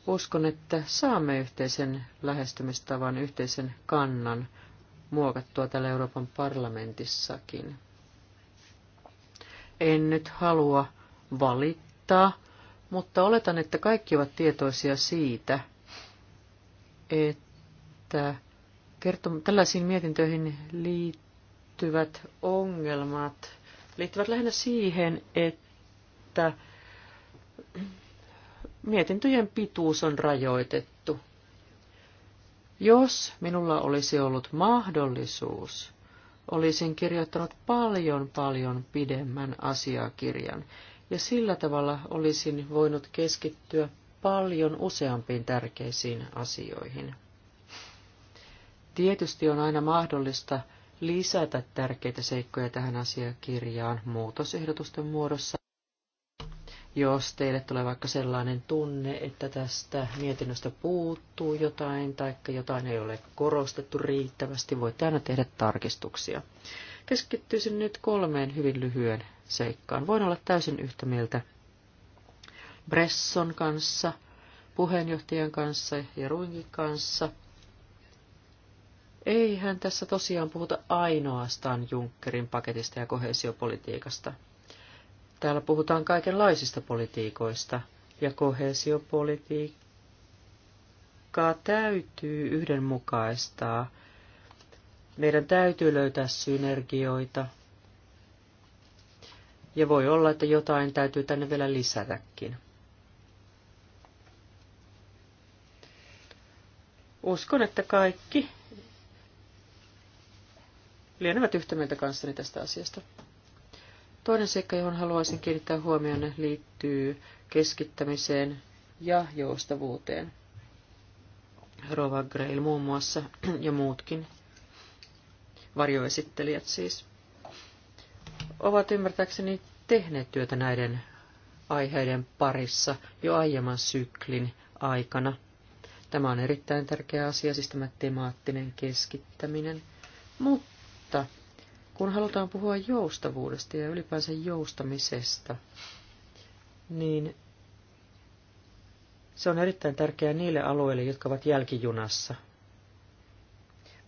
Uskon, että saamme yhteisen lähestymistavan, yhteisen kannan muokattua täällä Euroopan parlamentissakin. En nyt halua valittaa, mutta oletan, että kaikki ovat tietoisia siitä, että kertom- tällaisiin mietintöihin liittyvät ongelmat liittyvät lähinnä siihen, että mietintöjen pituus on rajoitettu. Jos minulla olisi ollut mahdollisuus, olisin kirjoittanut paljon paljon pidemmän asiakirjan, ja sillä tavalla olisin voinut keskittyä paljon useampiin tärkeisiin asioihin. Tietysti on aina mahdollista lisätä tärkeitä seikkoja tähän asiakirjaan muutosehdotusten muodossa, jos teille tulee vaikka sellainen tunne, että tästä mietinnöstä puuttuu jotain tai jotain ei ole korostettu riittävästi, voitte aina tehdä tarkistuksia. Keskittyisin nyt kolmeen hyvin lyhyen seikkaan. Voin olla täysin yhtä mieltä Bresson kanssa, puheenjohtajan kanssa ja Ruinkin kanssa. Eihän tässä tosiaan puhuta ainoastaan Junckerin paketista ja kohesiopolitiikasta – Täällä puhutaan kaikenlaisista politiikoista, ja kohesiopolitiikkaa täytyy yhdenmukaistaa. Meidän täytyy löytää synergioita, ja voi olla, että jotain täytyy tänne vielä lisätäkin. Uskon, että kaikki lienevät yhtä mieltä kanssani tästä asiasta. Toinen seikka, johon haluaisin kiinnittää huomioon, liittyy keskittämiseen ja joustavuuteen. Rova Grail muun muassa ja muutkin varjoesittelijät siis, ovat ymmärtääkseni tehneet työtä näiden aiheiden parissa jo aiemman syklin aikana. Tämä on erittäin tärkeä asia, siis tämä temaattinen keskittäminen. Mutta kun halutaan puhua joustavuudesta ja ylipäänsä joustamisesta, niin se on erittäin tärkeää niille alueille, jotka ovat jälkijunassa.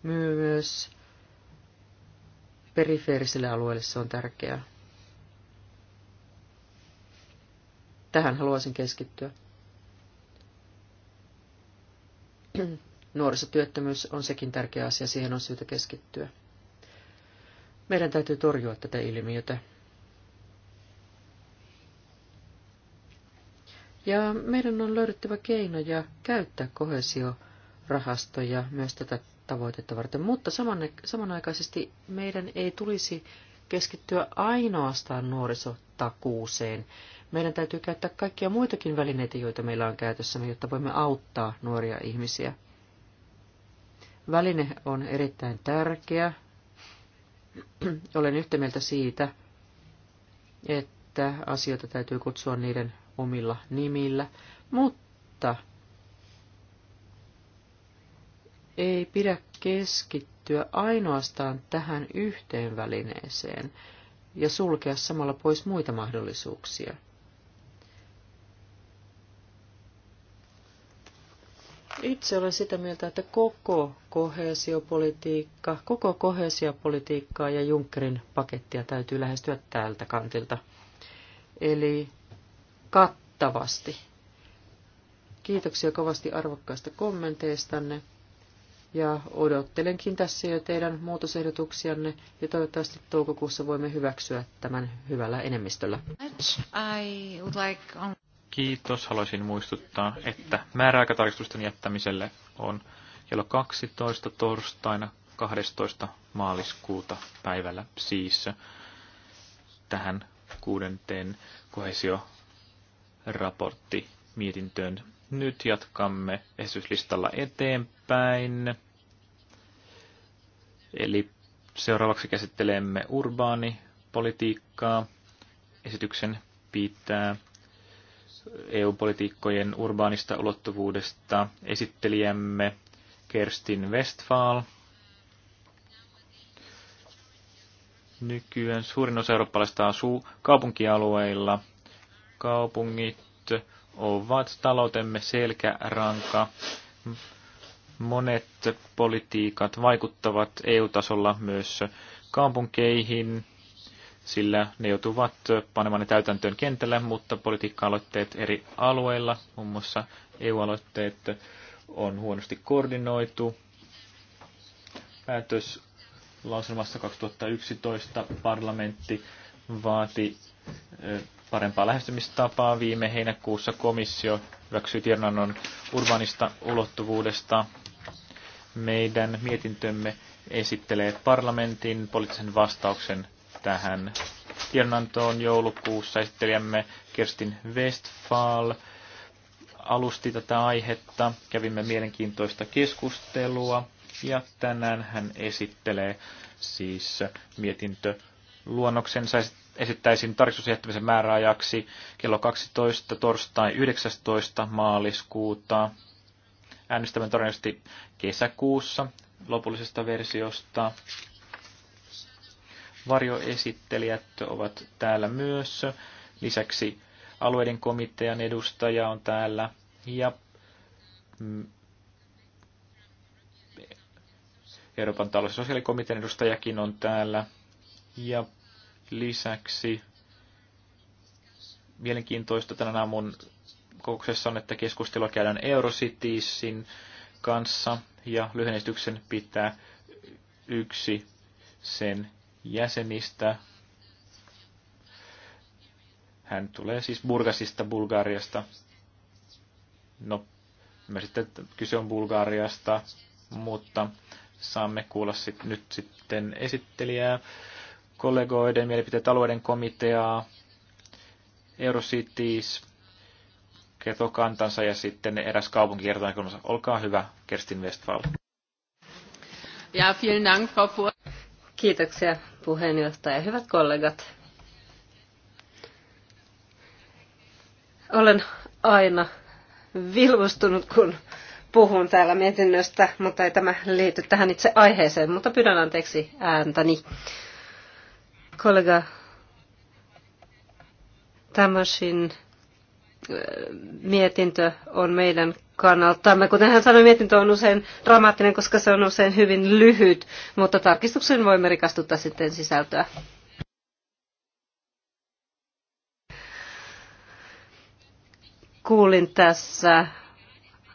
Myös perifeerisille alueille se on tärkeää. Tähän haluaisin keskittyä. Nuorisotyöttömyys on sekin tärkeä asia, siihen on syytä keskittyä. Meidän täytyy torjua tätä ilmiötä. Ja meidän on löydettävä keinoja käyttää kohesiorahastoja myös tätä tavoitetta varten, mutta samanaikaisesti meidän ei tulisi keskittyä ainoastaan nuorisotakuuseen. Meidän täytyy käyttää kaikkia muitakin välineitä, joita meillä on käytössämme, jotta voimme auttaa nuoria ihmisiä. Väline on erittäin tärkeä, Olen yhtä mieltä siitä, että asioita täytyy kutsua niiden omilla nimillä, mutta ei pidä keskittyä ainoastaan tähän yhteen välineeseen ja sulkea samalla pois muita mahdollisuuksia – Itse olen sitä mieltä, että koko kohesiopolitiikka, koko kohesiopolitiikkaa ja Junckerin pakettia täytyy lähestyä täältä kantilta. Eli kattavasti. Kiitoksia kovasti arvokkaista kommenteistanne ja odottelenkin tässä jo teidän muutosehdotuksianne ja toivottavasti toukokuussa voimme hyväksyä tämän hyvällä enemmistöllä. Kiitos. Haluaisin muistuttaa, että määräaikatarkistusten jättämiselle on kello 12 torstaina 12. maaliskuuta päivällä siis tähän kuudenteen kohesioraportti mietintöön. Nyt jatkamme esityslistalla eteenpäin. Eli seuraavaksi käsittelemme urbaanipolitiikkaa. Esityksen pitää EU-politiikkojen urbaanista ulottuvuudesta esittelijämme Kerstin Westfall. Nykyään suurin osa eurooppalaista asuu kaupunkialueilla. Kaupungit ovat taloutemme selkäranka. Monet politiikat vaikuttavat EU-tasolla myös kaupunkeihin, sillä ne joutuvat panemaan ne täytäntöön kentällä, mutta politiikka-aloitteet eri alueilla, muun muassa EU-aloitteet, on huonosti koordinoitu. Päätös lauselmassa 2011 parlamentti vaati parempaa lähestymistapaa. Viime heinäkuussa komissio hyväksyi tiedonannon urbanista ulottuvuudesta. Meidän mietintömme esittelee parlamentin poliittisen vastauksen tähän tiedonantoon joulukuussa. Esittelijämme Kerstin Westfall alusti tätä aihetta. Kävimme mielenkiintoista keskustelua ja tänään hän esittelee siis mietintö luonnoksensa esittäisin tarkistusjättämisen määräajaksi kello 12 torstai 19. maaliskuuta. Äänestämme todennäköisesti kesäkuussa lopullisesta versiosta. Varjoesittelijät ovat täällä myös. Lisäksi alueiden komitean edustaja on täällä ja mm, Euroopan talous- ja sosiaalikomitean edustajakin on täällä. Ja lisäksi mielenkiintoista tänä aamun kokouksessa on, että keskustelua käydään Eurocitiesin kanssa ja lyhennestyksen pitää yksi sen jäsenistä. Hän tulee siis Burgasista, Bulgariasta. No, me sitten kyse on Bulgariasta, mutta saamme kuulla sit, nyt sitten esittelijää, kollegoiden mielipiteet alueiden komiteaa, Eurocities kertoo kantansa ja sitten eräs kaupunki kertoo niin Olkaa hyvä, Kerstin Westfall. Ja, vielen Dank, Frau Vor- Kiitoksia puheenjohtaja. Hyvät kollegat. Olen aina vilvostunut, kun puhun täällä mietinnöstä, mutta ei tämä liity tähän itse aiheeseen, mutta pyydän anteeksi ääntäni. Kollega Tamashin mietintö on meidän kannaltamme. Kuten hän sanoi, mietintö on usein dramaattinen, koska se on usein hyvin lyhyt, mutta tarkistuksen voimme rikastuttaa sitten sisältöä. Kuulin tässä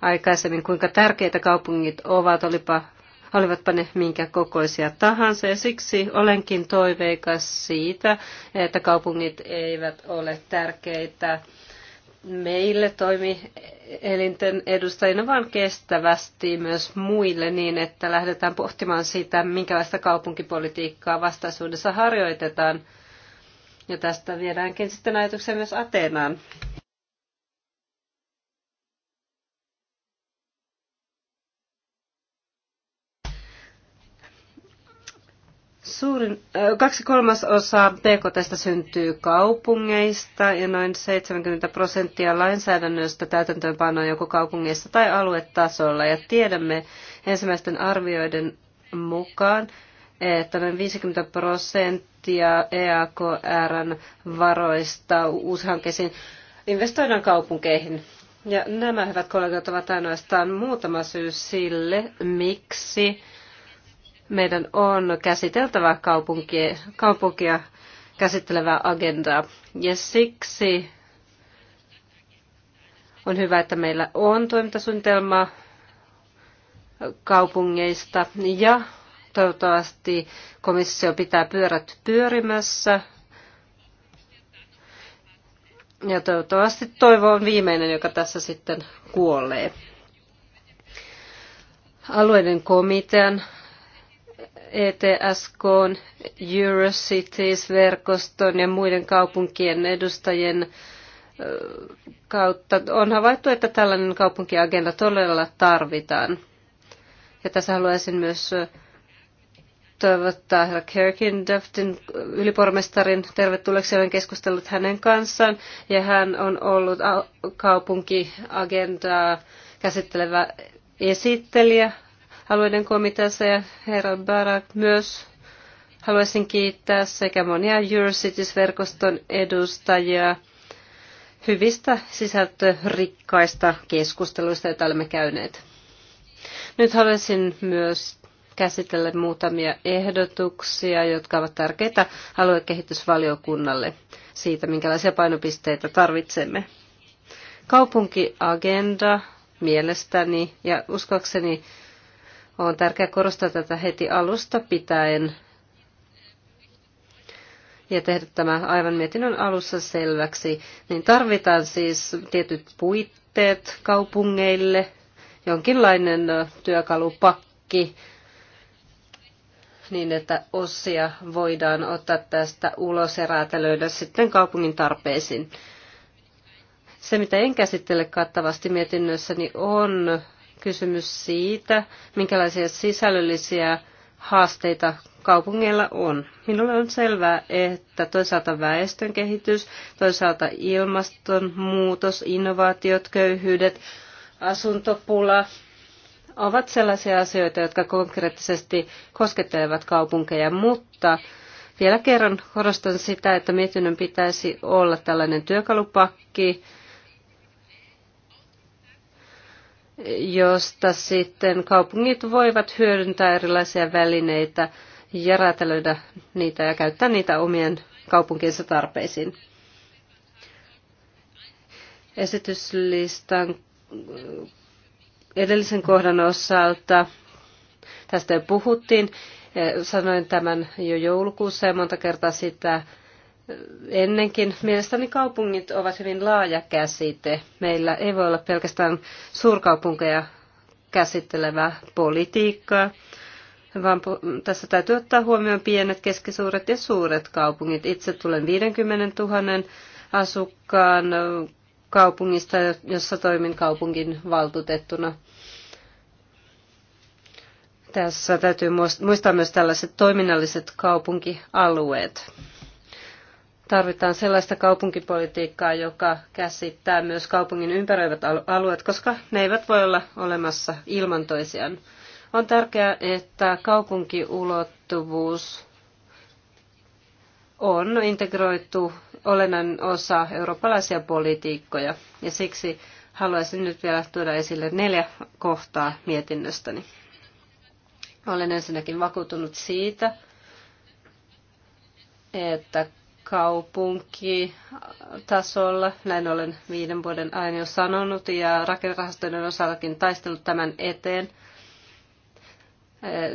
aikaisemmin, kuinka tärkeitä kaupungit ovat, olipa, olivatpa ne minkä kokoisia tahansa. Ja siksi olenkin toiveikas siitä, että kaupungit eivät ole tärkeitä meille toimi elinten edustajina, vaan kestävästi myös muille niin, että lähdetään pohtimaan sitä, minkälaista kaupunkipolitiikkaa vastaisuudessa harjoitetaan. Ja tästä viedäänkin sitten ajatuksia myös Ateenaan. Suurin, kaksi kolmasosaa PKTstä syntyy kaupungeista ja noin 70 prosenttia lainsäädännöstä täytäntöönpanoa joko kaupungeissa tai aluetasolla. Ja tiedämme ensimmäisten arvioiden mukaan, että noin 50 prosenttia EAKRn varoista uushankkeisiin investoidaan kaupunkeihin. Ja nämä hyvät kollegat ovat ainoastaan muutama syy sille, miksi meidän on käsiteltävä kaupunkia, kaupunkia käsittelevää agendaa. Ja siksi on hyvä, että meillä on toimintasuunnitelma kaupungeista ja toivottavasti komissio pitää pyörät pyörimässä. Ja toivottavasti toivo on viimeinen, joka tässä sitten kuolee. Alueiden komitean ETSK, Eurocities-verkoston ja muiden kaupunkien edustajien kautta on havaittu, että tällainen kaupunkiagenda todella tarvitaan. Ja tässä haluaisin myös toivottaa herra Kirkin Deftin ylipormestarin tervetulleeksi. Olen keskustellut hänen kanssaan ja hän on ollut kaupunkiagendaa käsittelevä esittelijä alueiden komiteassa ja herra Barak myös haluaisin kiittää sekä monia Eurocities-verkoston edustajia hyvistä sisältörikkaista keskusteluista, joita olemme käyneet. Nyt haluaisin myös käsitellä muutamia ehdotuksia, jotka ovat tärkeitä aluekehitysvaliokunnalle siitä, minkälaisia painopisteitä tarvitsemme. Kaupunkiagenda mielestäni ja uskoakseni on tärkeää korostaa tätä heti alusta pitäen ja tehdä tämä aivan mietinnön alussa selväksi, niin tarvitaan siis tietyt puitteet kaupungeille, jonkinlainen työkalupakki, niin että osia voidaan ottaa tästä ulos ja räätälöidä sitten kaupungin tarpeisiin. Se, mitä en käsittele kattavasti mietinnössäni, on kysymys siitä, minkälaisia sisällöllisiä haasteita kaupungeilla on. Minulle on selvää, että toisaalta väestön kehitys, toisaalta ilmastonmuutos, innovaatiot, köyhyydet, asuntopula ovat sellaisia asioita, jotka konkreettisesti koskettelevat kaupunkeja, mutta vielä kerran korostan sitä, että mietinnön pitäisi olla tällainen työkalupakki, josta sitten kaupungit voivat hyödyntää erilaisia välineitä ja räätälöidä niitä ja käyttää niitä omien kaupunkiensa tarpeisiin. Esityslistan edellisen kohdan osalta, tästä jo puhuttiin, sanoin tämän jo joulukuussa ja monta kertaa sitä ennenkin. Mielestäni kaupungit ovat hyvin laaja käsite. Meillä ei voi olla pelkästään suurkaupunkeja käsittelevää politiikkaa, vaan tässä täytyy ottaa huomioon pienet, keskisuuret ja suuret kaupungit. Itse tulen 50 000 asukkaan kaupungista, jossa toimin kaupungin valtuutettuna. Tässä täytyy muistaa myös tällaiset toiminnalliset kaupunkialueet. Tarvitaan sellaista kaupunkipolitiikkaa, joka käsittää myös kaupungin ympäröivät alueet, koska ne eivät voi olla olemassa ilman toisiaan. On tärkeää, että kaupunkiulottuvuus on integroitu olennainen osa eurooppalaisia politiikkoja, ja siksi haluaisin nyt vielä tuoda esille neljä kohtaa mietinnöstäni. Olen ensinnäkin vakuutunut siitä, että kaupunkitasolla. Näin olen viiden vuoden ajan jo sanonut ja rakennerahastojen osallakin taistellut tämän eteen.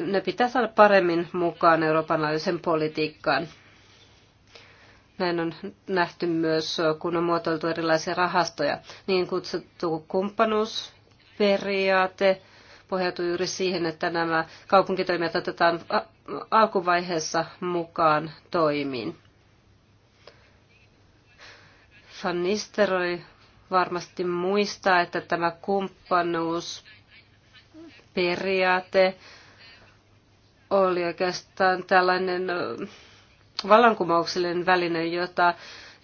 Ne pitää saada paremmin mukaan Euroopan laajuisen politiikkaan. Näin on nähty myös, kun on muotoiltu erilaisia rahastoja. Niin kutsuttu kumppanuusperiaate pohjautuu juuri siihen, että nämä kaupunkitoimijat otetaan alkuvaiheessa mukaan toimiin. Van Nisteroi varmasti muistaa, että tämä kumppanuusperiaate oli oikeastaan tällainen vallankumouksellinen väline, jota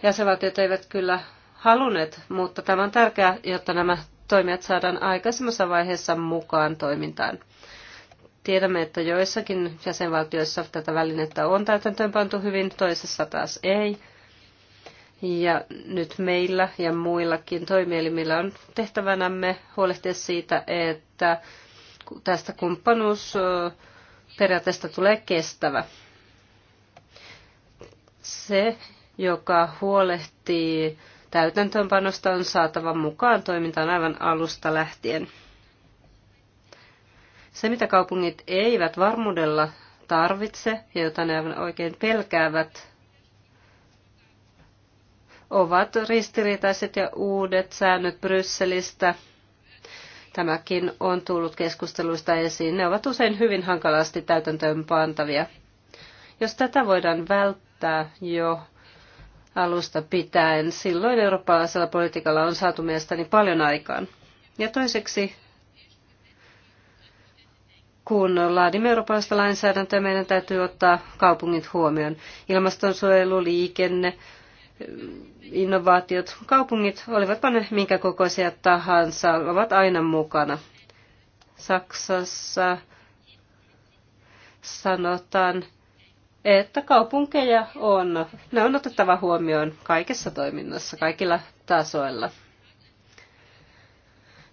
jäsenvaltiot eivät kyllä halunneet, mutta tämä on tärkeää, jotta nämä toimijat saadaan aikaisemmassa vaiheessa mukaan toimintaan. Tiedämme, että joissakin jäsenvaltioissa tätä välinettä on täytäntöönpantu hyvin, toisessa taas ei. Ja nyt meillä ja muillakin toimielimillä on tehtävänämme huolehtia siitä, että tästä kumppanuusperiaatteesta tulee kestävä. Se, joka huolehtii täytäntöönpanosta, on saatava mukaan toimintaan aivan alusta lähtien. Se, mitä kaupungit eivät varmuudella tarvitse ja jota ne aivan oikein pelkäävät, ovat ristiriitaiset ja uudet säännöt Brysselistä. Tämäkin on tullut keskusteluista esiin. Ne ovat usein hyvin hankalasti täytäntöön pantavia. Jos tätä voidaan välttää jo alusta pitäen, silloin eurooppalaisella politiikalla on saatu mielestäni paljon aikaan. Ja toiseksi, kun laadimme eurooppalaista lainsäädäntöä, meidän täytyy ottaa kaupungit huomioon. Ilmastonsuojelu, liikenne, innovaatiot. Kaupungit, olivatpa ne minkä kokoisia tahansa, ovat aina mukana. Saksassa sanotaan, että kaupunkeja on. Ne on otettava huomioon kaikessa toiminnassa, kaikilla tasoilla.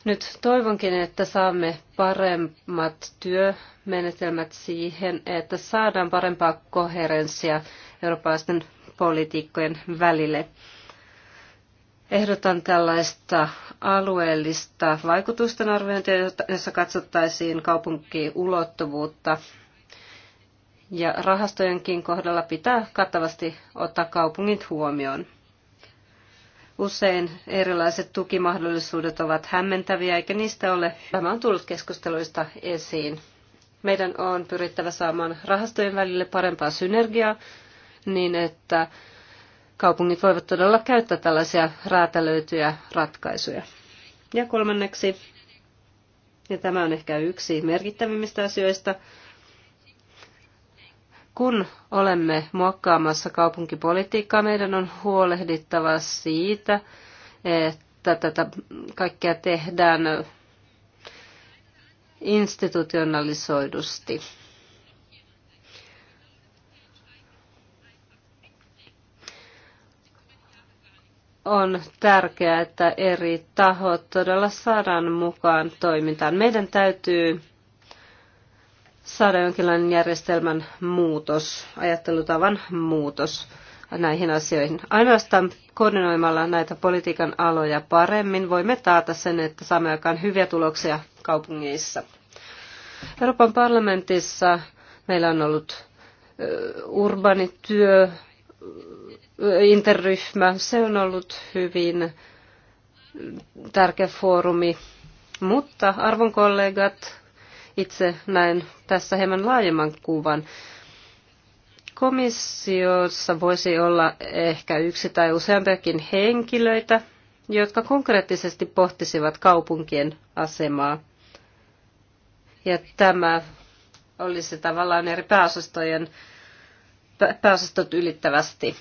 Nyt toivonkin, että saamme paremmat työmenetelmät siihen, että saadaan parempaa koherenssia eurooppalaisten politiikkojen välille. Ehdotan tällaista alueellista vaikutusten arviointia, jossa katsottaisiin kaupunkiulottuvuutta. Ja rahastojenkin kohdalla pitää kattavasti ottaa kaupungit huomioon. Usein erilaiset tukimahdollisuudet ovat hämmentäviä, eikä niistä ole. Tämä on tullut keskusteluista esiin. Meidän on pyrittävä saamaan rahastojen välille parempaa synergiaa, niin, että kaupungit voivat todella käyttää tällaisia räätälöityjä ratkaisuja. Ja kolmanneksi, ja tämä on ehkä yksi merkittävimmistä asioista, kun olemme muokkaamassa kaupunkipolitiikkaa, meidän on huolehdittava siitä, että tätä kaikkea tehdään institutionalisoidusti. on tärkeää, että eri tahot todella saadaan mukaan toimintaan. Meidän täytyy saada jonkinlainen järjestelmän muutos, ajattelutavan muutos näihin asioihin. Ainoastaan koordinoimalla näitä politiikan aloja paremmin voimme taata sen, että saamme aikaan hyviä tuloksia kaupungeissa. Euroopan parlamentissa meillä on ollut urbanityö interryhmä, se on ollut hyvin tärkeä foorumi. Mutta arvon kollegat, itse näen tässä hieman laajemman kuvan. Komissiossa voisi olla ehkä yksi tai useampiakin henkilöitä, jotka konkreettisesti pohtisivat kaupunkien asemaa. Ja tämä olisi tavallaan eri pääosastojen, pääosastot ylittävästi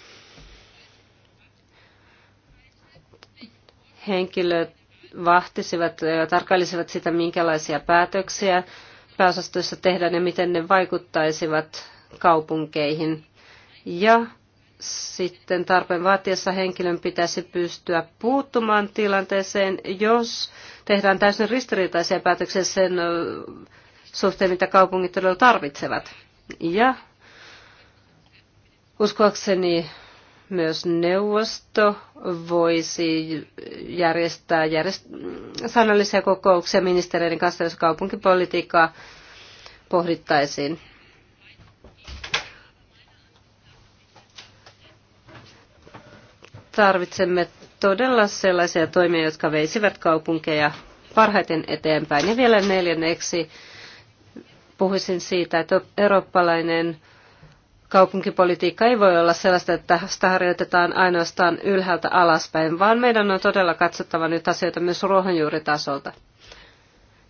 henkilöt vahtisivat ja tarkkailisivat sitä, minkälaisia päätöksiä pääosastoissa tehdään ja miten ne vaikuttaisivat kaupunkeihin. Ja sitten tarpeen vaatiessa henkilön pitäisi pystyä puuttumaan tilanteeseen, jos tehdään täysin ristiriitaisia päätöksiä sen suhteen, mitä kaupungit todella tarvitsevat. Ja uskoakseni myös neuvosto voisi järjestää järjest- sanallisia kokouksia ministeriöiden kanssa, jos kaupunkipolitiikkaa pohdittaisiin. Tarvitsemme todella sellaisia toimia, jotka veisivät kaupunkeja parhaiten eteenpäin. Ja vielä neljänneksi puhuisin siitä, että eurooppalainen kaupunkipolitiikka ei voi olla sellaista, että sitä harjoitetaan ainoastaan ylhäältä alaspäin, vaan meidän on todella katsottava nyt asioita myös ruohonjuuritasolta.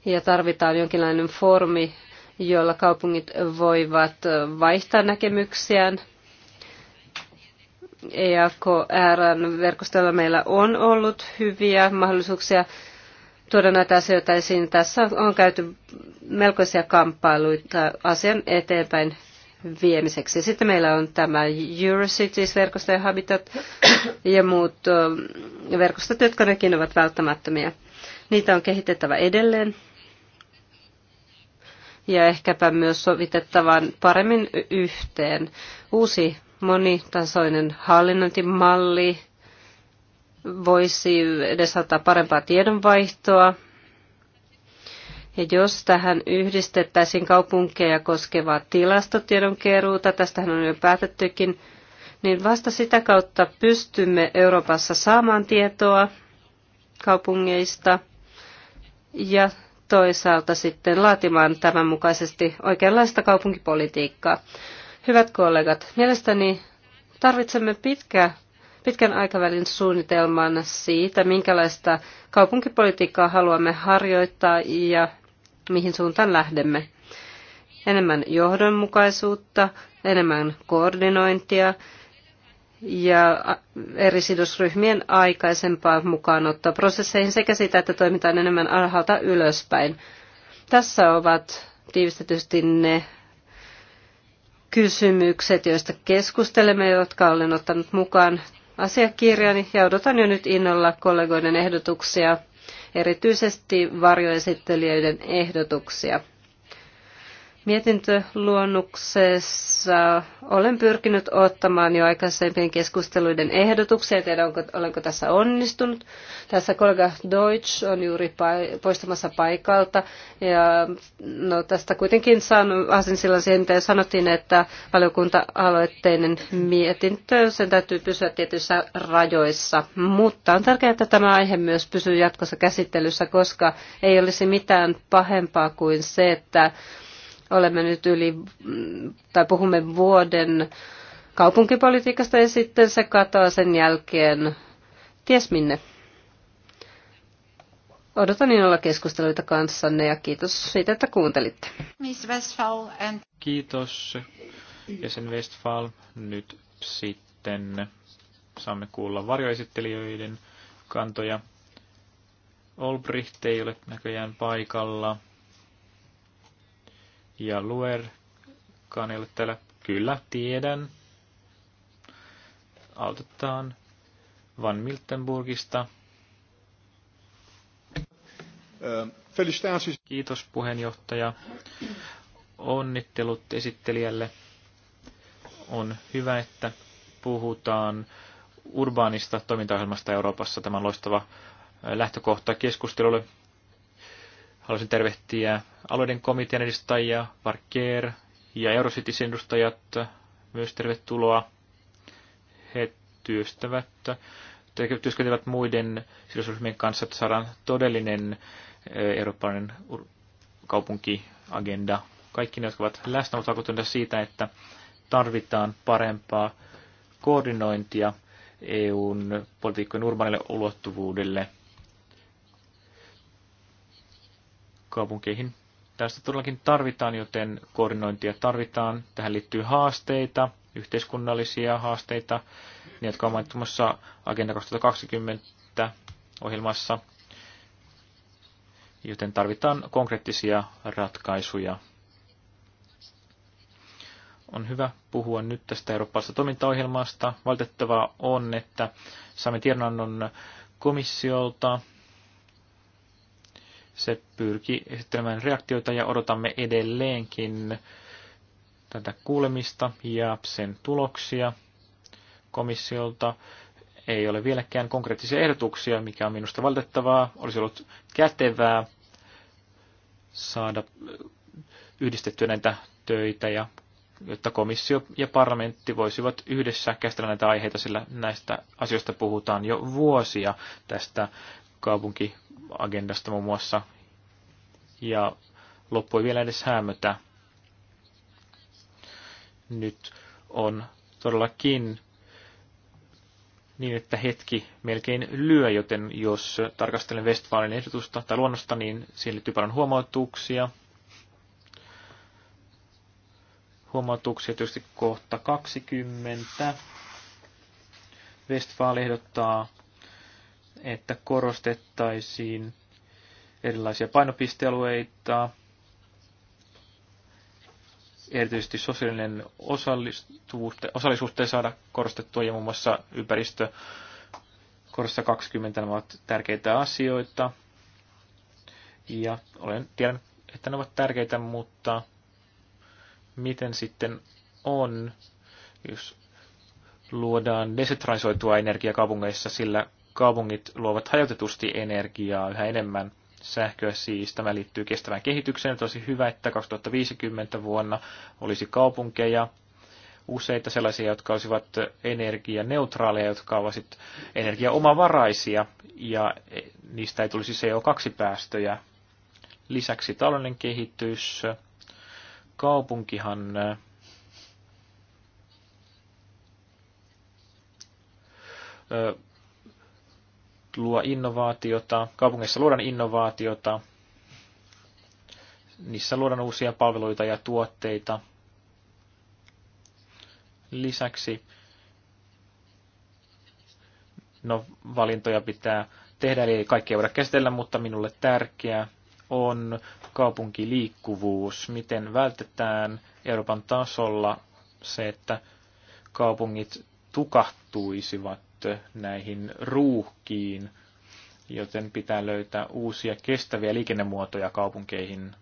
Ja tarvitaan jonkinlainen formi, jolla kaupungit voivat vaihtaa näkemyksiään. eakr verkostolla meillä on ollut hyviä mahdollisuuksia tuoda näitä asioita esiin. Tässä on käyty melkoisia kamppailuita asian eteenpäin viemiseksi. Sitten meillä on tämä Eurocities-verkosto ja Habitat ja muut verkostot, jotka nekin ovat välttämättömiä. Niitä on kehitettävä edelleen ja ehkäpä myös sovitettavan paremmin yhteen. Uusi monitasoinen hallinnointimalli voisi edesauttaa parempaa tiedonvaihtoa ja jos tähän yhdistettäisiin kaupunkeja koskevaa tilastotiedon keruuta, tästähän on jo päätettykin, niin vasta sitä kautta pystymme Euroopassa saamaan tietoa kaupungeista ja toisaalta sitten laatimaan tämän mukaisesti oikeanlaista kaupunkipolitiikkaa. Hyvät kollegat, mielestäni tarvitsemme pitkä, pitkän aikavälin suunnitelman siitä, minkälaista kaupunkipolitiikkaa haluamme harjoittaa ja mihin suuntaan lähdemme. Enemmän johdonmukaisuutta, enemmän koordinointia ja eri sidosryhmien aikaisempaa mukaanottoa prosesseihin sekä sitä, että toimitaan enemmän alhaalta ylöspäin. Tässä ovat tiivistetysti ne kysymykset, joista keskustelemme, jotka olen ottanut mukaan asiakirjani ja odotan jo nyt innolla kollegoiden ehdotuksia erityisesti varjoesittelijöiden ehdotuksia. Mietintöluonnoksessa olen pyrkinyt ottamaan jo aikaisempien keskusteluiden ehdotuksia. Tiedän, onko, olenko tässä onnistunut. Tässä kollega Deutsch on juuri poistamassa paikalta. Ja, no, tästä kuitenkin sanon asensillan siihen, mitä sanottiin, että valiokunta-aloitteinen mietintö, sen täytyy pysyä tietyissä rajoissa. Mutta on tärkeää, että tämä aihe myös pysyy jatkossa käsittelyssä, koska ei olisi mitään pahempaa kuin se, että Olemme nyt yli, mm, tai puhumme vuoden kaupunkipolitiikasta ja sitten se katoaa sen jälkeen ties minne. Odotan innolla keskusteluita kanssanne ja kiitos siitä, että kuuntelitte. and... Kiitos. Ja sen Westfall nyt sitten saamme kuulla varjoesittelijöiden kantoja. Olbricht ei ole näköjään paikalla ja luer kanelle täällä. Kyllä, tiedän. Autetaan Van Miltenburgista. Kiitos puheenjohtaja. Onnittelut esittelijälle. On hyvä, että puhutaan urbaanista toimintaohjelmasta Euroopassa. Tämä on loistava lähtökohta keskustelulle. Haluaisin tervehtiä alueiden komitean edustajia, Parker ja Eurocitysin edustajat. Myös tervetuloa. He työstävät, työskentelevät muiden sidosryhmien kanssa, että saadaan todellinen eh, eurooppalainen kaupunkiagenda. Kaikki ne, jotka ovat läsnä, ovat vakuuttuneita siitä, että tarvitaan parempaa koordinointia EUn politiikkojen urbaanille ulottuvuudelle – kaupunkeihin. Tästä todellakin tarvitaan, joten koordinointia tarvitaan. Tähän liittyy haasteita, yhteiskunnallisia haasteita, ne, jotka on Agenda 2020 ohjelmassa, joten tarvitaan konkreettisia ratkaisuja. On hyvä puhua nyt tästä eurooppalaisesta toimintaohjelmasta. Valitettavaa on, että saamme tiedonannon komissiolta se pyrki esittelemään reaktioita ja odotamme edelleenkin tätä kuulemista ja sen tuloksia komissiolta. Ei ole vieläkään konkreettisia ehdotuksia, mikä on minusta valitettavaa. Olisi ollut kätevää saada yhdistettyä näitä töitä ja jotta komissio ja parlamentti voisivat yhdessä käsitellä näitä aiheita, sillä näistä asioista puhutaan jo vuosia tästä kaupunkiagendasta muun muassa. Ja loppui vielä edes hämötä. Nyt on todellakin niin, että hetki melkein lyö, joten jos tarkastelen Westfalen ehdotusta tai luonnosta, niin siihen liittyy paljon huomautuksia. Huomautuksia tietysti kohta 20. Westfalen ehdottaa että korostettaisiin erilaisia painopistealueita, erityisesti sosiaalinen osallisuus saada korostettua ja muun muassa ympäristö korossa 20 nämä ovat tärkeitä asioita. Ja olen tiedän, että ne ovat tärkeitä, mutta miten sitten on, jos luodaan desentralisoitua energiaa kaupungeissa, sillä kaupungit luovat hajotetusti energiaa yhä enemmän sähköä siis. Tämä liittyy kestävään kehitykseen. Tosi hyvä, että 2050 vuonna olisi kaupunkeja, useita sellaisia, jotka olisivat energianeutraaleja, jotka olisivat energiaomavaraisia ja niistä ei tulisi CO2-päästöjä. Lisäksi taloudellinen kehitys. Kaupunkihan luo innovaatiota, kaupungeissa luodaan innovaatiota, niissä luodaan uusia palveluita ja tuotteita. Lisäksi no, valintoja pitää tehdä, eli ei kaikkea voida käsitellä, mutta minulle tärkeää on kaupunkiliikkuvuus. Miten vältetään Euroopan tasolla se, että kaupungit tukahtuisivat näihin ruuhkiin, joten pitää löytää uusia kestäviä liikennemuotoja kaupunkeihin.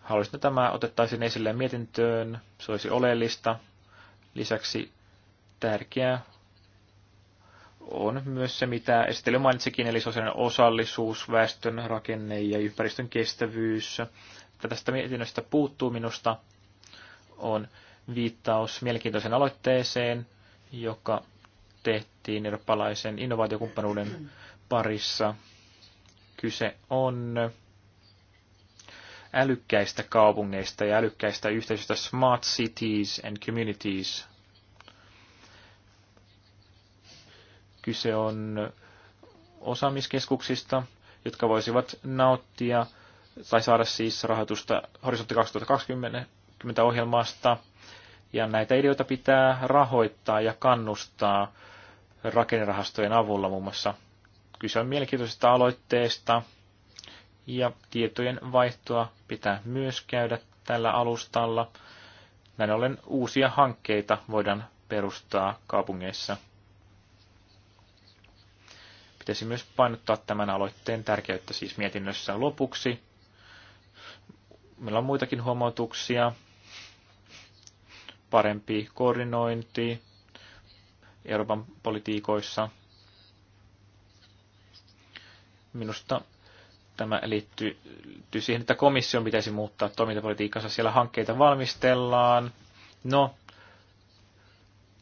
Haluaisin, että tämä otettaisiin esille mietintöön, se olisi oleellista. Lisäksi tärkeää on myös se, mitä esittely mainitsikin, eli sosiaalinen osallisuus, väestön rakenne ja ympäristön kestävyys. Tästä mietinnöstä puuttuu minusta on viittaus mielenkiintoiseen aloitteeseen, joka tehtiin eurooppalaisen innovaatiokumppanuuden parissa. Kyse on älykkäistä kaupungeista ja älykkäistä yhteisöistä Smart Cities and Communities. Kyse on osaamiskeskuksista, jotka voisivat nauttia tai saada siis rahoitusta Horisontti 2020 ohjelmasta – ja näitä ideoita pitää rahoittaa ja kannustaa rakennerahastojen avulla muun muassa. Kyse on mielenkiintoisesta aloitteesta ja tietojen vaihtoa pitää myös käydä tällä alustalla. Näin ollen uusia hankkeita voidaan perustaa kaupungeissa. Pitäisi myös painottaa tämän aloitteen tärkeyttä siis mietinnössä lopuksi. Meillä on muitakin huomautuksia parempi koordinointi Euroopan politiikoissa. Minusta tämä liittyy, siihen, että komission pitäisi muuttaa toimintapolitiikassa. Siellä hankkeita valmistellaan. No,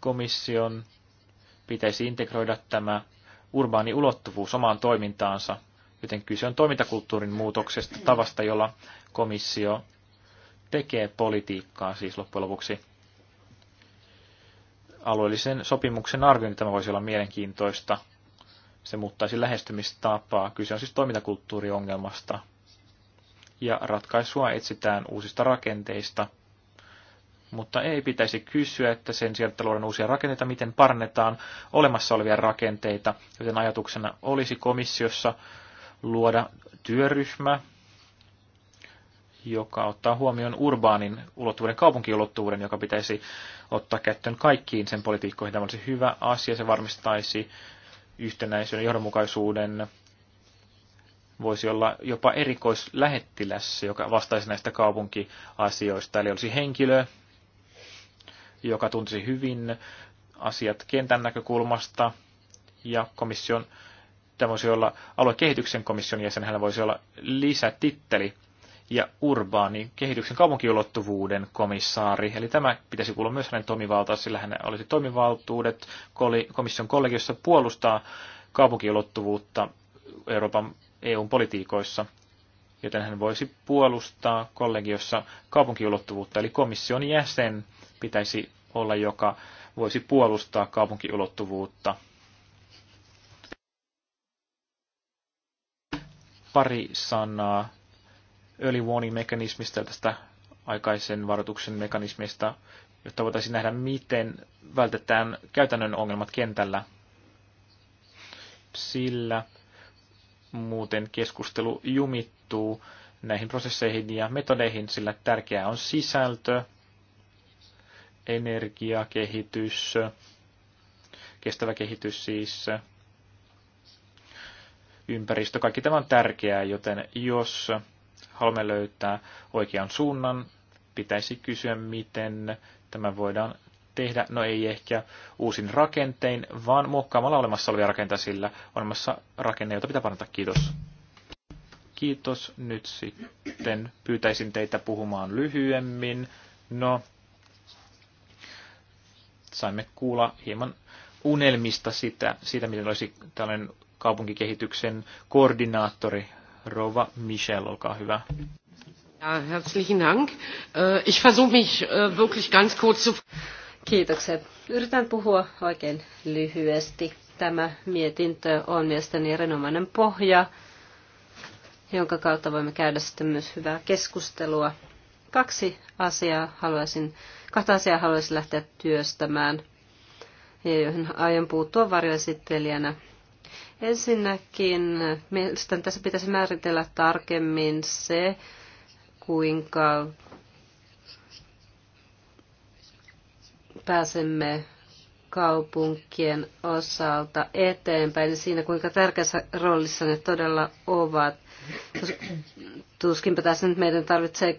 komission pitäisi integroida tämä urbaani ulottuvuus omaan toimintaansa, joten kyse on toimintakulttuurin muutoksesta, tavasta, jolla komissio tekee politiikkaa siis loppujen lopuksi alueellisen sopimuksen arviointi tämä voisi olla mielenkiintoista. Se muuttaisi lähestymistapaa. Kyse on siis toimintakulttuuriongelmasta. Ja ratkaisua etsitään uusista rakenteista. Mutta ei pitäisi kysyä, että sen sijaan, että luodaan uusia rakenteita, miten parannetaan olemassa olevia rakenteita, joten ajatuksena olisi komissiossa luoda työryhmä, joka ottaa huomioon urbaanin ulottuvuuden, kaupunkiulottuvuuden, joka pitäisi ottaa käyttöön kaikkiin sen politiikkoihin. Tämä olisi hyvä asia, se varmistaisi yhtenäisyyden johdonmukaisuuden. Voisi olla jopa erikoislähettiläs, joka vastaisi näistä kaupunkiasioista. Eli olisi henkilö, joka tuntisi hyvin asiat kentän näkökulmasta ja komission, tämä voisi olla aluekehityksen komission jäsen, hänellä voisi olla lisätitteli ja urbaani kehityksen kaupunkiulottuvuuden komissaari. Eli tämä pitäisi kuulla myös hänen toimivaltaan, sillä hän olisi toimivaltuudet komission kollegiossa puolustaa kaupunkiulottuvuutta Euroopan EUn politiikoissa, joten hän voisi puolustaa kollegiossa kaupunkiulottuvuutta, eli komission jäsen pitäisi olla, joka voisi puolustaa kaupunkiulottuvuutta. Pari sanaa early warning mekanismista, tästä aikaisen varoituksen mekanismista, jotta voitaisiin nähdä, miten vältetään käytännön ongelmat kentällä. Sillä muuten keskustelu jumittuu näihin prosesseihin ja metodeihin, sillä tärkeää on sisältö, energiakehitys, kestävä kehitys siis, ympäristö, kaikki tämä on tärkeää, joten jos haluamme löytää oikean suunnan, pitäisi kysyä, miten tämä voidaan tehdä, no ei ehkä uusin rakentein, vaan muokkaamalla olemassa olevia rakenteita sillä olemassa rakenne, jota pitää parantaa. Kiitos. Kiitos. Nyt sitten pyytäisin teitä puhumaan lyhyemmin. No, saimme kuulla hieman unelmista sitä, siitä, miten olisi tällainen kaupunkikehityksen koordinaattori Rova Michel, olkaa hyvä. Ja, herzlichen Dank. Äh, ich versuche mich äh, wirklich ganz kurz zu... Kiitokset. Yritän puhua oikein lyhyesti. Tämä mietintö on mielestäni erinomainen pohja, jonka kautta voimme käydä sitten myös hyvää keskustelua. Kaksi asiaa haluaisin, kahta asiaa haluaisin lähteä työstämään, ja joihin aion puuttua varjoesittelijänä Ensinnäkin mielestäni tässä pitäisi määritellä tarkemmin se, kuinka pääsemme kaupunkien osalta eteenpäin siinä, kuinka tärkeässä roolissa ne todella ovat. Tuskinpä tässä nyt meidän tarvitsee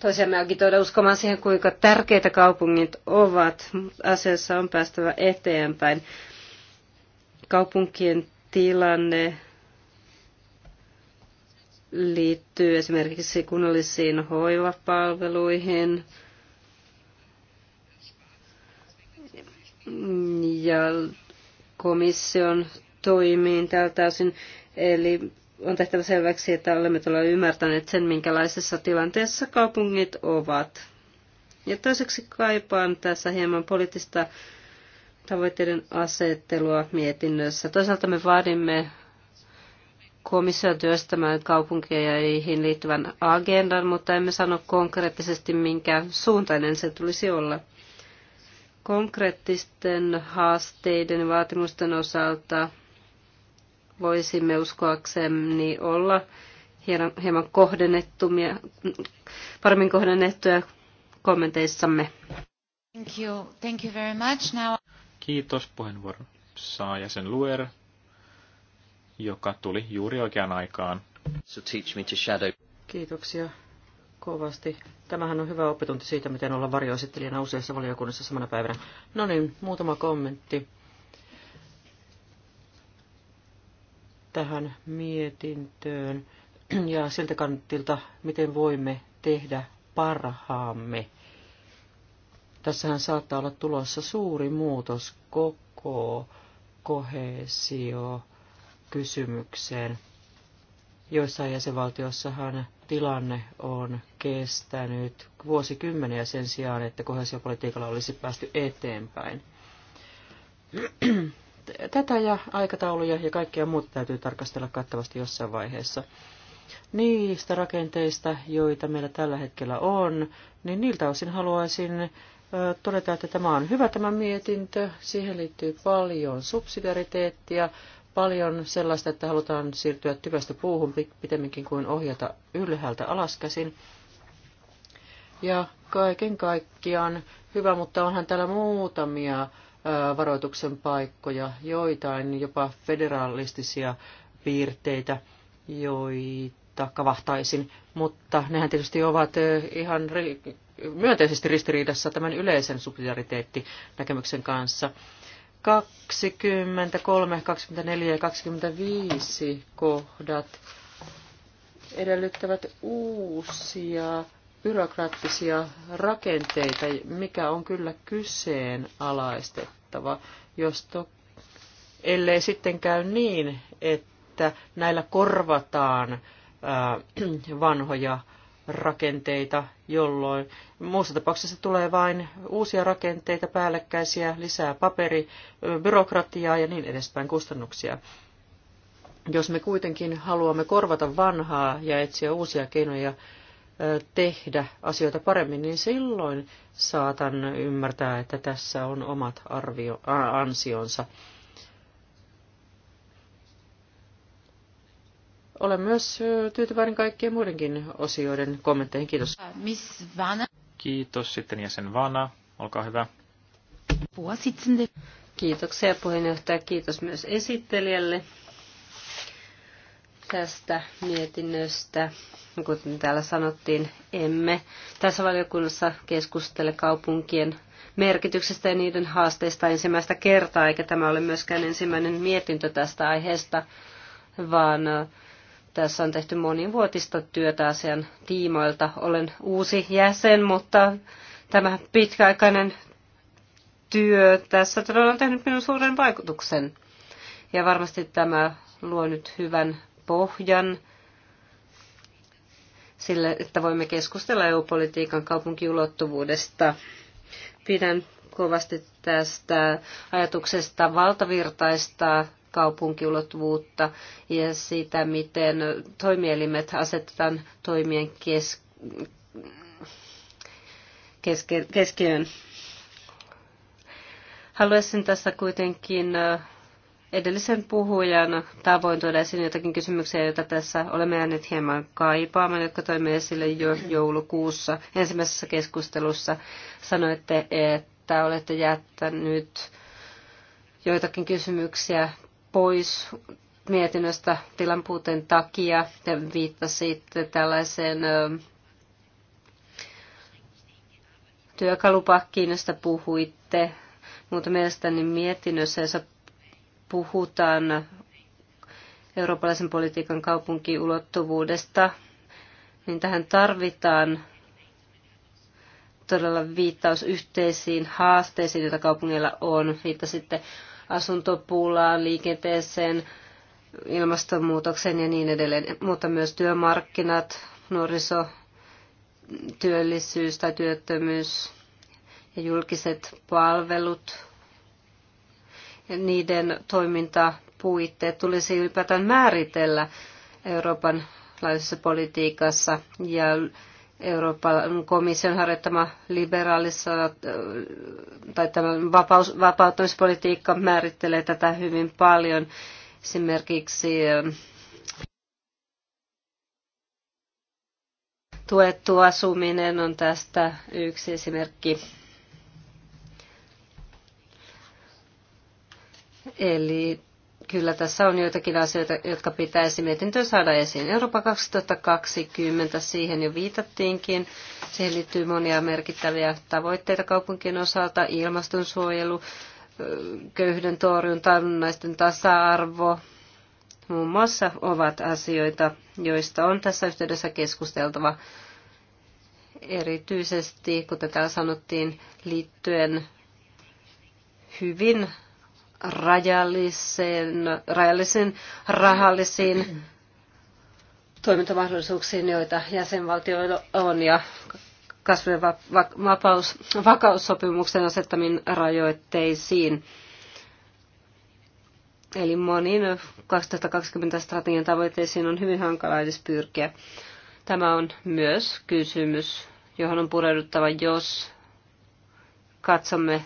toisiamme agitoida uskomaan siihen, kuinka tärkeitä kaupungit ovat. Asiassa on päästävä eteenpäin kaupunkien tilanne liittyy esimerkiksi kunnallisiin hoivapalveluihin ja komission toimiin tältä osin. Eli on tehtävä selväksi, että olemme tuolla ymmärtäneet sen, minkälaisessa tilanteessa kaupungit ovat. Ja toiseksi kaipaan tässä hieman poliittista tavoitteiden asettelua mietinnössä. Toisaalta me vaadimme komission työstämään ja niihin liittyvän agendan, mutta emme sano konkreettisesti, minkä suuntainen se tulisi olla. Konkreettisten haasteiden ja vaatimusten osalta voisimme uskoaksemme olla hieman kohdennettumia, paremmin kohdennettuja kommenteissamme. Thank you. Thank you very much. Now... Kiitos puheenvuoron saa jäsen Luer, joka tuli juuri oikeaan aikaan. So teach me to shadow. Kiitoksia kovasti. Tämähän on hyvä opetunti siitä, miten olla varjoesittelijänä useassa valiokunnassa samana päivänä. No niin, muutama kommentti tähän mietintöön ja siltä kantilta, miten voimme tehdä parhaamme Tässähän saattaa olla tulossa suuri muutos koko kohesio kysymykseen. Joissain jäsenvaltiossahan tilanne on kestänyt vuosikymmeniä sen sijaan, että kohesiopolitiikalla olisi päästy eteenpäin. Tätä ja aikatauluja ja kaikkia muuta täytyy tarkastella kattavasti jossain vaiheessa. Niistä rakenteista, joita meillä tällä hetkellä on, niin niiltä osin haluaisin todeta, että tämä on hyvä tämä mietintö. Siihen liittyy paljon subsidiariteettia, paljon sellaista, että halutaan siirtyä tyvästä puuhun pitemminkin kuin ohjata ylhäältä alaskäsin. Ja kaiken kaikkiaan hyvä, mutta onhan täällä muutamia varoituksen paikkoja, joitain jopa federalistisia piirteitä, joita kavahtaisin, mutta nehän tietysti ovat ihan myönteisesti ristiriidassa tämän yleisen subsidiariteettinäkemyksen kanssa. 23, 24 ja 25 kohdat edellyttävät uusia byrokraattisia rakenteita, mikä on kyllä kyseenalaistettava, jos to, ellei sitten käy niin, että näillä korvataan vanhoja rakenteita, jolloin muussa tapauksessa tulee vain uusia rakenteita, päällekkäisiä, lisää paperi, byrokratiaa ja niin edespäin kustannuksia. Jos me kuitenkin haluamme korvata vanhaa ja etsiä uusia keinoja tehdä asioita paremmin, niin silloin saatan ymmärtää, että tässä on omat arvio, ansionsa. Olen myös tyytyväinen kaikkien muidenkin osioiden kommentteihin. Kiitos. Äh, Miss Vana. Kiitos. Sitten jäsen Vana. Olkaa hyvä. Kiitoksia puheenjohtaja. Kiitos myös esittelijälle tästä mietinnöstä. Kuten täällä sanottiin, emme tässä valiokunnassa keskustele kaupunkien merkityksestä ja niiden haasteista ensimmäistä kertaa, eikä tämä ole myöskään ensimmäinen mietintö tästä aiheesta, vaan tässä on tehty monivuotista työtä asian tiimoilta. Olen uusi jäsen, mutta tämä pitkäaikainen työ tässä todella on tehnyt minun suuren vaikutuksen. Ja varmasti tämä luo nyt hyvän pohjan sille, että voimme keskustella EU-politiikan kaupunkiulottuvuudesta. Pidän kovasti tästä ajatuksesta valtavirtaista kaupunkiulottuvuutta ja sitä, miten toimielimet asetetaan toimien kes- keske- keskiöön. Haluaisin tässä kuitenkin edellisen puhujan tavoin tuoda esiin jotakin kysymyksiä, joita tässä olemme jääneet hieman kaipaamaan, jotka toimme esille jo joulukuussa. Ensimmäisessä keskustelussa sanoitte, että olette jättänyt joitakin kysymyksiä pois mietinnöstä tilanpuuteen takia. Te viittasitte tällaiseen työkalupakkiin, josta puhuitte, mutta mielestäni mietinnössä, puhutaan eurooppalaisen politiikan kaupunkiulottuvuudesta, niin tähän tarvitaan todella viittaus yhteisiin haasteisiin, joita kaupungeilla on. Viittasitte sitten asuntopulaan, liikenteeseen, ilmastonmuutokseen ja niin edelleen, mutta myös työmarkkinat, nuoriso, työllisyys tai työttömyys ja julkiset palvelut, ja niiden toimintapuitteet tulisi ylipäätään määritellä Euroopan laajuisessa politiikassa ja Euroopan komission harjoittama liberaalissa äh, tai tämä vapaus, vapautumispolitiikka määrittelee tätä hyvin paljon. Esimerkiksi äh, tuettu asuminen on tästä yksi esimerkki. Eli kyllä tässä on joitakin asioita, jotka pitäisi mietintöön saada esiin. Eurooppa 2020, siihen jo viitattiinkin. Siihen liittyy monia merkittäviä tavoitteita kaupunkien osalta, ilmastonsuojelu, köyhyyden torjunta, naisten tasa-arvo, muun muassa ovat asioita, joista on tässä yhteydessä keskusteltava erityisesti, kuten täällä sanottiin, liittyen hyvin rajallisen, rajallisen rahallisiin toimintamahdollisuuksiin, joita jäsenvaltioilla on ja kasvien vapaus, vakaussopimuksen asettamiin rajoitteisiin. Eli moniin 2020 strategian tavoitteisiin on hyvin hankala edes pyrkiä. Tämä on myös kysymys, johon on pureuduttava, jos katsomme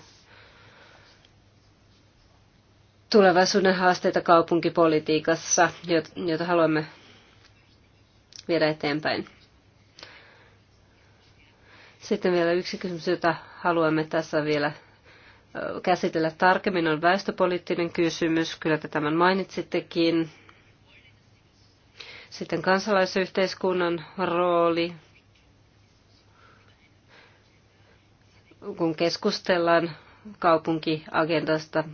tulevaisuuden haasteita kaupunkipolitiikassa, jota haluamme viedä eteenpäin. Sitten vielä yksi kysymys, jota haluamme tässä vielä käsitellä tarkemmin, on väestöpoliittinen kysymys. Kyllä te tämän mainitsittekin. Sitten kansalaisyhteiskunnan rooli, kun keskustellaan kaupunkiagendasta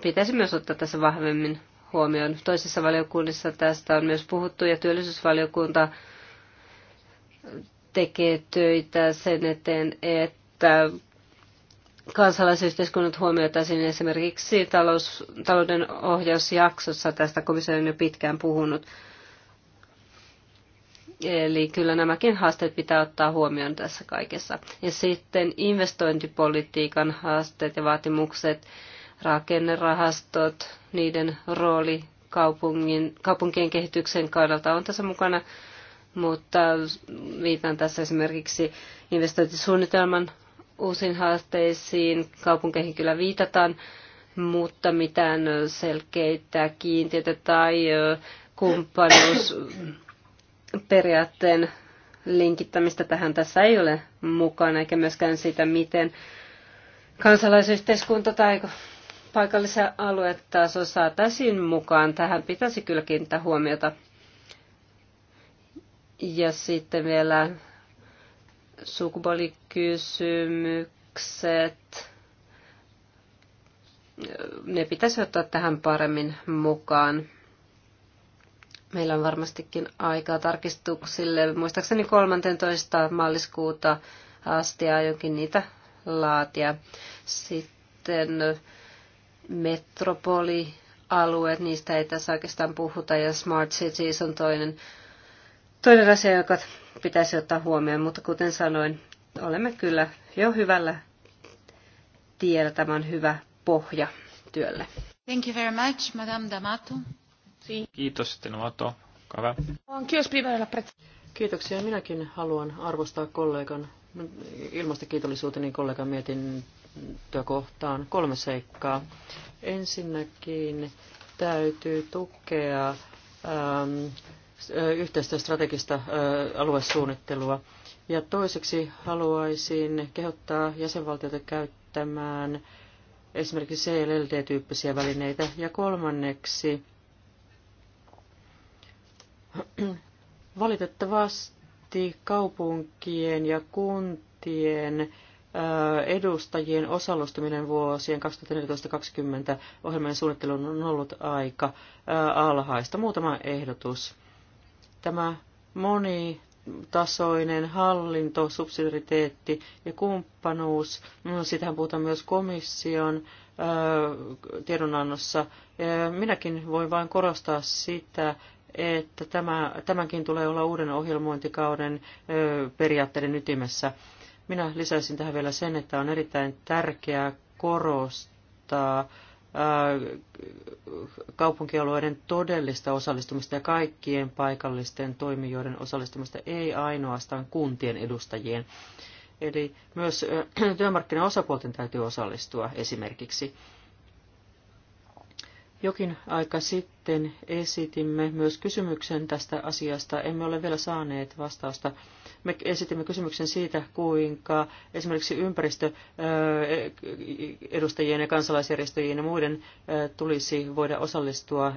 pitäisi myös ottaa tässä vahvemmin huomioon. toisessa valiokunnissa tästä on myös puhuttu ja työllisyysvaliokunta tekee töitä sen eteen, että kansalaisyhteiskunnat huomioitaisiin esimerkiksi talous, talouden ohjausjaksossa. Tästä komissio on jo pitkään puhunut. Eli kyllä nämäkin haasteet pitää ottaa huomioon tässä kaikessa. Ja sitten investointipolitiikan haasteet ja vaatimukset rakennerahastot, niiden rooli kaupungin, kaupunkien kehityksen kannalta on tässä mukana, mutta viitan tässä esimerkiksi investointisuunnitelman uusiin haasteisiin, kaupunkeihin kyllä viitataan, mutta mitään selkeitä kiintiötä tai kumppanuusperiaatteen linkittämistä tähän tässä ei ole mukana, eikä myöskään sitä, miten kansalaisyhteiskunta tai paikallisia aluetaso saataisiin mukaan. Tähän pitäisi kyllä kiinnittää huomiota. Ja sitten vielä sukupuolikysymykset. Ne pitäisi ottaa tähän paremmin mukaan. Meillä on varmastikin aikaa tarkistuksille. Muistaakseni 13. maaliskuuta asti aionkin niitä laatia. Sitten metropolialueet, niistä ei tässä oikeastaan puhuta, ja smart cities on toinen, toinen asia, joka pitäisi ottaa huomioon, mutta kuten sanoin, olemme kyllä jo hyvällä tiellä, tämä on hyvä pohja työlle. Thank you very much, Madame D'Amato. Kiitos, sitten Amato. Kiitoksia. Minäkin haluan arvostaa kollegan kiitollisuuteni kollegan mietin kohtaan kolme seikkaa. Ensinnäkin täytyy tukea ähm, yhteistä strategista äh, aluesuunnittelua. Ja toiseksi haluaisin kehottaa jäsenvaltioita käyttämään esimerkiksi CLLD-tyyppisiä välineitä. Ja kolmanneksi valitettavasti kaupunkien ja kuntien äh, edustajien osallistuminen vuosien 2014-2020 ohjelmien suunnitteluun on ollut aika alhaista. Muutama ehdotus. Tämä monitasoinen hallinto, subsidiariteetti ja kumppanuus, no, sitähän puhutaan myös komission tiedonannossa. Minäkin voin vain korostaa sitä, että tämä, tämänkin tulee olla uuden ohjelmointikauden periaatteiden ytimessä. Minä lisäisin tähän vielä sen, että on erittäin tärkeää korostaa kaupunkialueiden todellista osallistumista ja kaikkien paikallisten toimijoiden osallistumista, ei ainoastaan kuntien edustajien. Eli myös työmarkkinaosapuolten täytyy osallistua esimerkiksi. Jokin aika sitten esitimme myös kysymyksen tästä asiasta. Emme ole vielä saaneet vastausta. Me esitimme kysymyksen siitä, kuinka esimerkiksi ympäristöedustajien äh, ja kansalaisjärjestöjen ja muiden äh, tulisi voida osallistua äh,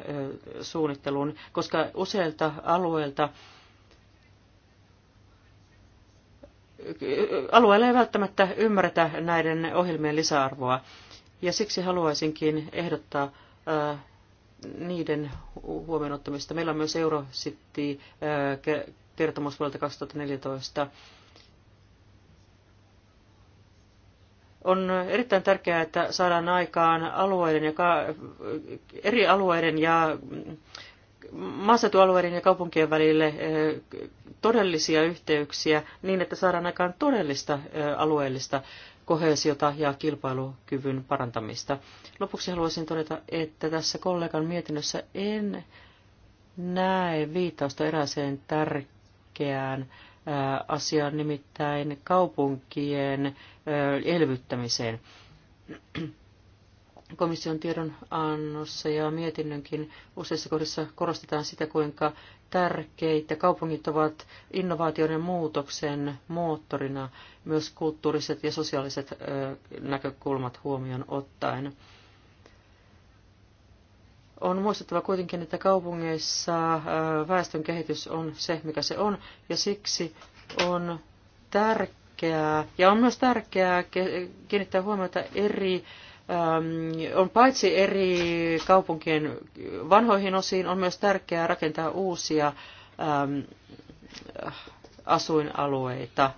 suunnitteluun, koska useilta alueilta alueella ei välttämättä ymmärretä näiden ohjelmien lisäarvoa. Ja siksi haluaisinkin ehdottaa niiden huomioon ottamista. Meillä on myös Eurositti kertomus vuodelta 2014. On erittäin tärkeää, että saadaan aikaan alueiden ja eri alueiden ja maaseutualueiden ja kaupunkien välille todellisia yhteyksiä niin, että saadaan aikaan todellista alueellista kohesiota ja kilpailukyvyn parantamista. Lopuksi haluaisin todeta, että tässä kollegan mietinnössä en näe viittausta erääseen tärkeään asiaan, nimittäin kaupunkien elvyttämiseen komission tiedonannossa ja mietinnönkin useissa kohdissa korostetaan sitä, kuinka tärkeitä kaupungit ovat innovaatioiden muutoksen moottorina myös kulttuuriset ja sosiaaliset näkökulmat huomioon ottaen. On muistettava kuitenkin, että kaupungeissa väestön kehitys on se, mikä se on, ja siksi on tärkeää, ja on myös tärkeää kiinnittää huomiota eri Ähm, on paitsi eri kaupunkien vanhoihin osiin, on myös tärkeää rakentaa uusia ähm, asuinalueita.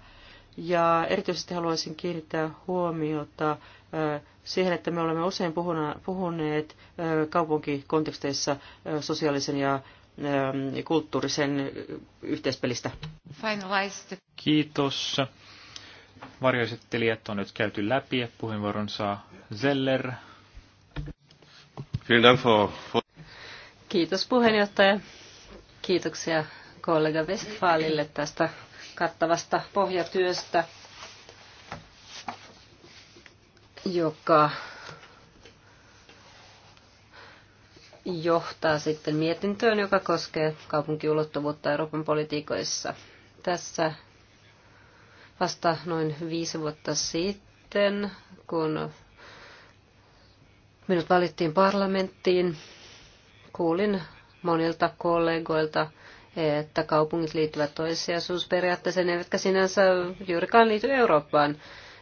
Ja erityisesti haluaisin kiinnittää huomiota äh, siihen, että me olemme usein puhuneet äh, kaupunkikonteksteissa äh, sosiaalisen ja ähm, kulttuurisen yhteispelistä. Kiitos varjoesittelijät on nyt käyty läpi ja puheenvuoron saa Zeller. Kiitos puheenjohtaja. Kiitoksia kollega Westfalille tästä kattavasta pohjatyöstä, joka johtaa sitten mietintöön, joka koskee kaupunkiulottuvuutta Euroopan politiikoissa. Tässä Vasta noin viisi vuotta sitten, kun minut valittiin parlamenttiin, kuulin monilta kollegoilta, että kaupungit liittyvät toissijaisuusperiaatteeseen, eivätkä sinänsä juurikaan liity Eurooppaan,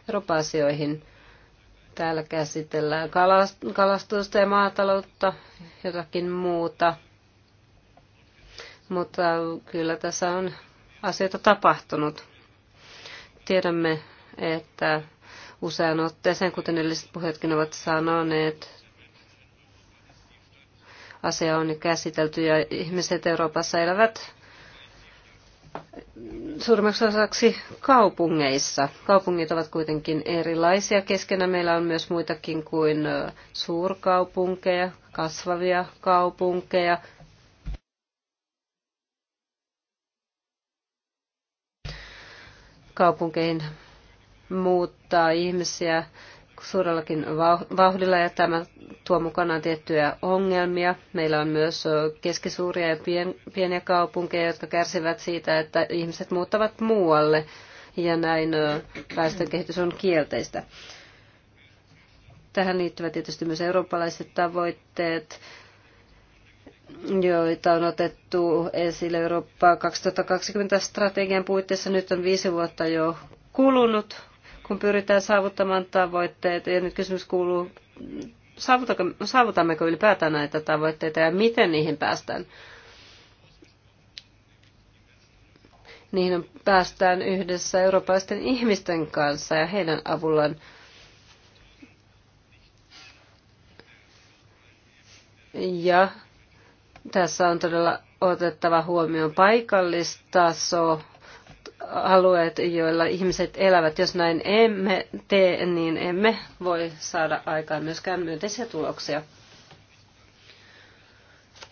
Euroopan asioihin. Täällä käsitellään kalastusta ja maataloutta, jotakin muuta. Mutta kyllä tässä on asioita tapahtunut. Tiedämme, että usean otteeseen, kuten edelliset puheetkin ovat sanoneet, asia on käsitelty ja ihmiset Euroopassa elävät suurimmaksi osaksi kaupungeissa. Kaupungit ovat kuitenkin erilaisia keskenään. Meillä on myös muitakin kuin suurkaupunkeja, kasvavia kaupunkeja, kaupunkeihin muuttaa ihmisiä suurellakin vauhdilla ja tämä tuo mukanaan tiettyjä ongelmia. Meillä on myös keskisuuria ja pieniä kaupunkeja, jotka kärsivät siitä, että ihmiset muuttavat muualle ja näin väestönkehitys on kielteistä. Tähän liittyvät tietysti myös eurooppalaiset tavoitteet joita on otettu esille Eurooppa 2020 strategian puitteissa. Nyt on viisi vuotta jo kulunut, kun pyritään saavuttamaan tavoitteet. Ja nyt kysymys kuuluu, saavutammeko ylipäätään näitä tavoitteita ja miten niihin päästään. Niihin päästään yhdessä eurooppalaisten ihmisten kanssa ja heidän avullaan. Ja tässä on todella otettava huomioon paikallistaso, alueet, joilla ihmiset elävät. Jos näin emme tee, niin emme voi saada aikaan myöskään myönteisiä tuloksia.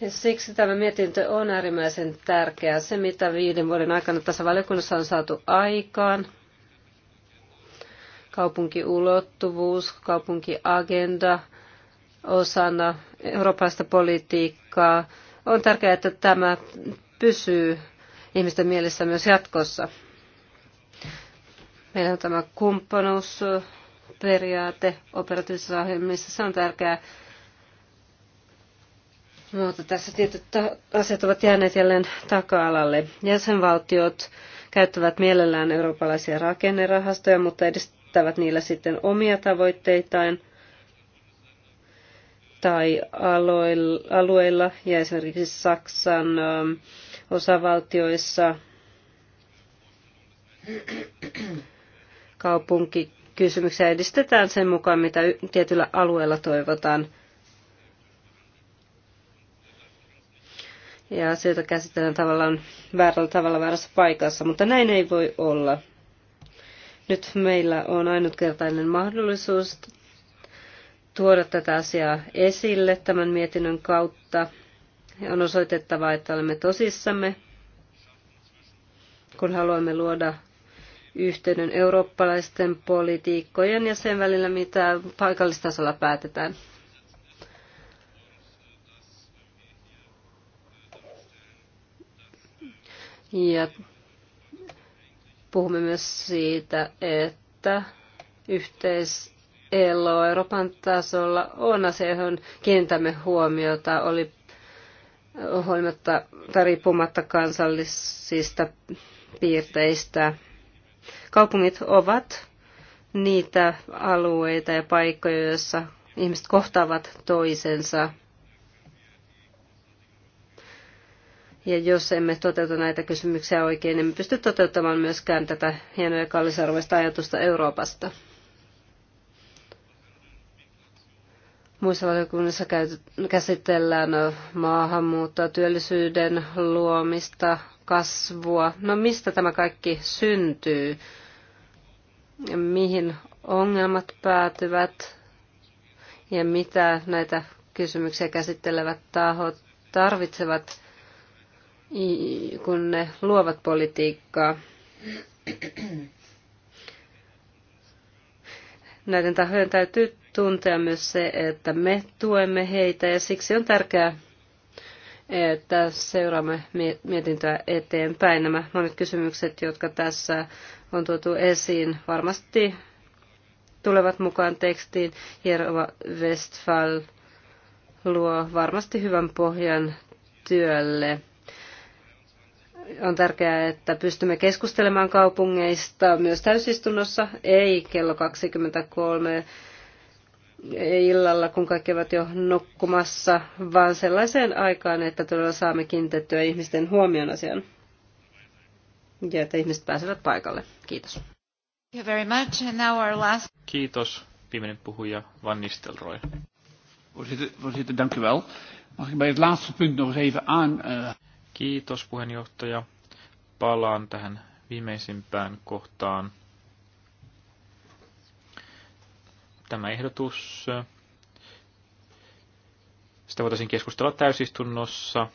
Ja siksi tämä mietintö on äärimmäisen tärkeä. Se, mitä viiden vuoden aikana tässä valiokunnassa on saatu aikaan, kaupunkiulottuvuus, kaupunkiagenda osana eurooppalaista politiikkaa, on tärkeää, että tämä pysyy ihmisten mielessä myös jatkossa. Meillä on tämä kumppanuusperiaate operatiivisissa ohjelmissa. Se on tärkeää. Mutta tässä tietyt asiat ovat jääneet jälleen taka-alalle. Jäsenvaltiot käyttävät mielellään eurooppalaisia rakennerahastoja, mutta edistävät niillä sitten omia tavoitteitaan – tai alueilla ja esimerkiksi Saksan ähm, osavaltioissa kaupunkikysymyksiä edistetään sen mukaan, mitä tietyllä alueella toivotaan. Ja asioita käsitellään tavallaan väärällä tavalla väärässä paikassa, mutta näin ei voi olla. Nyt meillä on ainutkertainen mahdollisuus tuoda tätä asiaa esille tämän mietinnön kautta. On osoitettava, että olemme tosissamme, kun haluamme luoda yhteyden eurooppalaisten politiikkojen ja sen välillä, mitä paikallistasolla päätetään. Ja puhumme myös siitä, että yhteis, elo Euroopan tasolla on asia, johon kiinnitämme huomiota, oli huolimatta tai riippumatta kansallisista piirteistä. Kaupungit ovat niitä alueita ja paikkoja, joissa ihmiset kohtaavat toisensa. Ja jos emme toteuta näitä kysymyksiä oikein, emme pysty toteuttamaan myöskään tätä hienoja kallisarvoista ajatusta Euroopasta. Muissa valiokunnissa käsitellään maahanmuuttoa, työllisyyden luomista, kasvua. No mistä tämä kaikki syntyy? Mihin ongelmat päätyvät? Ja mitä näitä kysymyksiä käsittelevät tahot tarvitsevat, kun ne luovat politiikkaa? Näiden tahojen täytyy tuntea myös se, että me tuemme heitä ja siksi on tärkeää, että seuraamme mietintöä eteenpäin. Nämä monet kysymykset, jotka tässä on tuotu esiin, varmasti tulevat mukaan tekstiin. Jerova Westfall luo varmasti hyvän pohjan työlle. On tärkeää, että pystymme keskustelemaan kaupungeista myös täysistunnossa, ei kello 23 illalla, kun kaikki ovat jo nukkumassa, vaan sellaiseen aikaan, että todella saamme kiinnitettyä ihmisten huomion asian ja että ihmiset pääsevät paikalle. Kiitos. Thank you very much. And now our last... Kiitos. Viimeinen puhuja Van Nistelrooy. Voorzitter, dank u wel. Mag ik bij het laatste punt nog even aan... Eh, Kiitos puheenjohtaja. Palaan tähän viimeisimpään kohtaan. tämä ehdotus. Sitä voitaisiin keskustella täysistunnossa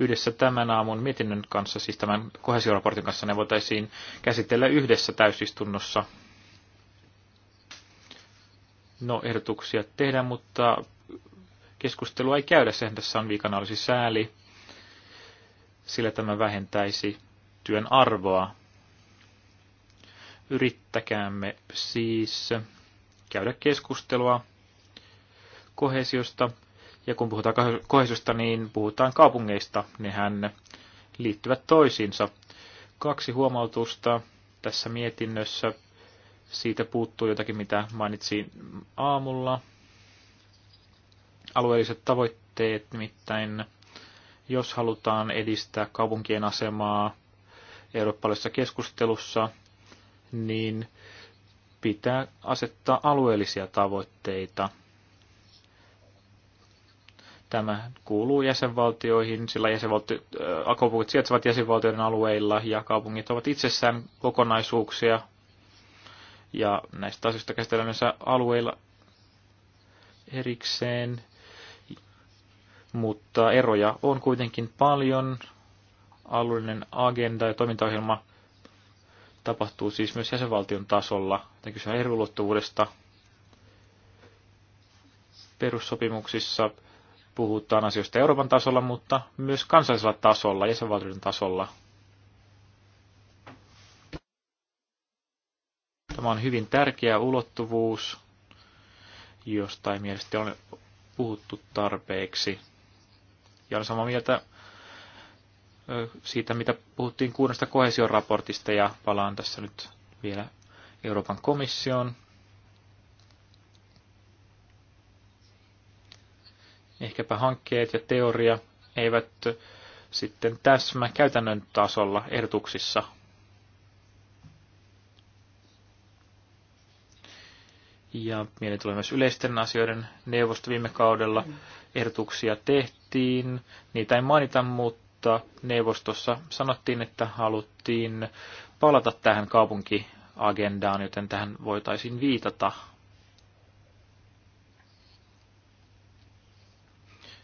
yhdessä tämän aamun mietinnön kanssa, siis tämän kohesioraportin kanssa, ne voitaisiin käsitellä yhdessä täysistunnossa. No, ehdotuksia tehdään, mutta keskustelua ei käydä, sehän tässä on viikana olisi siis sääli, sillä tämä vähentäisi työn arvoa. Yrittäkäämme siis käydä keskustelua kohesiosta. Ja kun puhutaan kohesiosta, niin puhutaan kaupungeista. Nehän liittyvät toisiinsa. Kaksi huomautusta tässä mietinnössä. Siitä puuttuu jotakin, mitä mainitsin aamulla. Alueelliset tavoitteet, nimittäin jos halutaan edistää kaupunkien asemaa eurooppalaisessa keskustelussa, niin pitää asettaa alueellisia tavoitteita. Tämä kuuluu jäsenvaltioihin, sillä jäsenvaltiot, äh, kaupungit sijaitsevat jäsenvaltioiden alueilla ja kaupungit ovat itsessään kokonaisuuksia. Ja näistä asioista käsitellään näissä alueilla erikseen. Mutta eroja on kuitenkin paljon. Alueellinen agenda ja toimintaohjelma tapahtuu siis myös jäsenvaltion tasolla. Tämä kysymys on eri ulottuvuudesta. Perussopimuksissa puhutaan asioista Euroopan tasolla, mutta myös kansallisella tasolla, jäsenvaltion tasolla. Tämä on hyvin tärkeä ulottuvuus, josta ei mielestäni ole puhuttu tarpeeksi. Ja olen samaa mieltä siitä, mitä puhuttiin kuudesta kohesioraportista ja palaan tässä nyt vielä Euroopan komissioon. Ehkäpä hankkeet ja teoria eivät sitten täsmä käytännön tasolla ehdotuksissa. Ja mieleen tulee myös yleisten asioiden neuvosto viime kaudella. Ehdotuksia tehtiin, niitä ei mainita, mutta mutta neuvostossa sanottiin, että haluttiin palata tähän kaupunkiagendaan, joten tähän voitaisiin viitata.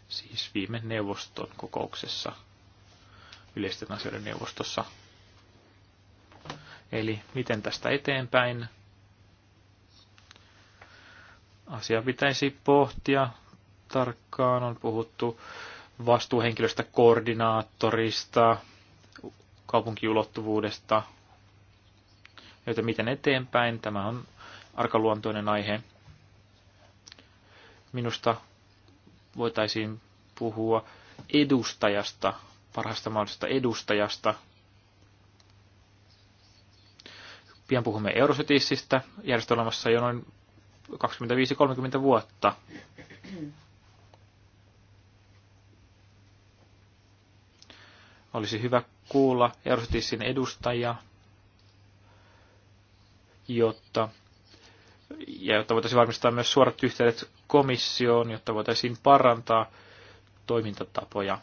Siis viime neuvoston kokouksessa, yleisten asioiden neuvostossa. Eli miten tästä eteenpäin? Asia pitäisi pohtia tarkkaan. On puhuttu vastuuhenkilöstä, koordinaattorista, kaupunkiulottuvuudesta, joten miten eteenpäin. Tämä on arkaluontoinen aihe. Minusta voitaisiin puhua edustajasta, parhaasta mahdollisesta edustajasta. Pian puhumme Eurocitisistä, järjestö olemassa jo noin 25-30 vuotta. Olisi hyvä kuulla Eurostatissin edustajia, jotta, ja jotta voitaisiin varmistaa myös suorat yhteydet komissioon, jotta voitaisiin parantaa toimintatapoja,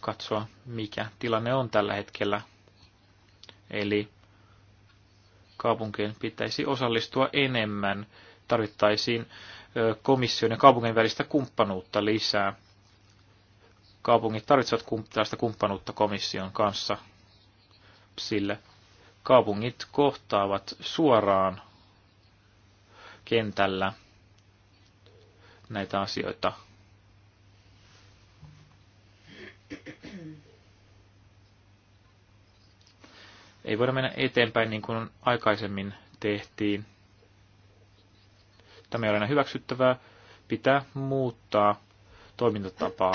katsoa mikä tilanne on tällä hetkellä. Eli kaupunkien pitäisi osallistua enemmän, tarvittaisiin komission ja kaupungin välistä kumppanuutta lisää. Kaupungit tarvitsevat tällaista kumppanuutta komission kanssa, sille kaupungit kohtaavat suoraan kentällä näitä asioita. Ei voida mennä eteenpäin niin kuin aikaisemmin tehtiin. Tämä ei ole enää hyväksyttävää. Pitää muuttaa toimintatapaa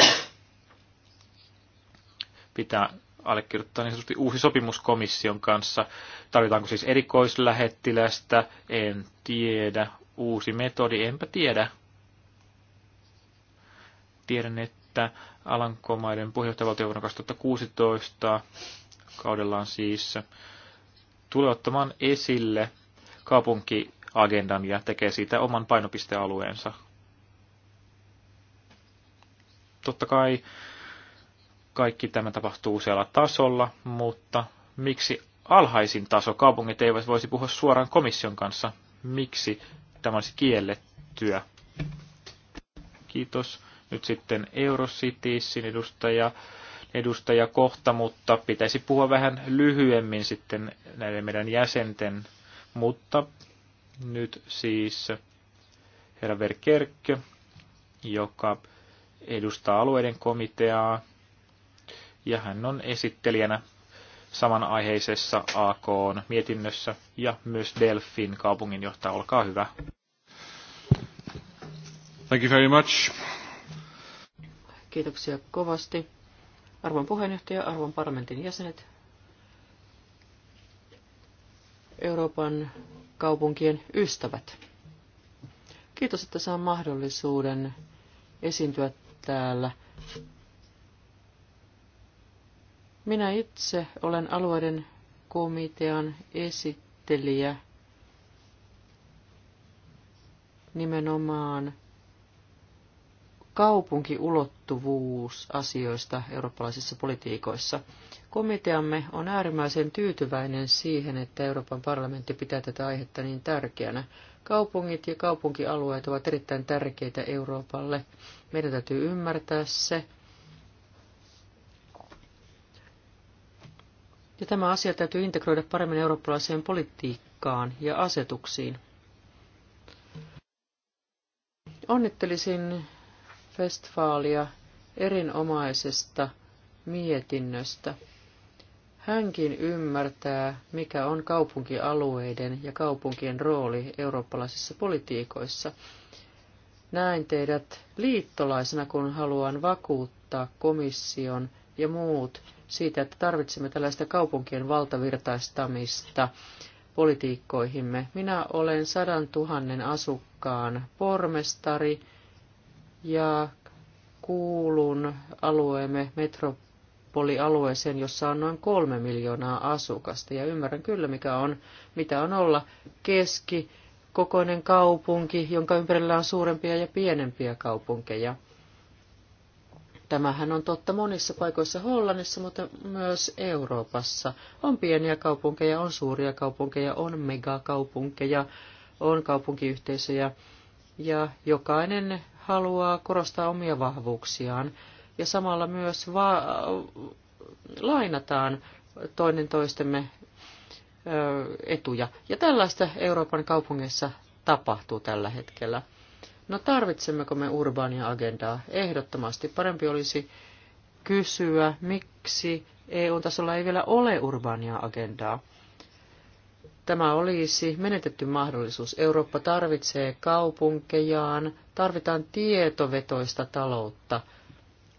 pitää allekirjoittaa niin sanotusti uusi sopimus komission kanssa. Tarvitaanko siis erikoislähettilästä? En tiedä. Uusi metodi? Enpä tiedä. Tiedän, että Alankomaiden puheenjohtajavaltio vuonna 2016 kaudellaan siis tulee ottamaan esille kaupunkiagendan ja tekee siitä oman painopistealueensa. Totta kai kaikki tämä tapahtuu usealla tasolla, mutta miksi alhaisin taso kaupungit eivät voisi puhua suoraan komission kanssa? Miksi tämä olisi kiellettyä? Kiitos. Nyt sitten Eurocitiesin edustaja, edustaja kohta, mutta pitäisi puhua vähän lyhyemmin sitten näiden meidän jäsenten. Mutta nyt siis herra Verkerkkö, joka edustaa alueiden komiteaa, ja hän on esittelijänä samanaiheisessa ak mietinnössä ja myös Delfin kaupunginjohtaja. Olkaa hyvä. Thank you very much. Kiitoksia kovasti. Arvon puheenjohtaja, arvon parlamentin jäsenet, Euroopan kaupunkien ystävät. Kiitos, että saan mahdollisuuden esiintyä täällä minä itse olen alueiden komitean esittelijä nimenomaan kaupunkiulottuvuusasioista eurooppalaisissa politiikoissa. Komiteamme on äärimmäisen tyytyväinen siihen, että Euroopan parlamentti pitää tätä aihetta niin tärkeänä. Kaupungit ja kaupunkialueet ovat erittäin tärkeitä Euroopalle. Meidän täytyy ymmärtää se, Ja tämä asia täytyy integroida paremmin eurooppalaiseen politiikkaan ja asetuksiin. Onnittelisin Festfaalia erinomaisesta mietinnöstä. Hänkin ymmärtää, mikä on kaupunkialueiden ja kaupunkien rooli eurooppalaisissa politiikoissa. Näin teidät liittolaisena, kun haluan vakuuttaa komission ja muut siitä, että tarvitsemme tällaista kaupunkien valtavirtaistamista politiikkoihimme. Minä olen sadan tuhannen asukkaan pormestari ja kuulun alueemme metropolialueeseen, jossa on noin kolme miljoonaa asukasta. Ja ymmärrän kyllä, mikä on, mitä on olla keski kokoinen kaupunki, jonka ympärillä on suurempia ja pienempiä kaupunkeja. Tämähän on totta monissa paikoissa Hollannissa, mutta myös Euroopassa. On pieniä kaupunkeja, on suuria kaupunkeja, on megakaupunkeja, on kaupunkiyhteisöjä ja jokainen haluaa korostaa omia vahvuuksiaan ja samalla myös va- lainataan toinen toistemme etuja. Ja tällaista Euroopan kaupungeissa tapahtuu tällä hetkellä. No tarvitsemmeko me urbaania agendaa? Ehdottomasti parempi olisi kysyä, miksi EU-tasolla ei vielä ole urbaania agendaa. Tämä olisi menetetty mahdollisuus. Eurooppa tarvitsee kaupunkejaan, tarvitaan tietovetoista taloutta.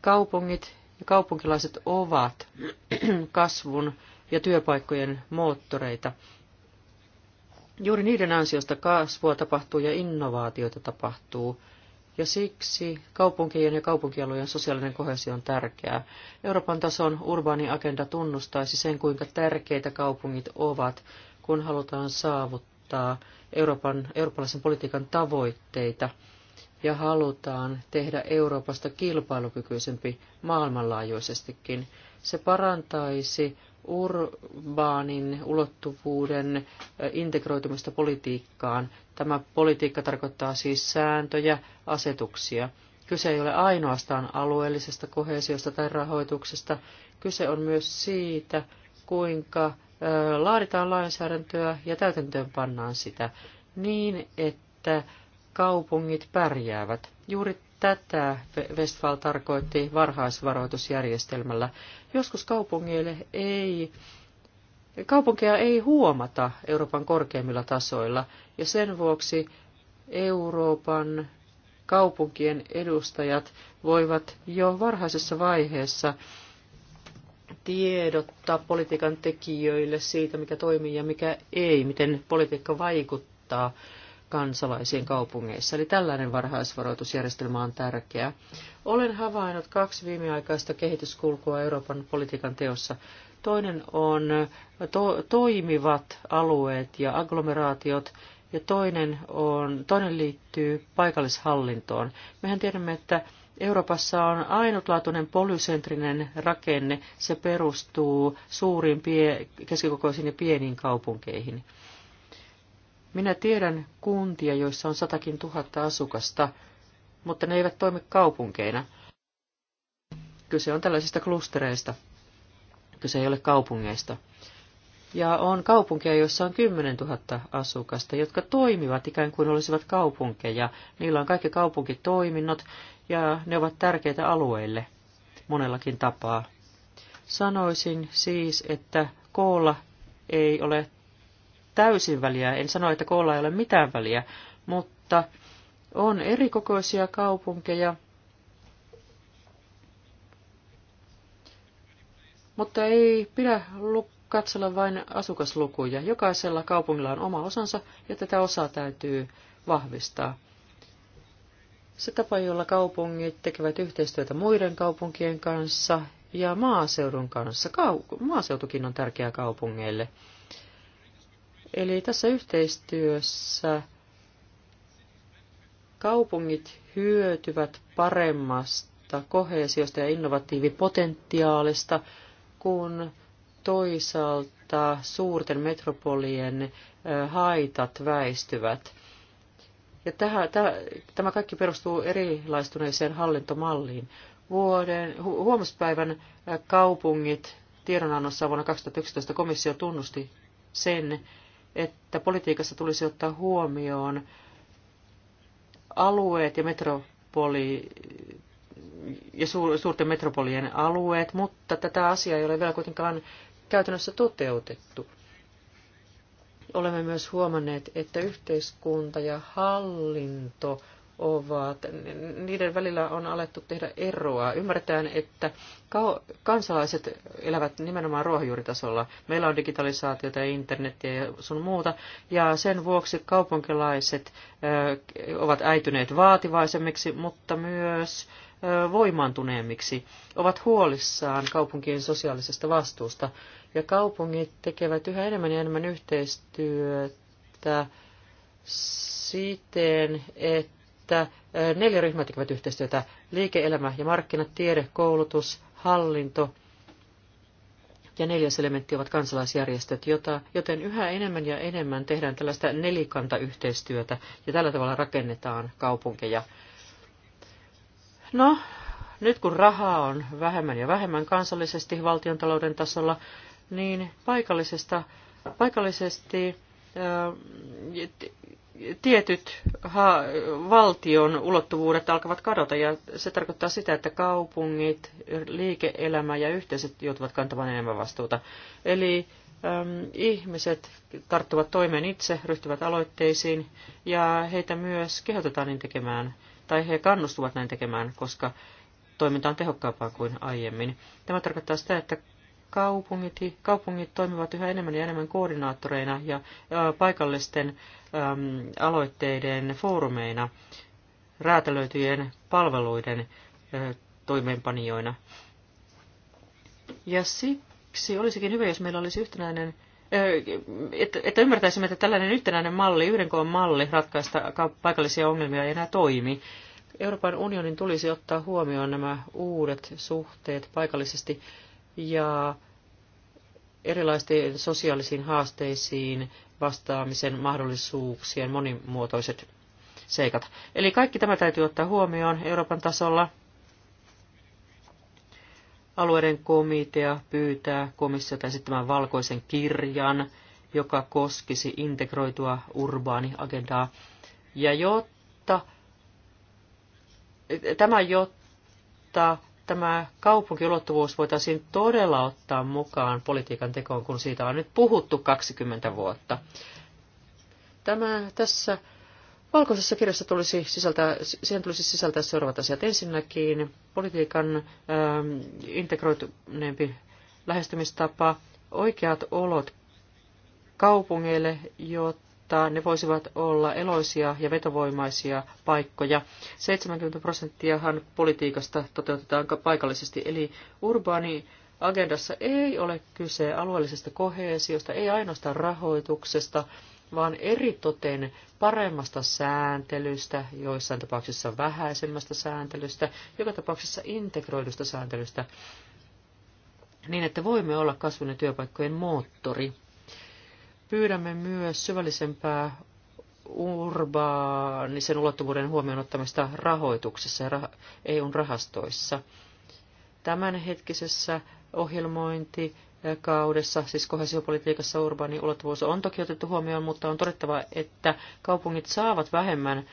Kaupungit ja kaupunkilaiset ovat kasvun ja työpaikkojen moottoreita. Juuri niiden ansiosta kasvua tapahtuu ja innovaatioita tapahtuu, ja siksi kaupunkien ja kaupunkialueen sosiaalinen kohesio on tärkeää. Euroopan tason urbaani agenda tunnustaisi sen, kuinka tärkeitä kaupungit ovat, kun halutaan saavuttaa Euroopan, eurooppalaisen politiikan tavoitteita ja halutaan tehdä Euroopasta kilpailukykyisempi maailmanlaajuisestikin. Se parantaisi urbaanin ulottuvuuden integroitumista politiikkaan. Tämä politiikka tarkoittaa siis sääntöjä, asetuksia. Kyse ei ole ainoastaan alueellisesta kohesiosta tai rahoituksesta, kyse on myös siitä, kuinka laaditaan lainsäädäntöä ja täytäntöön pannaan sitä niin, että kaupungit pärjäävät. Juuri Tätä Westfall tarkoitti varhaisvaroitusjärjestelmällä. Joskus kaupungeille ei, kaupunkeja ei huomata Euroopan korkeimmilla tasoilla, ja sen vuoksi Euroopan kaupunkien edustajat voivat jo varhaisessa vaiheessa tiedottaa politiikan tekijöille siitä, mikä toimii ja mikä ei, miten politiikka vaikuttaa kansalaisiin kaupungeissa. Eli tällainen varhaisvaroitusjärjestelmä on tärkeä. Olen havainnut kaksi viimeaikaista kehityskulkua Euroopan politiikan teossa. Toinen on to- toimivat alueet ja agglomeraatiot, ja toinen, on, toinen liittyy paikallishallintoon. Mehän tiedämme, että Euroopassa on ainutlaatuinen polysentrinen rakenne. Se perustuu suuriin, pie- keskikokoisiin ja pieniin kaupunkeihin. Minä tiedän kuntia, joissa on satakin tuhatta asukasta, mutta ne eivät toimi kaupunkeina. Kyse on tällaisista klustereista. Kyse ei ole kaupungeista. Ja on kaupunkeja, joissa on 10 000 asukasta, jotka toimivat ikään kuin olisivat kaupunkeja. Niillä on kaikki kaupunkitoiminnot ja ne ovat tärkeitä alueille monellakin tapaa. Sanoisin siis, että koolla ei ole täysin väliä. En sano, että koolla ei ole mitään väliä, mutta on erikokoisia kaupunkeja, mutta ei pidä katsella vain asukaslukuja. Jokaisella kaupungilla on oma osansa ja tätä osaa täytyy vahvistaa. Se tapa, jolla kaupungit tekevät yhteistyötä muiden kaupunkien kanssa ja maaseudun kanssa. Kau- maaseutukin on tärkeää kaupungeille. Eli tässä yhteistyössä kaupungit hyötyvät paremmasta kohesiosta ja innovatiivipotentiaalista, kuin toisaalta suurten metropolien haitat väistyvät. Ja tähän, tämä, tämä kaikki perustuu erilaistuneeseen hallintomalliin. Vuoden, hu- huomispäivän kaupungit tiedonannossa vuonna 2011 komissio tunnusti sen, että politiikassa tulisi ottaa huomioon alueet ja metropoli ja suurten metropolien alueet, mutta tätä asiaa ei ole vielä kuitenkaan käytännössä toteutettu. Olemme myös huomanneet, että yhteiskunta ja hallinto ovat, niiden välillä on alettu tehdä eroa. Ymmärretään, että kansalaiset elävät nimenomaan ruohonjuuritasolla. Meillä on digitalisaatiota ja internetiä ja sun muuta, ja sen vuoksi kaupunkilaiset ovat äityneet vaativaisemmiksi, mutta myös voimaantuneemmiksi, ovat huolissaan kaupunkien sosiaalisesta vastuusta. Ja kaupungit tekevät yhä enemmän ja enemmän yhteistyötä siten, että että neljä ryhmää tekevät yhteistyötä. Liike-elämä ja markkinat, tiede, koulutus, hallinto ja neljäs elementti ovat kansalaisjärjestöt, jota, joten yhä enemmän ja enemmän tehdään tällaista nelikantayhteistyötä ja tällä tavalla rakennetaan kaupunkeja. No, nyt kun rahaa on vähemmän ja vähemmän kansallisesti valtiontalouden tasolla, niin paikallisesta, paikallisesti tietyt valtion ulottuvuudet alkavat kadota ja se tarkoittaa sitä, että kaupungit, liike-elämä ja yhteisöt joutuvat kantamaan enemmän vastuuta. Eli äm, ihmiset tarttuvat toimeen itse, ryhtyvät aloitteisiin ja heitä myös kehotetaan niin tekemään tai he kannustuvat näin tekemään, koska toiminta on tehokkaampaa kuin aiemmin. Tämä tarkoittaa sitä, että kaupungit, kaupungit toimivat yhä enemmän ja enemmän koordinaattoreina ja paikallisten aloitteiden foorumeina, räätälöityjen palveluiden toimeenpanijoina. Ja siksi olisikin hyvä, jos meillä olisi yhtenäinen, että, että ymmärtäisimme, että tällainen yhtenäinen malli, yhden koon malli ratkaista paikallisia ongelmia ei enää toimi. Euroopan unionin tulisi ottaa huomioon nämä uudet suhteet paikallisesti ja erilaisiin sosiaalisiin haasteisiin vastaamisen mahdollisuuksien monimuotoiset seikat. Eli kaikki tämä täytyy ottaa huomioon Euroopan tasolla. Alueiden komitea pyytää komissiota esittämään valkoisen kirjan, joka koskisi integroitua urbaaniagendaa. Ja jotta, tämä jotta tämä kaupunkiulottuvuus voitaisiin todella ottaa mukaan politiikan tekoon, kun siitä on nyt puhuttu 20 vuotta. Tämä tässä valkoisessa kirjassa tulisi sisältää, siihen tulisi sisältää seuraavat asiat. Ensinnäkin politiikan ähm, integroituneempi lähestymistapa, oikeat olot kaupungeille, jotta kohtaa. Ne voisivat olla eloisia ja vetovoimaisia paikkoja. 70 prosenttiahan politiikasta toteutetaan paikallisesti, eli urbaani agendassa ei ole kyse alueellisesta koheesiosta, ei ainoastaan rahoituksesta, vaan eritoten paremmasta sääntelystä, joissain tapauksissa vähäisemmästä sääntelystä, joka tapauksessa integroidusta sääntelystä, niin että voimme olla kasvun ja työpaikkojen moottori. Pyydämme myös syvällisempää urbaanisen ulottuvuuden huomioon ottamista rahoituksessa ja eu rahastoissa. Tämänhetkisessä ohjelmointi kaudessa, siis kohesiopolitiikassa urbaani ulottuvuus on toki otettu huomioon, mutta on todettava, että kaupungit saavat vähemmän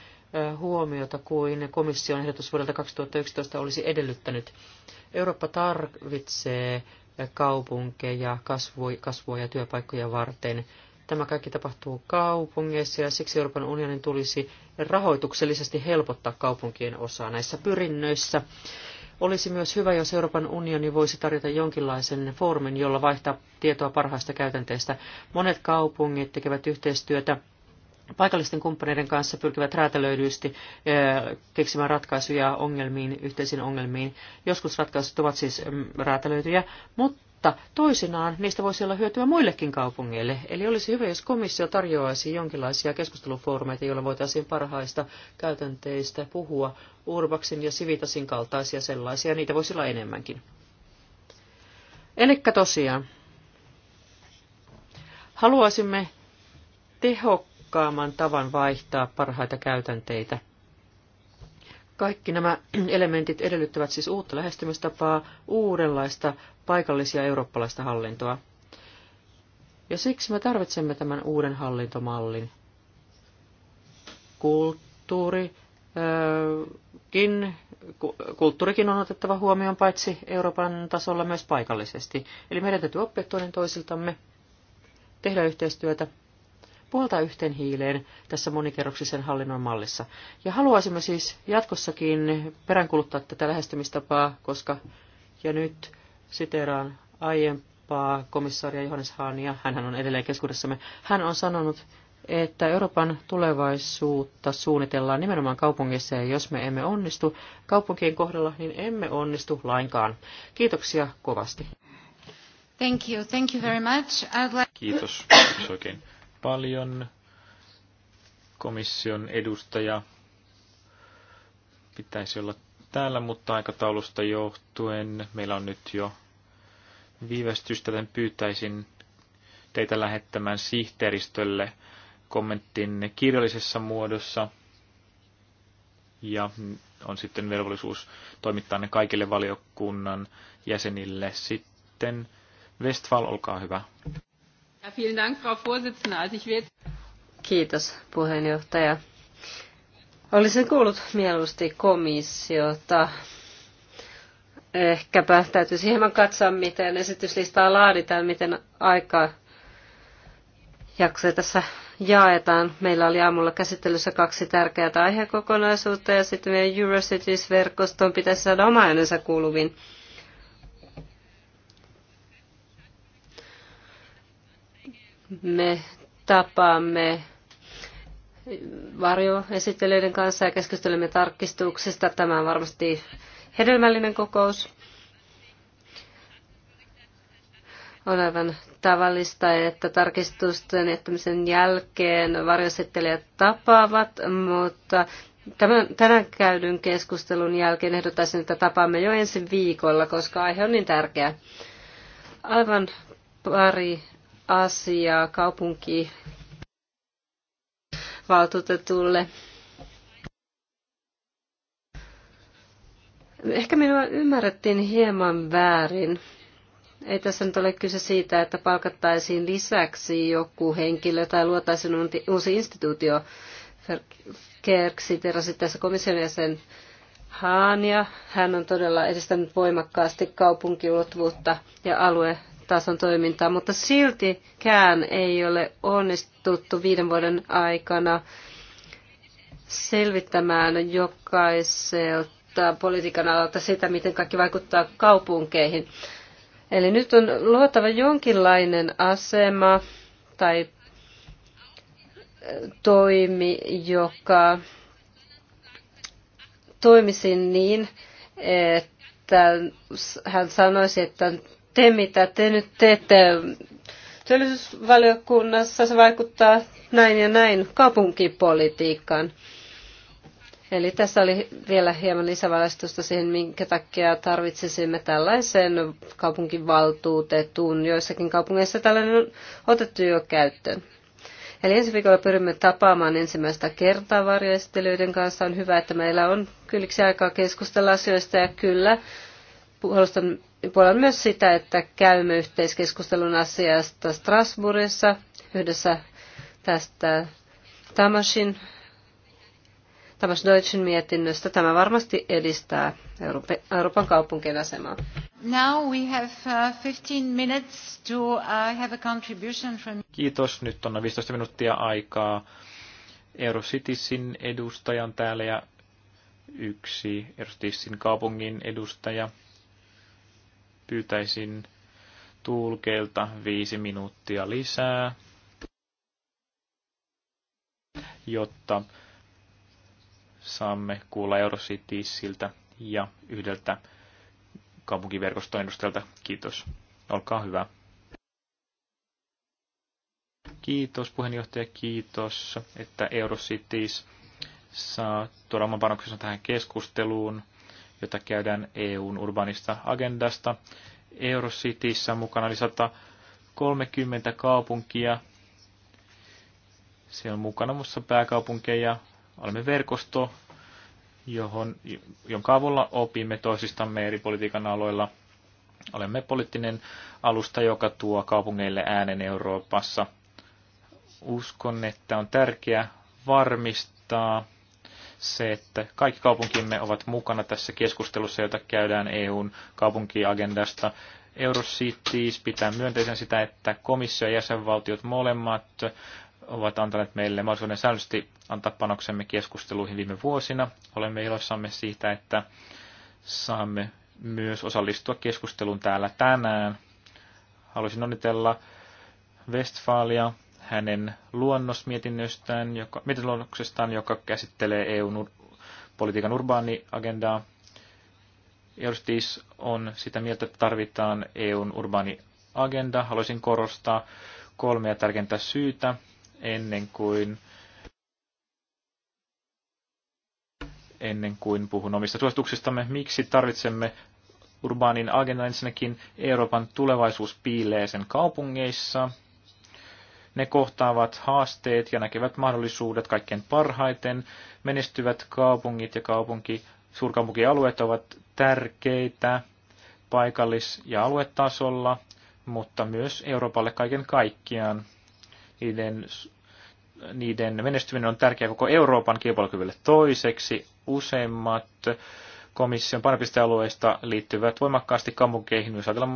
huomiota kuin komission ehdotus vuodelta 2011 olisi edellyttänyt. Eurooppa tarvitsee kaupunkeja kasvua ja työpaikkoja varten. Tämä kaikki tapahtuu kaupungeissa ja siksi Euroopan unionin tulisi rahoituksellisesti helpottaa kaupunkien osaa näissä pyrinnöissä. Olisi myös hyvä, jos Euroopan unioni voisi tarjota jonkinlaisen foorumin, jolla vaihtaa tietoa parhaista käytänteistä. Monet kaupungit tekevät yhteistyötä paikallisten kumppaneiden kanssa pyrkivät räätälöidysti eh, keksimään ratkaisuja ongelmiin, yhteisiin ongelmiin. Joskus ratkaisut ovat siis mm, räätälöityjä, mutta mutta toisinaan niistä voisi olla hyötyä muillekin kaupungeille. Eli olisi hyvä, jos komissio tarjoaisi jonkinlaisia keskustelufoorumeita, joilla voitaisiin parhaista käytänteistä puhua Urbaksin ja Sivitasin kaltaisia sellaisia. Niitä voisi olla enemmänkin. Eli tosiaan, haluaisimme tehokkaamman tavan vaihtaa parhaita käytänteitä – kaikki nämä elementit edellyttävät siis uutta lähestymistapaa, uudenlaista paikallisia eurooppalaista hallintoa. Ja siksi me tarvitsemme tämän uuden hallintomallin. Kulttuuri, öö, Kin, kulttuurikin on otettava huomioon paitsi Euroopan tasolla myös paikallisesti. Eli meidän täytyy oppia toinen toisiltamme, tehdä yhteistyötä puolta yhteen hiileen tässä monikerroksisen hallinnon mallissa. Ja haluaisimme siis jatkossakin peräänkuluttaa tätä lähestymistapaa, koska, ja nyt siteraan aiempaa komissaaria Johannes Haania, hän on edelleen keskuudessamme, hän on sanonut, että Euroopan tulevaisuutta suunnitellaan nimenomaan kaupungeissa, ja jos me emme onnistu kaupunkien kohdalla, niin emme onnistu lainkaan. Kiitoksia kovasti. Thank you. Thank you very much. I'd like... Kiitos. Kiitos oikein paljon. Komission edustaja pitäisi olla täällä, mutta aikataulusta johtuen meillä on nyt jo viivästystä, joten pyytäisin teitä lähettämään sihteeristölle kommenttinne kirjallisessa muodossa. Ja on sitten velvollisuus toimittaa ne kaikille valiokunnan jäsenille. Sitten Westfall, olkaa hyvä. Kiitos puheenjohtaja. Olisin kuullut mieluusti komissiota. Ehkäpä täytyisi hieman katsoa, miten esityslistaa laaditaan, miten aikaa jaksoja tässä jaetaan. Meillä oli aamulla käsittelyssä kaksi tärkeää aihekokonaisuutta ja sitten meidän Eurocities-verkostoon pitäisi saada oma äänensä kuuluviin. Me tapaamme varjoesittelijöiden kanssa ja keskustelemme tarkistuksista. Tämä on varmasti hedelmällinen kokous. On aivan tavallista, että tarkistusten jättämisen jälkeen varjoesittelijät tapaavat, mutta tämän, tänään käydyn keskustelun jälkeen ehdottaisin, että tapaamme jo ensi viikolla, koska aihe on niin tärkeä. Aivan pari asiaa kaupunki valtuutetulle. Ehkä minua ymmärrettiin hieman väärin. Ei tässä nyt ole kyse siitä, että palkattaisiin lisäksi joku henkilö tai luotaisiin uusi instituutio. Kerk siterasi tässä komission jäsen Haania. Hän on todella edistänyt voimakkaasti kaupunkiulottuvuutta ja alue- tason toimintaa, mutta siltikään ei ole onnistuttu viiden vuoden aikana selvittämään jokaiselta politiikan alalta sitä, miten kaikki vaikuttaa kaupunkeihin. Eli nyt on luotava jonkinlainen asema tai äh, toimi, joka toimisi niin, että hän sanoisi, että te, mitä te nyt teette työllisyysvaliokunnassa, se vaikuttaa näin ja näin kaupunkipolitiikkaan. Eli tässä oli vielä hieman lisävalaistusta siihen, minkä takia tarvitsisimme tällaisen kaupunkivaltuutetun. Joissakin kaupungeissa tällainen on otettu jo käyttöön. Eli ensi viikolla pyrimme tapaamaan ensimmäistä kertaa varjoesittelyiden kanssa. On hyvä, että meillä on kylliksi aikaa keskustella asioista ja kyllä puolustan puolen myös sitä, että käymme yhteiskeskustelun asiasta Strasbourgissa yhdessä tästä Tamashin, Tamas Deutschen mietinnöstä. Tämä varmasti edistää Euroopan kaupunkien asemaa. Now we have 15 uh, minutes to uh, have a contribution from... Kiitos. Nyt on 15 minuuttia aikaa. Eurocitysin edustajan täällä ja yksi Eurocitysin kaupungin edustaja pyytäisin tulkeilta viisi minuuttia lisää, jotta saamme kuulla Eurocitiesiltä ja yhdeltä kaupunkiverkoston edustajalta. Kiitos. Olkaa hyvä. Kiitos puheenjohtaja, kiitos, että Eurocities saa tuoda oman panoksensa tähän keskusteluun jota käydään EUn urbanista agendasta. Eurocityssä mukana oli 130 kaupunkia. Siellä on mukana muussa pääkaupunkeja. Olemme verkosto, johon, jonka avulla opimme toisistamme eri politiikan aloilla. Olemme poliittinen alusta, joka tuo kaupungeille äänen Euroopassa. Uskon, että on tärkeää varmistaa, se, että kaikki kaupunkimme ovat mukana tässä keskustelussa, jota käydään EUn kaupunkiagendasta. Eurocities pitää myönteisen sitä, että komissio ja jäsenvaltiot molemmat ovat antaneet meille mahdollisuuden säännöllisesti antaa panoksemme keskusteluihin viime vuosina. Olemme iloissamme siitä, että saamme myös osallistua keskusteluun täällä tänään. Haluaisin onnitella Westfalia hänen luonnosmietinnöstään, joka, mietintöluonnoksestaan, joka käsittelee eu politiikan urbaaniagendaa. Eurostis on sitä mieltä, että tarvitaan EUn urbaani agenda. Haluaisin korostaa kolmea tärkeintä syytä ennen kuin ennen kuin puhun omista suosituksistamme, miksi tarvitsemme urbaanin agendan ensinnäkin Euroopan tulevaisuus piilee sen kaupungeissa, ne kohtaavat haasteet ja näkevät mahdollisuudet kaikkein parhaiten. Menestyvät kaupungit ja kaupunki, suurkaupunkialueet ovat tärkeitä paikallis- ja aluetasolla, mutta myös Euroopalle kaiken kaikkiaan. Niiden, niiden menestyminen on tärkeää koko Euroopan kilpailukyvylle toiseksi. Useimmat komission painopistealueista liittyvät voimakkaasti kaupunkeihin myös ajatellaan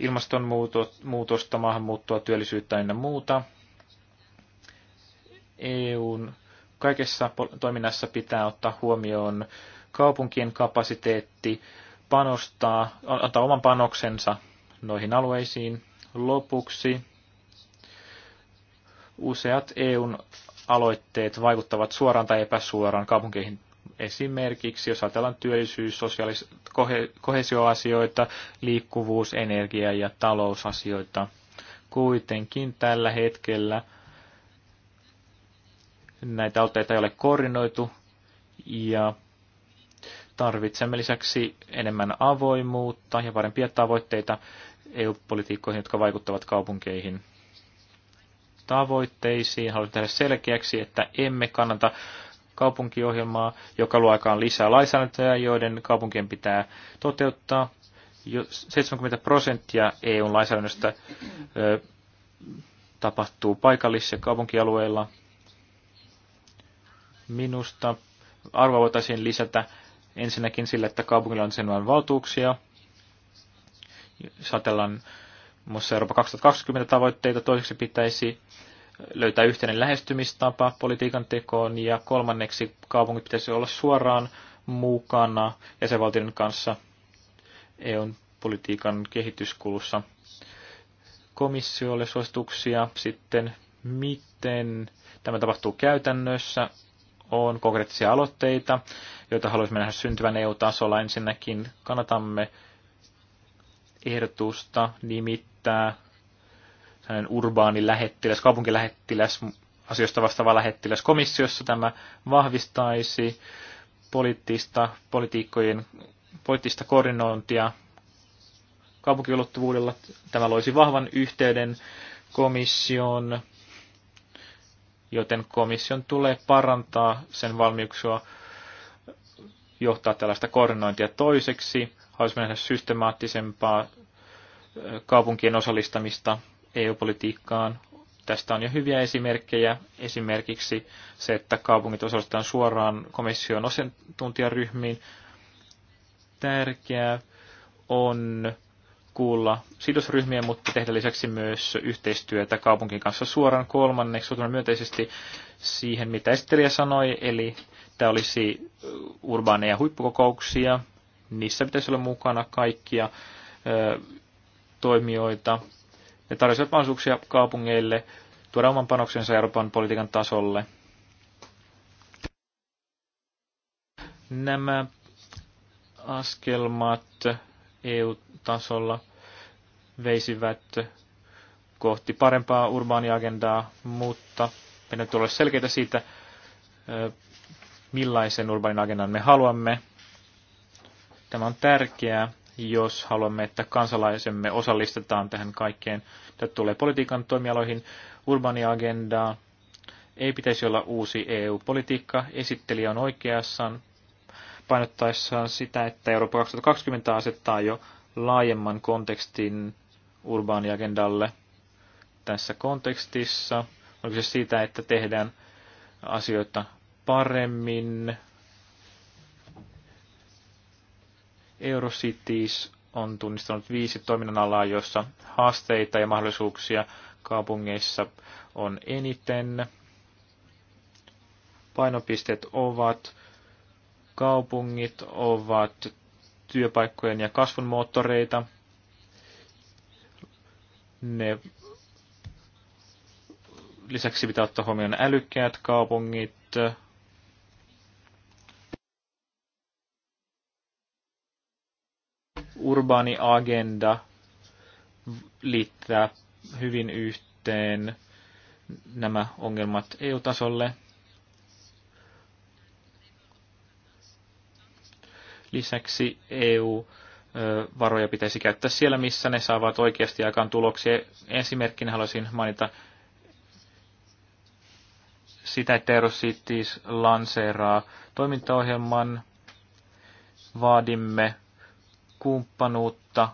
ilmastonmuutosta, maahanmuuttoa, työllisyyttä ja muuta. EUn kaikessa toiminnassa pitää ottaa huomioon kaupunkien kapasiteetti, panostaa, antaa oman panoksensa noihin alueisiin. Lopuksi useat EUn aloitteet vaikuttavat suoraan tai epäsuoraan kaupunkeihin Esimerkiksi jos ajatellaan työllisyys, sosiaalis- kohesioasioita, liikkuvuus, energia- ja talousasioita. Kuitenkin tällä hetkellä näitä alteita ei ole koordinoitu ja tarvitsemme lisäksi enemmän avoimuutta ja parempia tavoitteita EU-politiikkoihin, jotka vaikuttavat kaupunkeihin tavoitteisiin. Haluan tehdä selkeäksi, että emme kannata kaupunkiohjelmaa, joka luo aikaan lisää lainsäädäntöjä, joiden kaupunkien pitää toteuttaa. 70 prosenttia EUn lainsäädännöstä tapahtuu paikallis- ja kaupunkialueilla. Minusta arvoa voitaisiin lisätä ensinnäkin sillä, että kaupungilla on sen valtuuksia. Jos muassa Euroopan 2020 tavoitteita, toiseksi pitäisi löytää yhteinen lähestymistapa politiikan tekoon ja kolmanneksi kaupungit pitäisi olla suoraan mukana jäsenvaltioiden kanssa EUn politiikan kehityskulussa. Komissiolle suosituksia sitten, miten tämä tapahtuu käytännössä, on konkreettisia aloitteita, joita haluaisimme nähdä syntyvän EU-tasolla. Ensinnäkin kannatamme ehdotusta nimittää sellainen urbaani lähettiläs, kaupunkilähettiläs, asioista vastaava lähettiläs komissiossa. Tämä vahvistaisi poliittista, politiikkojen, poliittista koordinointia kaupunkiulottuvuudella. Tämä loisi vahvan yhteyden komission, joten komission tulee parantaa sen valmiuksia johtaa tällaista koordinointia toiseksi. Haluaisi mennä systemaattisempaa kaupunkien osallistamista EU-politiikkaan. Tästä on jo hyviä esimerkkejä. Esimerkiksi se, että kaupungit osallistetaan suoraan komission asiantuntijaryhmiin. Tärkeää on kuulla sidosryhmiä, mutta tehdä lisäksi myös yhteistyötä kaupunkin kanssa suoraan kolmanneksi. Suhtamme myönteisesti siihen, mitä esittelijä sanoi, eli tämä olisi urbaaneja huippukokouksia. Niissä pitäisi olla mukana kaikkia ö, toimijoita, ne tarjosivat mahdollisuuksia kaupungeille tuoda oman panoksensa Euroopan politiikan tasolle. Nämä askelmat EU-tasolla veisivät kohti parempaa agendaa, mutta meidän tulee olla selkeitä siitä, millaisen urbaanin agendan me haluamme. Tämä on tärkeää, jos haluamme, että kansalaisemme osallistetaan tähän kaikkeen. Tätä tulee politiikan toimialoihin, urbania agendaa. Ei pitäisi olla uusi EU-politiikka. Esittelijä on oikeassaan painottaessaan sitä, että Eurooppa 2020 asettaa jo laajemman kontekstin agendalle tässä kontekstissa. Onko se siitä, että tehdään asioita paremmin, Eurocities on tunnistanut viisi toiminnan alaa, joissa haasteita ja mahdollisuuksia kaupungeissa on eniten. Painopisteet ovat, kaupungit ovat työpaikkojen ja kasvun moottoreita. Ne lisäksi pitää ottaa huomioon älykkäät kaupungit, urbaani agenda liittää hyvin yhteen nämä ongelmat EU-tasolle. Lisäksi EU-varoja pitäisi käyttää siellä, missä ne saavat oikeasti aikaan tuloksia. Esimerkkinä haluaisin mainita sitä, että Eurocities lanseeraa toimintaohjelman. Vaadimme kumppanuutta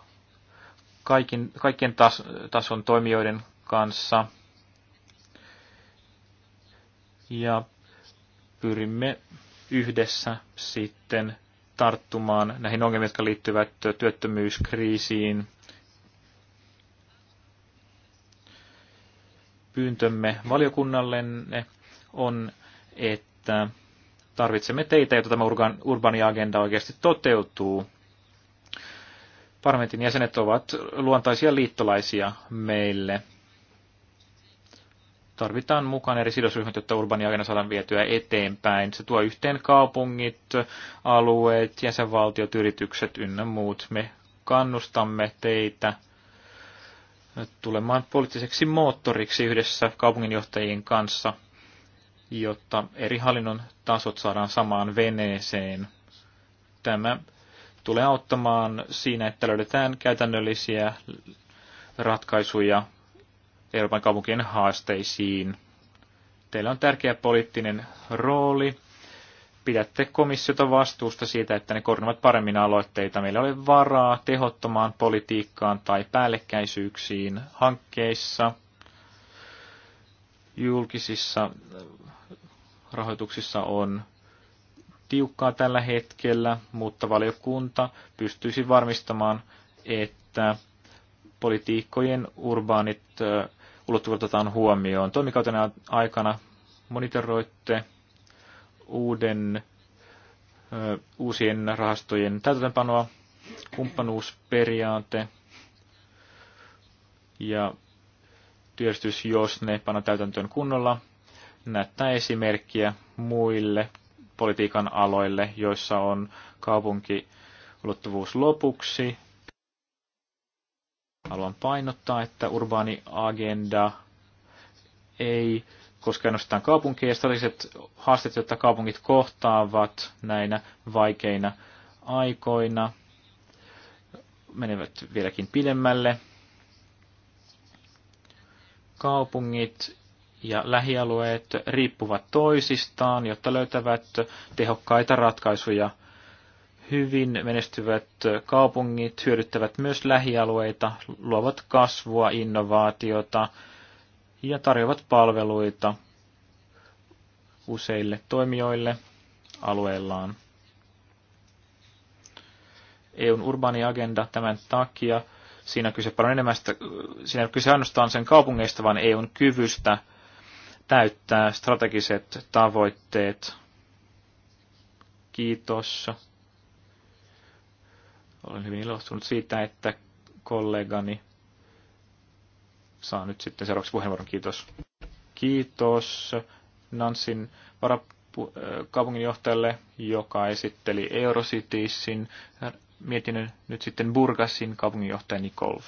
kaikin, kaikkien tas, tason toimijoiden kanssa. Ja pyrimme yhdessä sitten tarttumaan näihin ongelmiin, jotka liittyvät työttömyyskriisiin. Pyyntömme valiokunnallenne on, että tarvitsemme teitä, jotta tämä urbaani agenda oikeasti toteutuu parlamentin jäsenet ovat luontaisia liittolaisia meille. Tarvitaan mukaan eri sidosryhmät, jotta urbania agenda saadaan vietyä eteenpäin. Se tuo yhteen kaupungit, alueet, jäsenvaltiot, yritykset ynnä muut. Me kannustamme teitä tulemaan poliittiseksi moottoriksi yhdessä kaupunginjohtajien kanssa, jotta eri hallinnon tasot saadaan samaan veneeseen. Tämä tulee auttamaan siinä, että löydetään käytännöllisiä ratkaisuja Euroopan kaupunkien haasteisiin. Teillä on tärkeä poliittinen rooli. Pidätte komissiota vastuusta siitä, että ne koordinoivat paremmin aloitteita. Meillä oli varaa tehottomaan politiikkaan tai päällekkäisyyksiin hankkeissa, julkisissa rahoituksissa on tiukkaa tällä hetkellä, mutta valiokunta pystyisi varmistamaan, että politiikkojen urbaanit ulottuvuudet otetaan huomioon. Toimikautena aikana monitoroitte uuden, uusien rahastojen täytäntöönpanoa, kumppanuusperiaate ja työstys, jos ne panna täytäntöön kunnolla, näyttää esimerkkiä muille politiikan aloille, joissa on kaupunkiulottuvuus lopuksi. Haluan painottaa, että urbaani agenda ei koske ainoastaan kaupunkia ja strategiset haasteet, joita kaupungit kohtaavat näinä vaikeina aikoina, menevät vieläkin pidemmälle. Kaupungit ja lähialueet riippuvat toisistaan, jotta löytävät tehokkaita ratkaisuja. Hyvin menestyvät kaupungit hyödyttävät myös lähialueita, luovat kasvua, innovaatiota ja tarjoavat palveluita useille toimijoille alueellaan. EUn urbaani agenda tämän takia. Siinä kyse paljon enemmän, siinä kyse ainoastaan sen kaupungeista, vaan EUn kyvystä – täyttää strategiset tavoitteet. Kiitos. Olen hyvin ilostunut siitä, että kollegani saa nyt sitten seuraavaksi puheenvuoron. Kiitos. Kiitos Nansin varakaupunginjohtajalle, äh, joka esitteli Eurocitiesin mietinnön nyt sitten Burgasin kaupunginjohtaja Nikolv.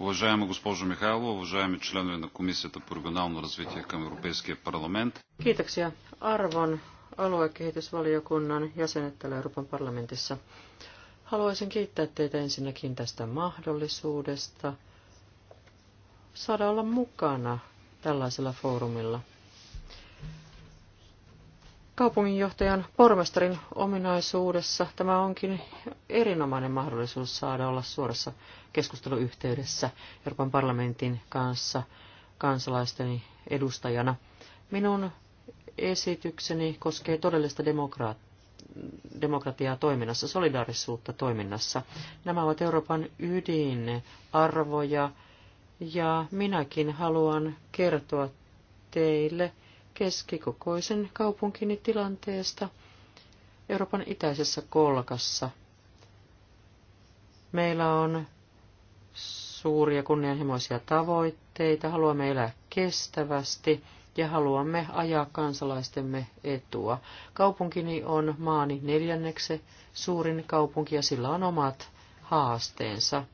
Уважаема госпожо Михайлова, уважаеми членове на Комисията по регионално развитие към Европейския парламент. Kiitoksia arvon aluekehitysvaliokunnan jäsenet täällä Euroopan parlamentissa. Haluaisin kiittää teitä ensinnäkin tästä mahdollisuudesta saada olla mukana tällaisella foorumilla kaupunginjohtajan pormestarin ominaisuudessa tämä onkin erinomainen mahdollisuus saada olla suorassa keskusteluyhteydessä Euroopan parlamentin kanssa kansalaisten edustajana. Minun esitykseni koskee todellista demokraattia demokratiaa toiminnassa, solidaarisuutta toiminnassa. Nämä ovat Euroopan ydinarvoja ja minäkin haluan kertoa teille keskikokoisen kaupunkini tilanteesta Euroopan itäisessä kolkassa. Meillä on suuria kunnianhimoisia tavoitteita, haluamme elää kestävästi ja haluamme ajaa kansalaistemme etua. Kaupunkini on maani neljänneksi suurin kaupunki ja sillä on omat haasteensa.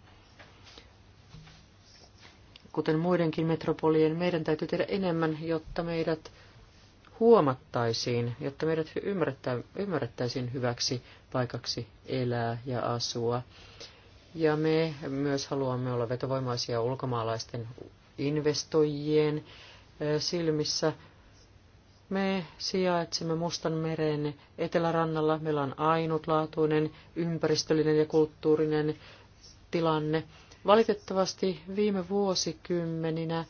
Kuten muidenkin metropolien, meidän täytyy tehdä enemmän, jotta meidät huomattaisiin, jotta meidät ymmärrettäisiin hyväksi paikaksi elää ja asua. Ja me myös haluamme olla vetovoimaisia ulkomaalaisten investoijien silmissä. Me sijaitsemme Mustan meren etelärannalla. Meillä on ainutlaatuinen ympäristöllinen ja kulttuurinen tilanne. Valitettavasti viime vuosikymmeninä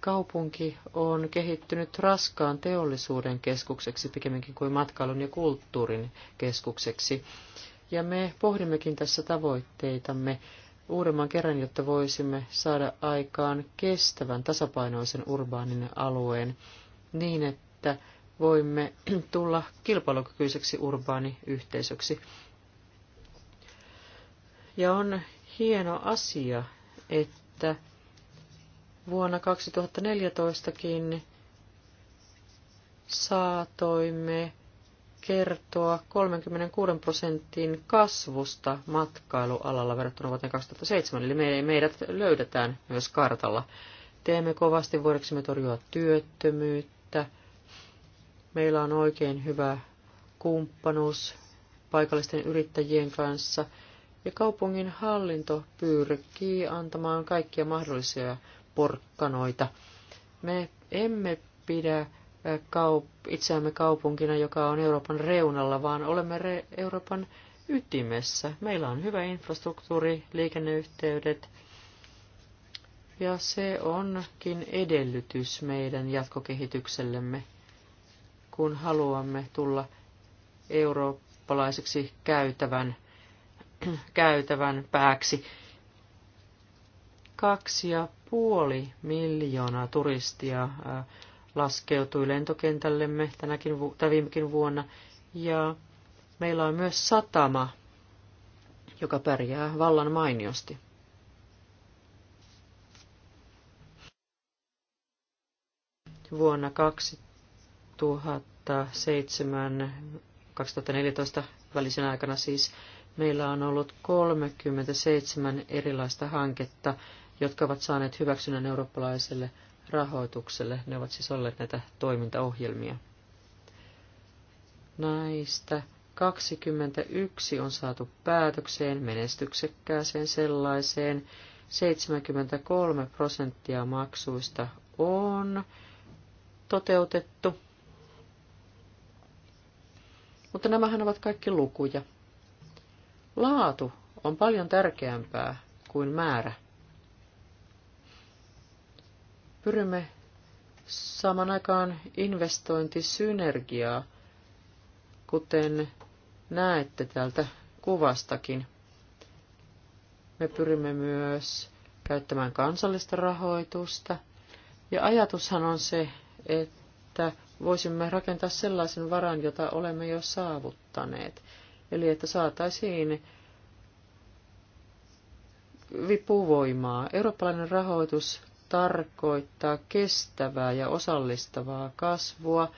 kaupunki on kehittynyt raskaan teollisuuden keskukseksi pikemminkin kuin matkailun ja kulttuurin keskukseksi. Ja me pohdimmekin tässä tavoitteitamme uudemman kerran, jotta voisimme saada aikaan kestävän tasapainoisen urbaanin alueen niin, että voimme tulla kilpailukykyiseksi urbaaniyhteisöksi. Ja on hieno asia, että vuonna 2014kin saatoimme kertoa 36 prosentin kasvusta matkailualalla verrattuna vuoteen 2007, eli meidät löydetään myös kartalla. Teemme kovasti voidaksemme torjua työttömyyttä. Meillä on oikein hyvä kumppanuus paikallisten yrittäjien kanssa, ja kaupungin hallinto pyrkii antamaan kaikkia mahdollisia porkkanoita. Me emme pidä kaup- itseämme kaupunkina, joka on Euroopan reunalla, vaan olemme re- Euroopan ytimessä. Meillä on hyvä infrastruktuuri, liikenneyhteydet, ja se onkin edellytys meidän jatkokehityksellemme, kun haluamme tulla eurooppalaiseksi käytävän, käytävän pääksi. Kaksi ja puoli miljoonaa turistia äh, laskeutui lentokentällemme tänäkin tai viimekin vuonna. Ja meillä on myös satama, joka pärjää vallan mainiosti. Vuonna 2007-2014 välisen aikana siis meillä on ollut 37 erilaista hanketta, jotka ovat saaneet hyväksynnän eurooppalaiselle rahoitukselle. Ne ovat siis olleet näitä toimintaohjelmia. Näistä 21 on saatu päätökseen, menestyksekkääseen sellaiseen. 73 prosenttia maksuista on toteutettu. Mutta nämähän ovat kaikki lukuja. Laatu on paljon tärkeämpää kuin määrä. Pyrimme saamaan aikaan investointisynergiaa, kuten näette täältä kuvastakin. Me pyrimme myös käyttämään kansallista rahoitusta. Ja ajatushan on se, että voisimme rakentaa sellaisen varan, jota olemme jo saavuttaneet. Eli että saataisiin vipuvoimaa. Eurooppalainen rahoitus tarkoittaa kestävää ja osallistavaa kasvua,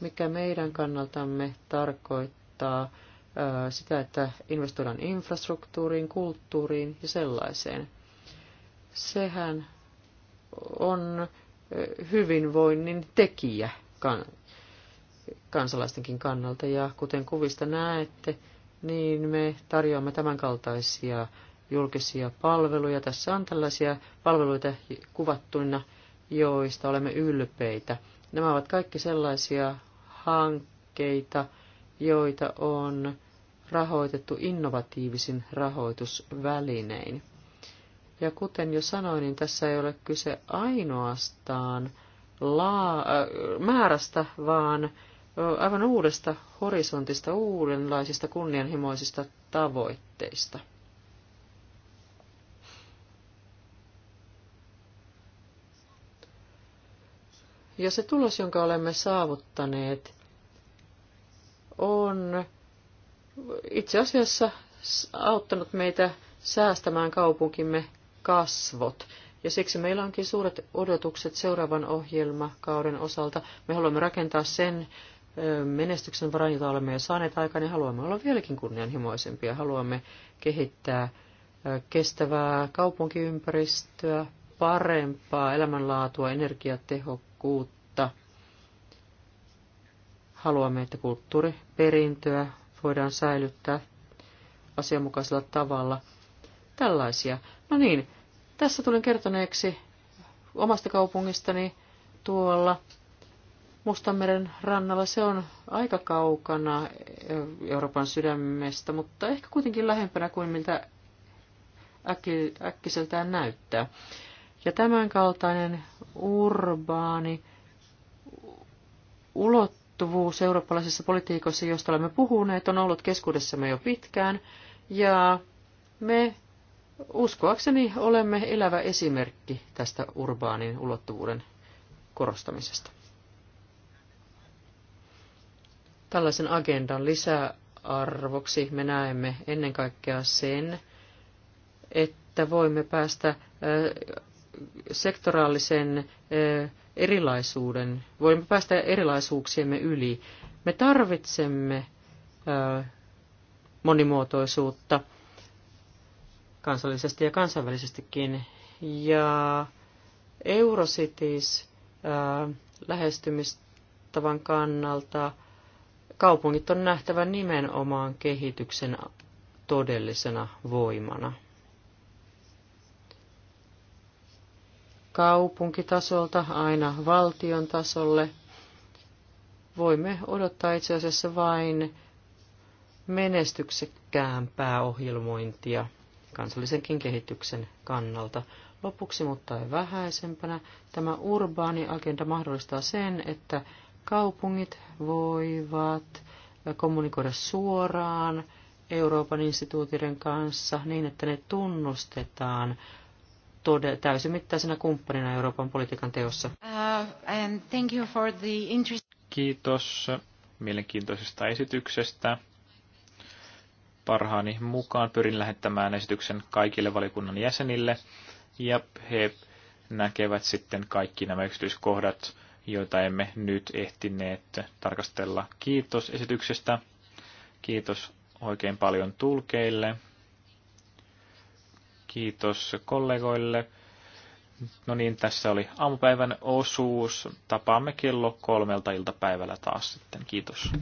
mikä meidän kannaltamme tarkoittaa sitä, että investoidaan infrastruktuuriin, kulttuuriin ja sellaiseen. Sehän on hyvinvoinnin tekijä kansalaistenkin kannalta. Ja kuten kuvista näette, niin me tarjoamme tämänkaltaisia julkisia palveluja. Tässä on tällaisia palveluita kuvattuina, joista olemme ylpeitä. Nämä ovat kaikki sellaisia hankkeita, joita on rahoitettu innovatiivisin rahoitusvälinein. Ja kuten jo sanoin, niin tässä ei ole kyse ainoastaan laa, äh, määrästä, vaan aivan uudesta horisontista, uudenlaisista kunnianhimoisista tavoitteista. Ja se tulos, jonka olemme saavuttaneet, on itse asiassa auttanut meitä säästämään kaupunkimme kasvot. Ja siksi meillä onkin suuret odotukset seuraavan ohjelmakauden osalta. Me haluamme rakentaa sen menestyksen varan, jota olemme jo saaneet aikaan, ja haluamme olla vieläkin kunnianhimoisempia. Haluamme kehittää kestävää kaupunkiympäristöä, parempaa elämänlaatua, energiatehokkuutta tehokkuutta. Haluamme, että kulttuuriperintöä voidaan säilyttää asianmukaisella tavalla. Tällaisia. No niin, tässä tulin kertoneeksi omasta kaupungistani tuolla Mustanmeren rannalla. Se on aika kaukana Euroopan sydämestä, mutta ehkä kuitenkin lähempänä kuin miltä äkki, äkkiseltään näyttää. Ja tämänkaltainen urbaani ulottuvuus eurooppalaisessa politiikassa, josta olemme puhuneet, on ollut keskuudessamme jo pitkään. Ja me uskoakseni olemme elävä esimerkki tästä urbaanin ulottuvuuden korostamisesta. Tällaisen agendan lisäarvoksi me näemme ennen kaikkea sen, että voimme päästä sektoraalisen erilaisuuden, voimme päästä erilaisuuksiemme yli. Me tarvitsemme monimuotoisuutta kansallisesti ja kansainvälisestikin. Ja Eurocities lähestymistavan kannalta kaupungit on nähtävä nimenomaan kehityksen todellisena voimana. kaupunkitasolta aina valtion tasolle. Voimme odottaa itse asiassa vain menestyksekkään ohjelmointia kansallisenkin kehityksen kannalta. Lopuksi, mutta ei vähäisempänä, tämä urbaani agenda mahdollistaa sen, että kaupungit voivat kommunikoida suoraan Euroopan instituutioiden kanssa niin, että ne tunnustetaan täysimittaisena kumppanina Euroopan politiikan teossa. Uh, Kiitos mielenkiintoisesta esityksestä. Parhaani mukaan pyrin lähettämään esityksen kaikille valikunnan jäsenille ja he näkevät sitten kaikki nämä yksityiskohdat, joita emme nyt ehtineet tarkastella. Kiitos esityksestä. Kiitos oikein paljon tulkeille. Kiitos kollegoille. No niin, tässä oli aamupäivän osuus. Tapaamme kello kolmelta iltapäivällä taas sitten. Kiitos.